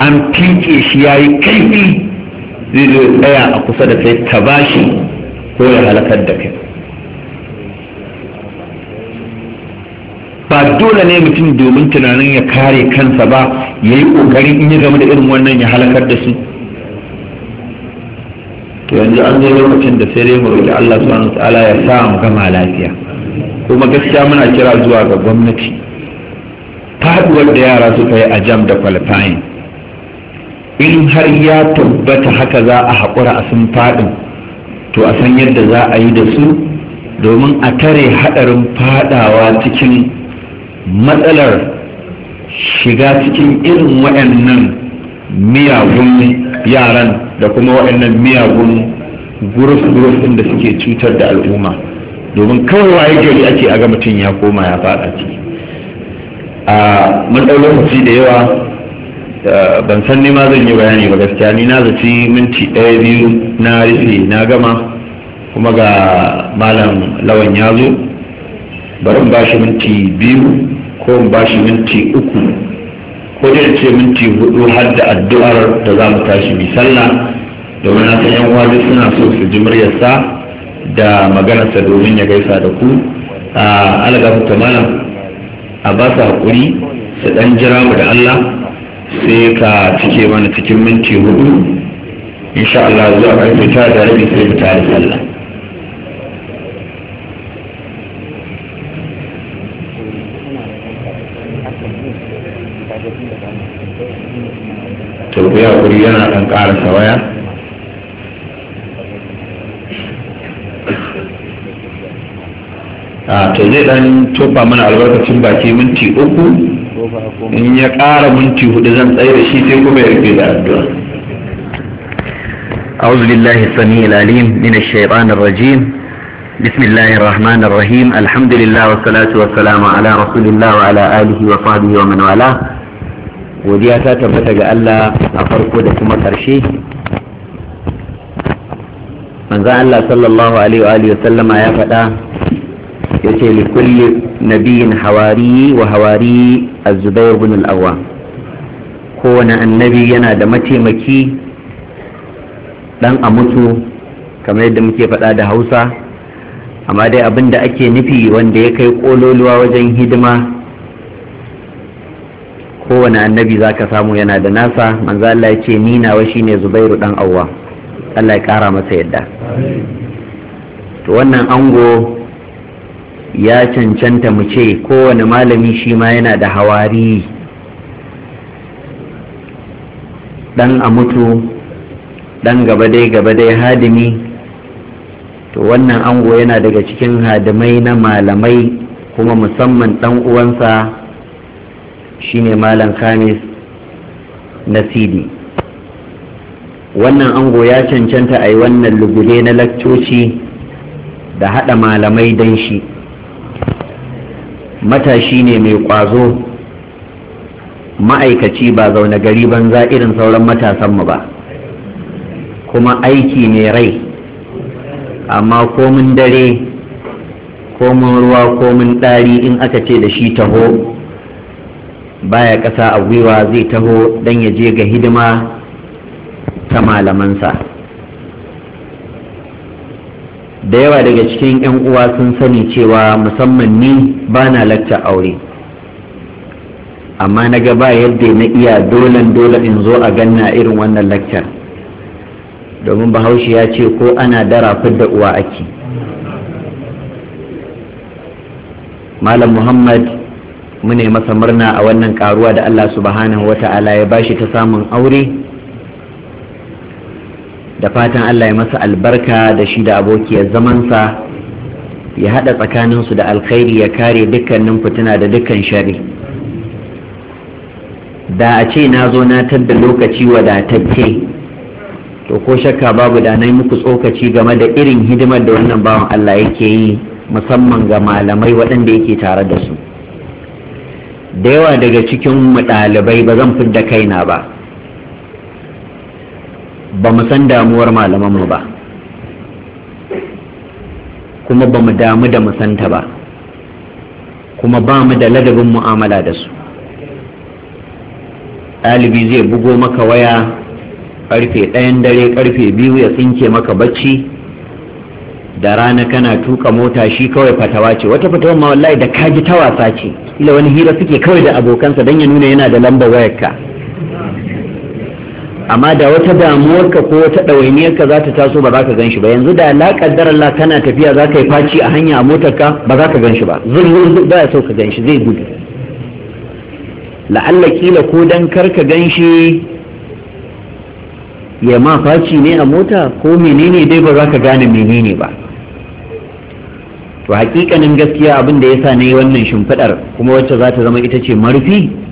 an tinke shi yayi kai zai zo tsaya a kusa da kai ta bashi ko ya halakar da kai ba dole ne mutum domin tunanin ya kare kansa ba ya yi ƙoƙari in ya game da irin wannan ya halakar da su to yanzu an zo lokacin da sai dai mu roƙi Allah subhanahu ta'ala ya sa mu gama lafiya kuma gaskiya muna kira zuwa ga gwamnati faduwar da yara suka yi a jam da qualifying in har ya tabbata haka za a haƙura a sun faɗin to a san yadda za a yi da su domin a tare haɗarin faɗawa cikin matsalar shiga cikin irin waɗannan miyagun yaran da kuma waɗannan miyagun guruf gurus ɗin da suke cutar da al'umma domin kawai waye gari ake ga mutum ya koma ya faɗa ciki a lokaci da yawa Eh, ban san ni ma zan yi bayani ba gaskiya ni na zaci minti ɗaya biyu na rufe na gama kuma ga malam lawan ya zo bari in bashi minti biyu ko in bashi minti uku ko dai ce minti hudu har da addu'ar da za mu tashi bi sallah domin na san yan wani suna so su ji muryarsa da maganarsa domin ya gaisa da ku a ah, alagafu malam a ba su haƙuri su ɗan jira mu da Allah sai ka cike mana cikin minti hudu insha Allah zuwa karfe tara da rabi sai mu da sallah to ku ya guri yana dan karasa waya a ah, to zai dan tuba mana albarkacin baki minti uku in ya ƙara minti hudu zan tsaye da shi sai kuma ya rufe da addu'a أعوذ بالله السميع العليم من الشيطان الرجيم بسم الله الرحمن الرحيم الحمد لله والصلاة والسلام على رسول الله وعلى آله وصحبه ومن والاه godiya ta tabbata ga Allah a da kuma ƙarshe manzan Allah sallallahu alaihi wa sallama ya faɗa yace li kulli nabiyin hawari wa hawari az-zubair ibn al-awwam kowane annabi yana da mataimaki dan a mutu kamar yadda muke faɗa da hausa amma dai abin da ake nufi wanda ya kai ƙololuwa wajen hidima kowane annabi za ka samu yana da nasa manzo Allah ya ce ni nawa shine zubairu dan awwa Allah ya ƙara masa yadda to wannan ango ya cancanta mu ce kowane malami shi ma yana da hawari dan a mutu dan gaba dai gaba dai hadimi to wannan ango yana daga cikin hadimai na malamai kuma musamman dan uwansa shine malam khamis na sidi wannan ango ya cancanta a yi wannan lugude na lakcoci da haɗa malamai dan shi matashi ne mai kwazo ma'aikaci ba zaune gari banza irin sauran matasanmu ba kuma aiki mai rai amma komin dare komin ruwa komin ɗari in aka ce da shi taho baya ƙasa a gwiwa zai taho don ya je ga hidima ta malamansa da yawa daga cikin 'yan uwa sun sani cewa musamman ni ba na lakta aure amma na gaba yadda na iya dolan dole in zo a ganna irin wannan lakcar domin bahaushe ya ce ko ana dara da uwa ake malam muhammad mune masa murna a wannan karuwa da allah subhanahu wata'ala ya bashi ta samun aure da fatan Allah ya masa albarka da shi da abokiyar zamansa ya haɗa tsakaninsu da alkhairi ya kare dukkanin fitina da dukkan shari da a ce na zo na tadda lokaci wadatacce to ko shakka babu da na yi muku tsokaci game da irin hidimar da wannan bawan Allah yake yi musamman ga malamai waɗanda yake tare da su da yawa daga cikin ɗalibai ba zan fidda kaina ba ba mu san damuwar malamanmu ba kuma ba mu damu da musanta ba kuma ba mu da ladabin mu'amala da su ɗalibi zai bugo maka waya ƙarfe ɗayan dare ƙarfe biyu ya tsinke maka bacci da rana kana tuka mota shi kawai fatawa ce wata fatawar ma wallahi da kaji ta wasa ce ila wani hira suke kawai da abokansa don ya nuna yana da lambar wayarka amma da wata damuwarka ko wata ɗawainiyarka za ta taso ba za ka gan shi ba yanzu da la kaddar Allah kana tafiya za ka yi faci a hanya a motarka ba za ka gan shi ba zurgur ba ya so ka gan shi zai gudu la'alla kila ko dan kar ka gan shi ya ma faci ne a mota ko menene dai ba za ka gane menene ba to hakikanin gaskiya abin da yasa na yi wannan shimfiɗar kuma wacce za ta zama ita ce marfi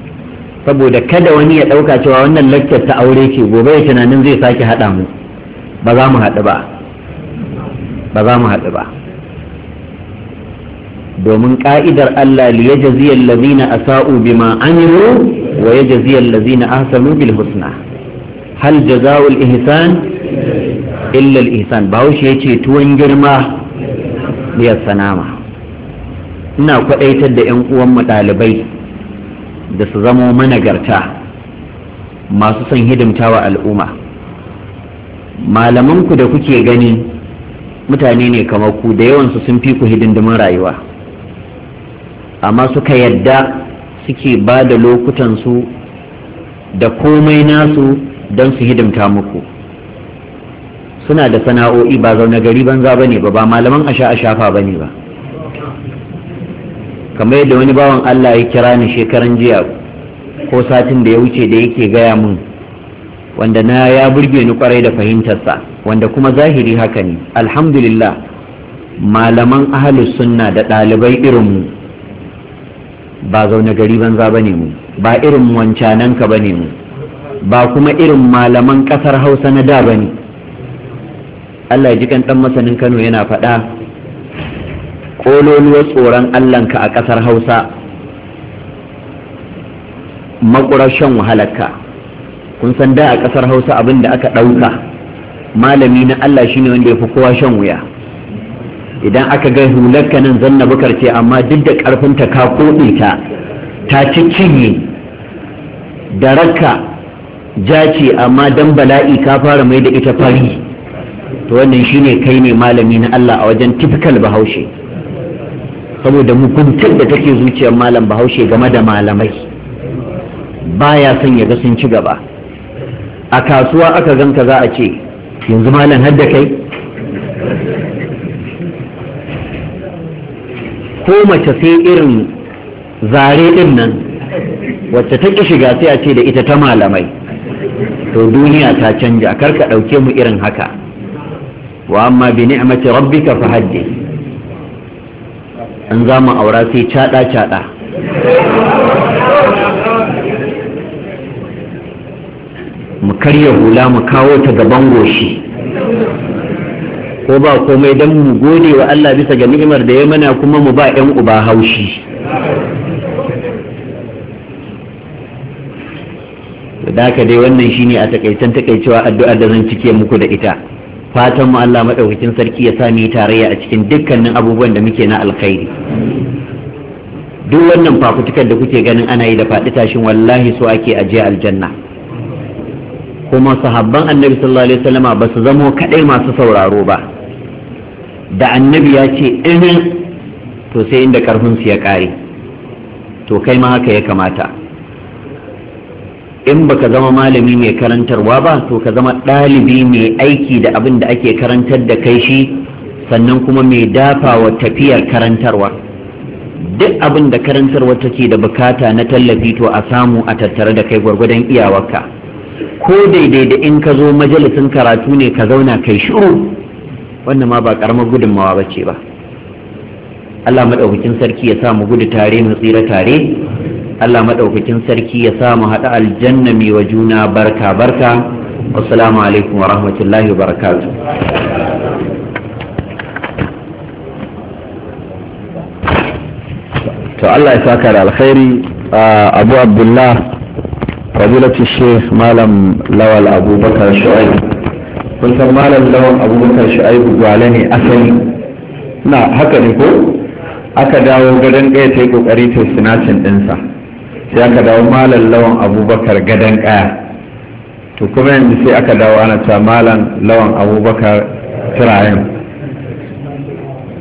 saboda kada wani ya ɗauka cewa wannan lakcar ta aure ce gobe ya tunanin zai sake haɗa mu ba za mu haɗu ba ba za mu haɗu ba domin ƙa'idar Allah li ya jaziyar lazina a sa'u bima amiru wa ya jaziyar lazina a hasanu bil husna hal jaza'ul ihsan illa ihsan bahaushe ya ce tuwon girma ya sanama ina kwaɗaitar da 'yan uwan mu ɗalibai da su zamo managarta masu son hidimta wa al'umma malamanku da kuke gani mutane ne kamar ku da yawansu sun fi ku hidindimin rayuwa amma suka yadda suke ba da lokutansu da komai nasu don su hidimta muku suna da sana'o'i ba zaune gari banza ba ne ba ba malaman asha-ashafa ba ne ba kamar yadda wani bawan Allah ya kira ni shekaran jiya ko satin da ya wuce da yake gaya mun wanda na ya burge ni kwarai da fahimtarsa wanda kuma zahiri haka ne alhamdulillah malaman ahalus sunna da ɗalibai irinmu ba zaune gari banza ba ne mu ba irin wancananka ba ne mu ba kuma irin malaman ƙasar hausa na da ba ne allah ji kan ɗan masanin kano yana faɗa kololuwar tsoron ka a ƙasar hausa makurashen wahalarka kun san da a ƙasar hausa abin da aka ɗauka malami na allah shine wanda ya fi kowa shan wuya idan aka ga hularka nan zanna bukar ce amma duk da ƙarfinta ka koɗe ta ta ci cinye da rakka ja ce amma dan bala'i ka fara mai da ita fari to wannan shine kai ne malami na allah a wajen tifikal bahaushe saboda muguntar da take zuciyar malam bahaushe game da malamai baya son ya ga sun ci gaba a kasuwa aka ganka za a ce yanzu malam hadda kai ko mace sai irin zare din nan wacce ta ƙi shiga sai a ce da ita ta malamai to duniya ta canja ka ɗauke mu irin haka wa amma bi ni'mati rabbika fa haddi An za mu aura sai caɗa-caɗa mu karya hula mu kawo ta gaban goshi ko ba komai don mu gode wa Allah bisa ga ni'imar da ya mana kuma mu ba 'yan uba haushi da dai wannan shine a takaicen takaicewa addu'ar da zan cike muku da ita fatan mu Allah madaukakin sarki ya sa mu tarayya a cikin dukkanin abubuwan da muke na alkhairi duk wannan fafutukar da kuke ganin ana yi da faɗi tashin wallahi so ake aje aljanna kuma sahabban annabi sallallahu alaihi wasallama ba su zamo kadai masu sauraro ba da annabi ya ce irin to sai inda karfin su ya kare to kai ma haka ya kamata in baka zama malami mai karantarwa ba to ka zama ɗalibi mai aiki da abin da ake karantar da kai shi sannan kuma mai dafa wa tafiyar karantarwa duk abin da karantarwa take da bukata na tallafi to a samu a tattare da kai gwargwadon iyawarka ko daidai da in ka zo majalisin karatu ne ka zauna kai shiru wannan ma ba karamar gudunmawa ba ce ba Allah maɗaukakin sarki ya sa mu gudu tare mu tsira tare Allah madaukakin sarki ya samu mu hada aljanna mai wa juna barka barka assalamu alaikum wa rahmatullahi wa barakatuh to Allah ya saka da alkhairi Abu Abdullah fadilatu Sheikh Malam Lawal Abubakar shuaibu kun san Malam Lawal Abubakar shuaibu gwale ne asali na haka ne ko aka dawo gadon ɗaya ta yi kokari ta sinacin ɗinsa sai aka dawo malam lawan abubakar gadan kaya to kuma yanzu sai aka dawo ana ta malam lawan abubakar turayen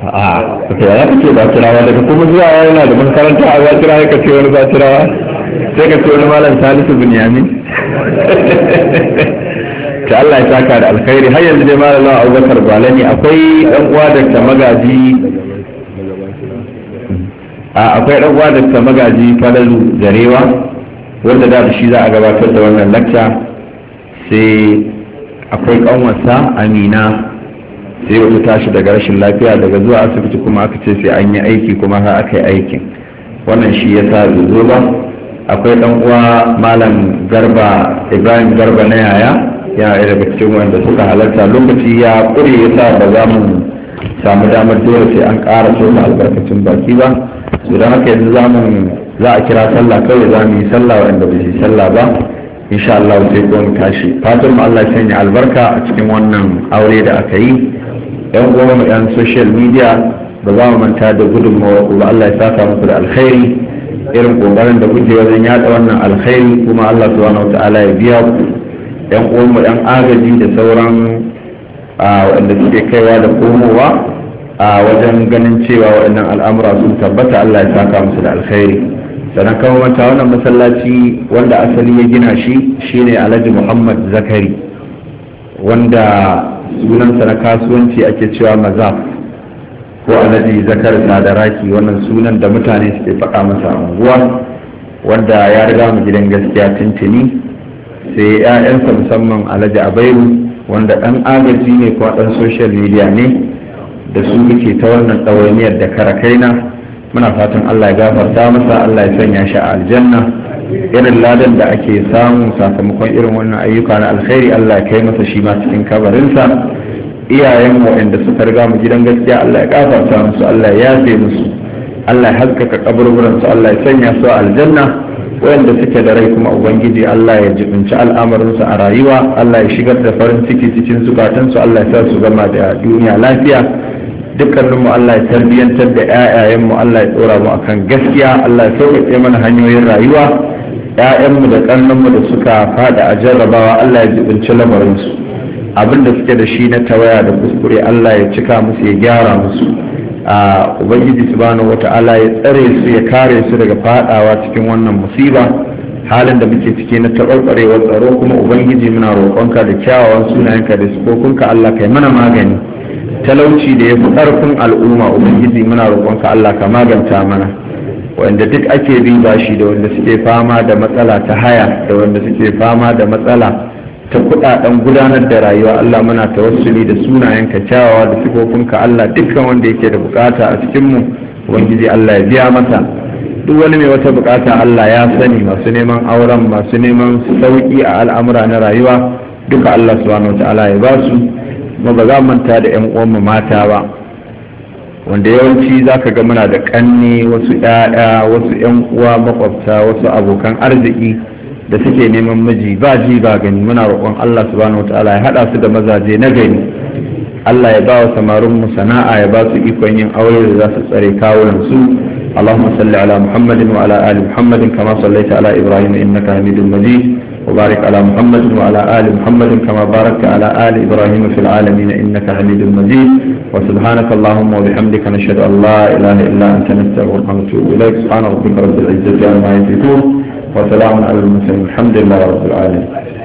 a ta yaya kake ba turawa daga kuma zuwa yana da makaranta a za turawa ka ce wani ba turawa sai ka ce wani malam salisu Bunyami. (laughs) ta Allah ya saka da alkhairi har yanzu dai malam lawan abubakar gwalani akwai dan uwa da magaji akwai ɗan uwa da magaji falalu zarewa wanda da shi za a gabatar da wannan lacca sai akwai ƙanwarsa amina sai wata tashi daga rashin lafiya daga zuwa asibiti kuma aka ce sai an yi aiki kuma har aka yi aikin wannan shi ya sa zo ba akwai ɗan uwa malam garba ibrahim garba na yaya yana ɗaya daga cikin wanda suka halarta lokaci ya kure ya sa ba za mu samu damar dole sai an ƙara so albarkacin baki ba su da haka yanzu za za a kira sallah kawai za mu yi sallah wanda ba su sallah ba insha Allah sai ko mu tashi fatan mu Allah sanya albarka a cikin wannan aure da aka yi yan goma mu yan social media ba za mu manta da gudunmawa ba Allah ya saka muku da alkhairi irin kokarin da kuke wajen yada wannan alkhairi kuma Allah subhanahu ta'ala ya biya ku yan mu yan agaji da sauran waɗanda suke kaiwa da komowa a wajen ganin cewa waɗannan al'amura sun tabbata Allah ya saka musu da alkhairi sannan kuma manta wannan masallaci wanda asali ya gina shi shine Alhaji Muhammad Zakari wanda sunansa na kasuwanci ake cewa mazaf ko Alhaji Zakar Sadaraki wannan sunan da mutane suke faɗa masa unguwa wanda ya riga mu gidan gaskiya tuntuni sai 'ya'yansa musamman Alhaji Abairu wanda ɗan agaji ne ko ɗan social media ne da su kake ta wannan ɗawainiyar da na muna fatan Allah ya gafarta masa Allah ya sanya shi a aljanna irin ladan da ake samu sakamakon irin wannan ayyuka na alkhairi Allah ya kai masa shi ma cikin kabarinsa iyayen waɗanda suka riga mu gidan gaskiya Allah ya gafarta musu Allah ya yafe musu Allah ya haskaka kaburburan su Allah ya sanya su a aljanna waɗanda suke da rai kuma ubangiji Allah ya jibinci al'amarinsu a rayuwa Allah ya shigar da farin ciki cikin zukatansu Allah ya sa su gama da duniya lafiya mu Allah ya tarbiyyantar da mu Allah ya tsora mu akan gaskiya Allah ya sauƙaƙe mana hanyoyin rayuwa ƴaƴanmu da mu da suka fada a jarrabawa Allah ya jibinci lamarin abin da suke da shi na tawaya da kuskure Allah ya cika musu ya gyara musu a ubangiji subhanahu wata'ala ya tsare su ya kare su daga fadawa cikin wannan musiba halin da muke ciki na taɓarɓarewar tsaro kuma ubangiji muna roƙonka da kyawawan sunayenka da sukokunka Allah kai mana magani talauci da ya fi ƙarfin al'umma ubangiji muna roƙonka Allah ka maganta mana wanda duk ake riba shi da wanda suke fama da matsala ta haya da wanda suke fama da matsala ta kudaden gudanar da rayuwa Allah muna ta wasuli da sunayen ka cawawa da sifofinka Allah dukkan wanda yake da bukata a cikin mu ubangiji Allah ya biya masa duk wani mai wata bukata Allah ya sani masu neman auren masu neman sauki a al'amura na rayuwa duka Allah subhanahu wa ta'ala ya basu. kuma ba za mu manta da yan uwanmu mata ba wanda yawanci za ka ga muna da ƙanni wasu 'ya'ya wasu yan uwa makwabta wasu abokan arziki da suke neman miji ba ji ba gani muna roƙon Allah subhanahu wataala ya haɗa su da mazaje na gani Allah ya ba wa samarin mu sana'a ya ba su ikon yin aure da za su tsare kawunan su Allahumma salli ala Muhammadin wa ala ali Muhammadin kama sallaita ala Ibrahim innaka Hamidul Majid وبارك على محمد وعلى آل محمد كما باركت على آل إبراهيم في العالمين إنك حميد مجيد وسبحانك اللهم وبحمدك نشهد أن لا إله إلا أنت نستغفرك ونتوب إليك سبحان ربك رب العزة عما يصفون وسلام على المرسلين الحمد لله رب العالمين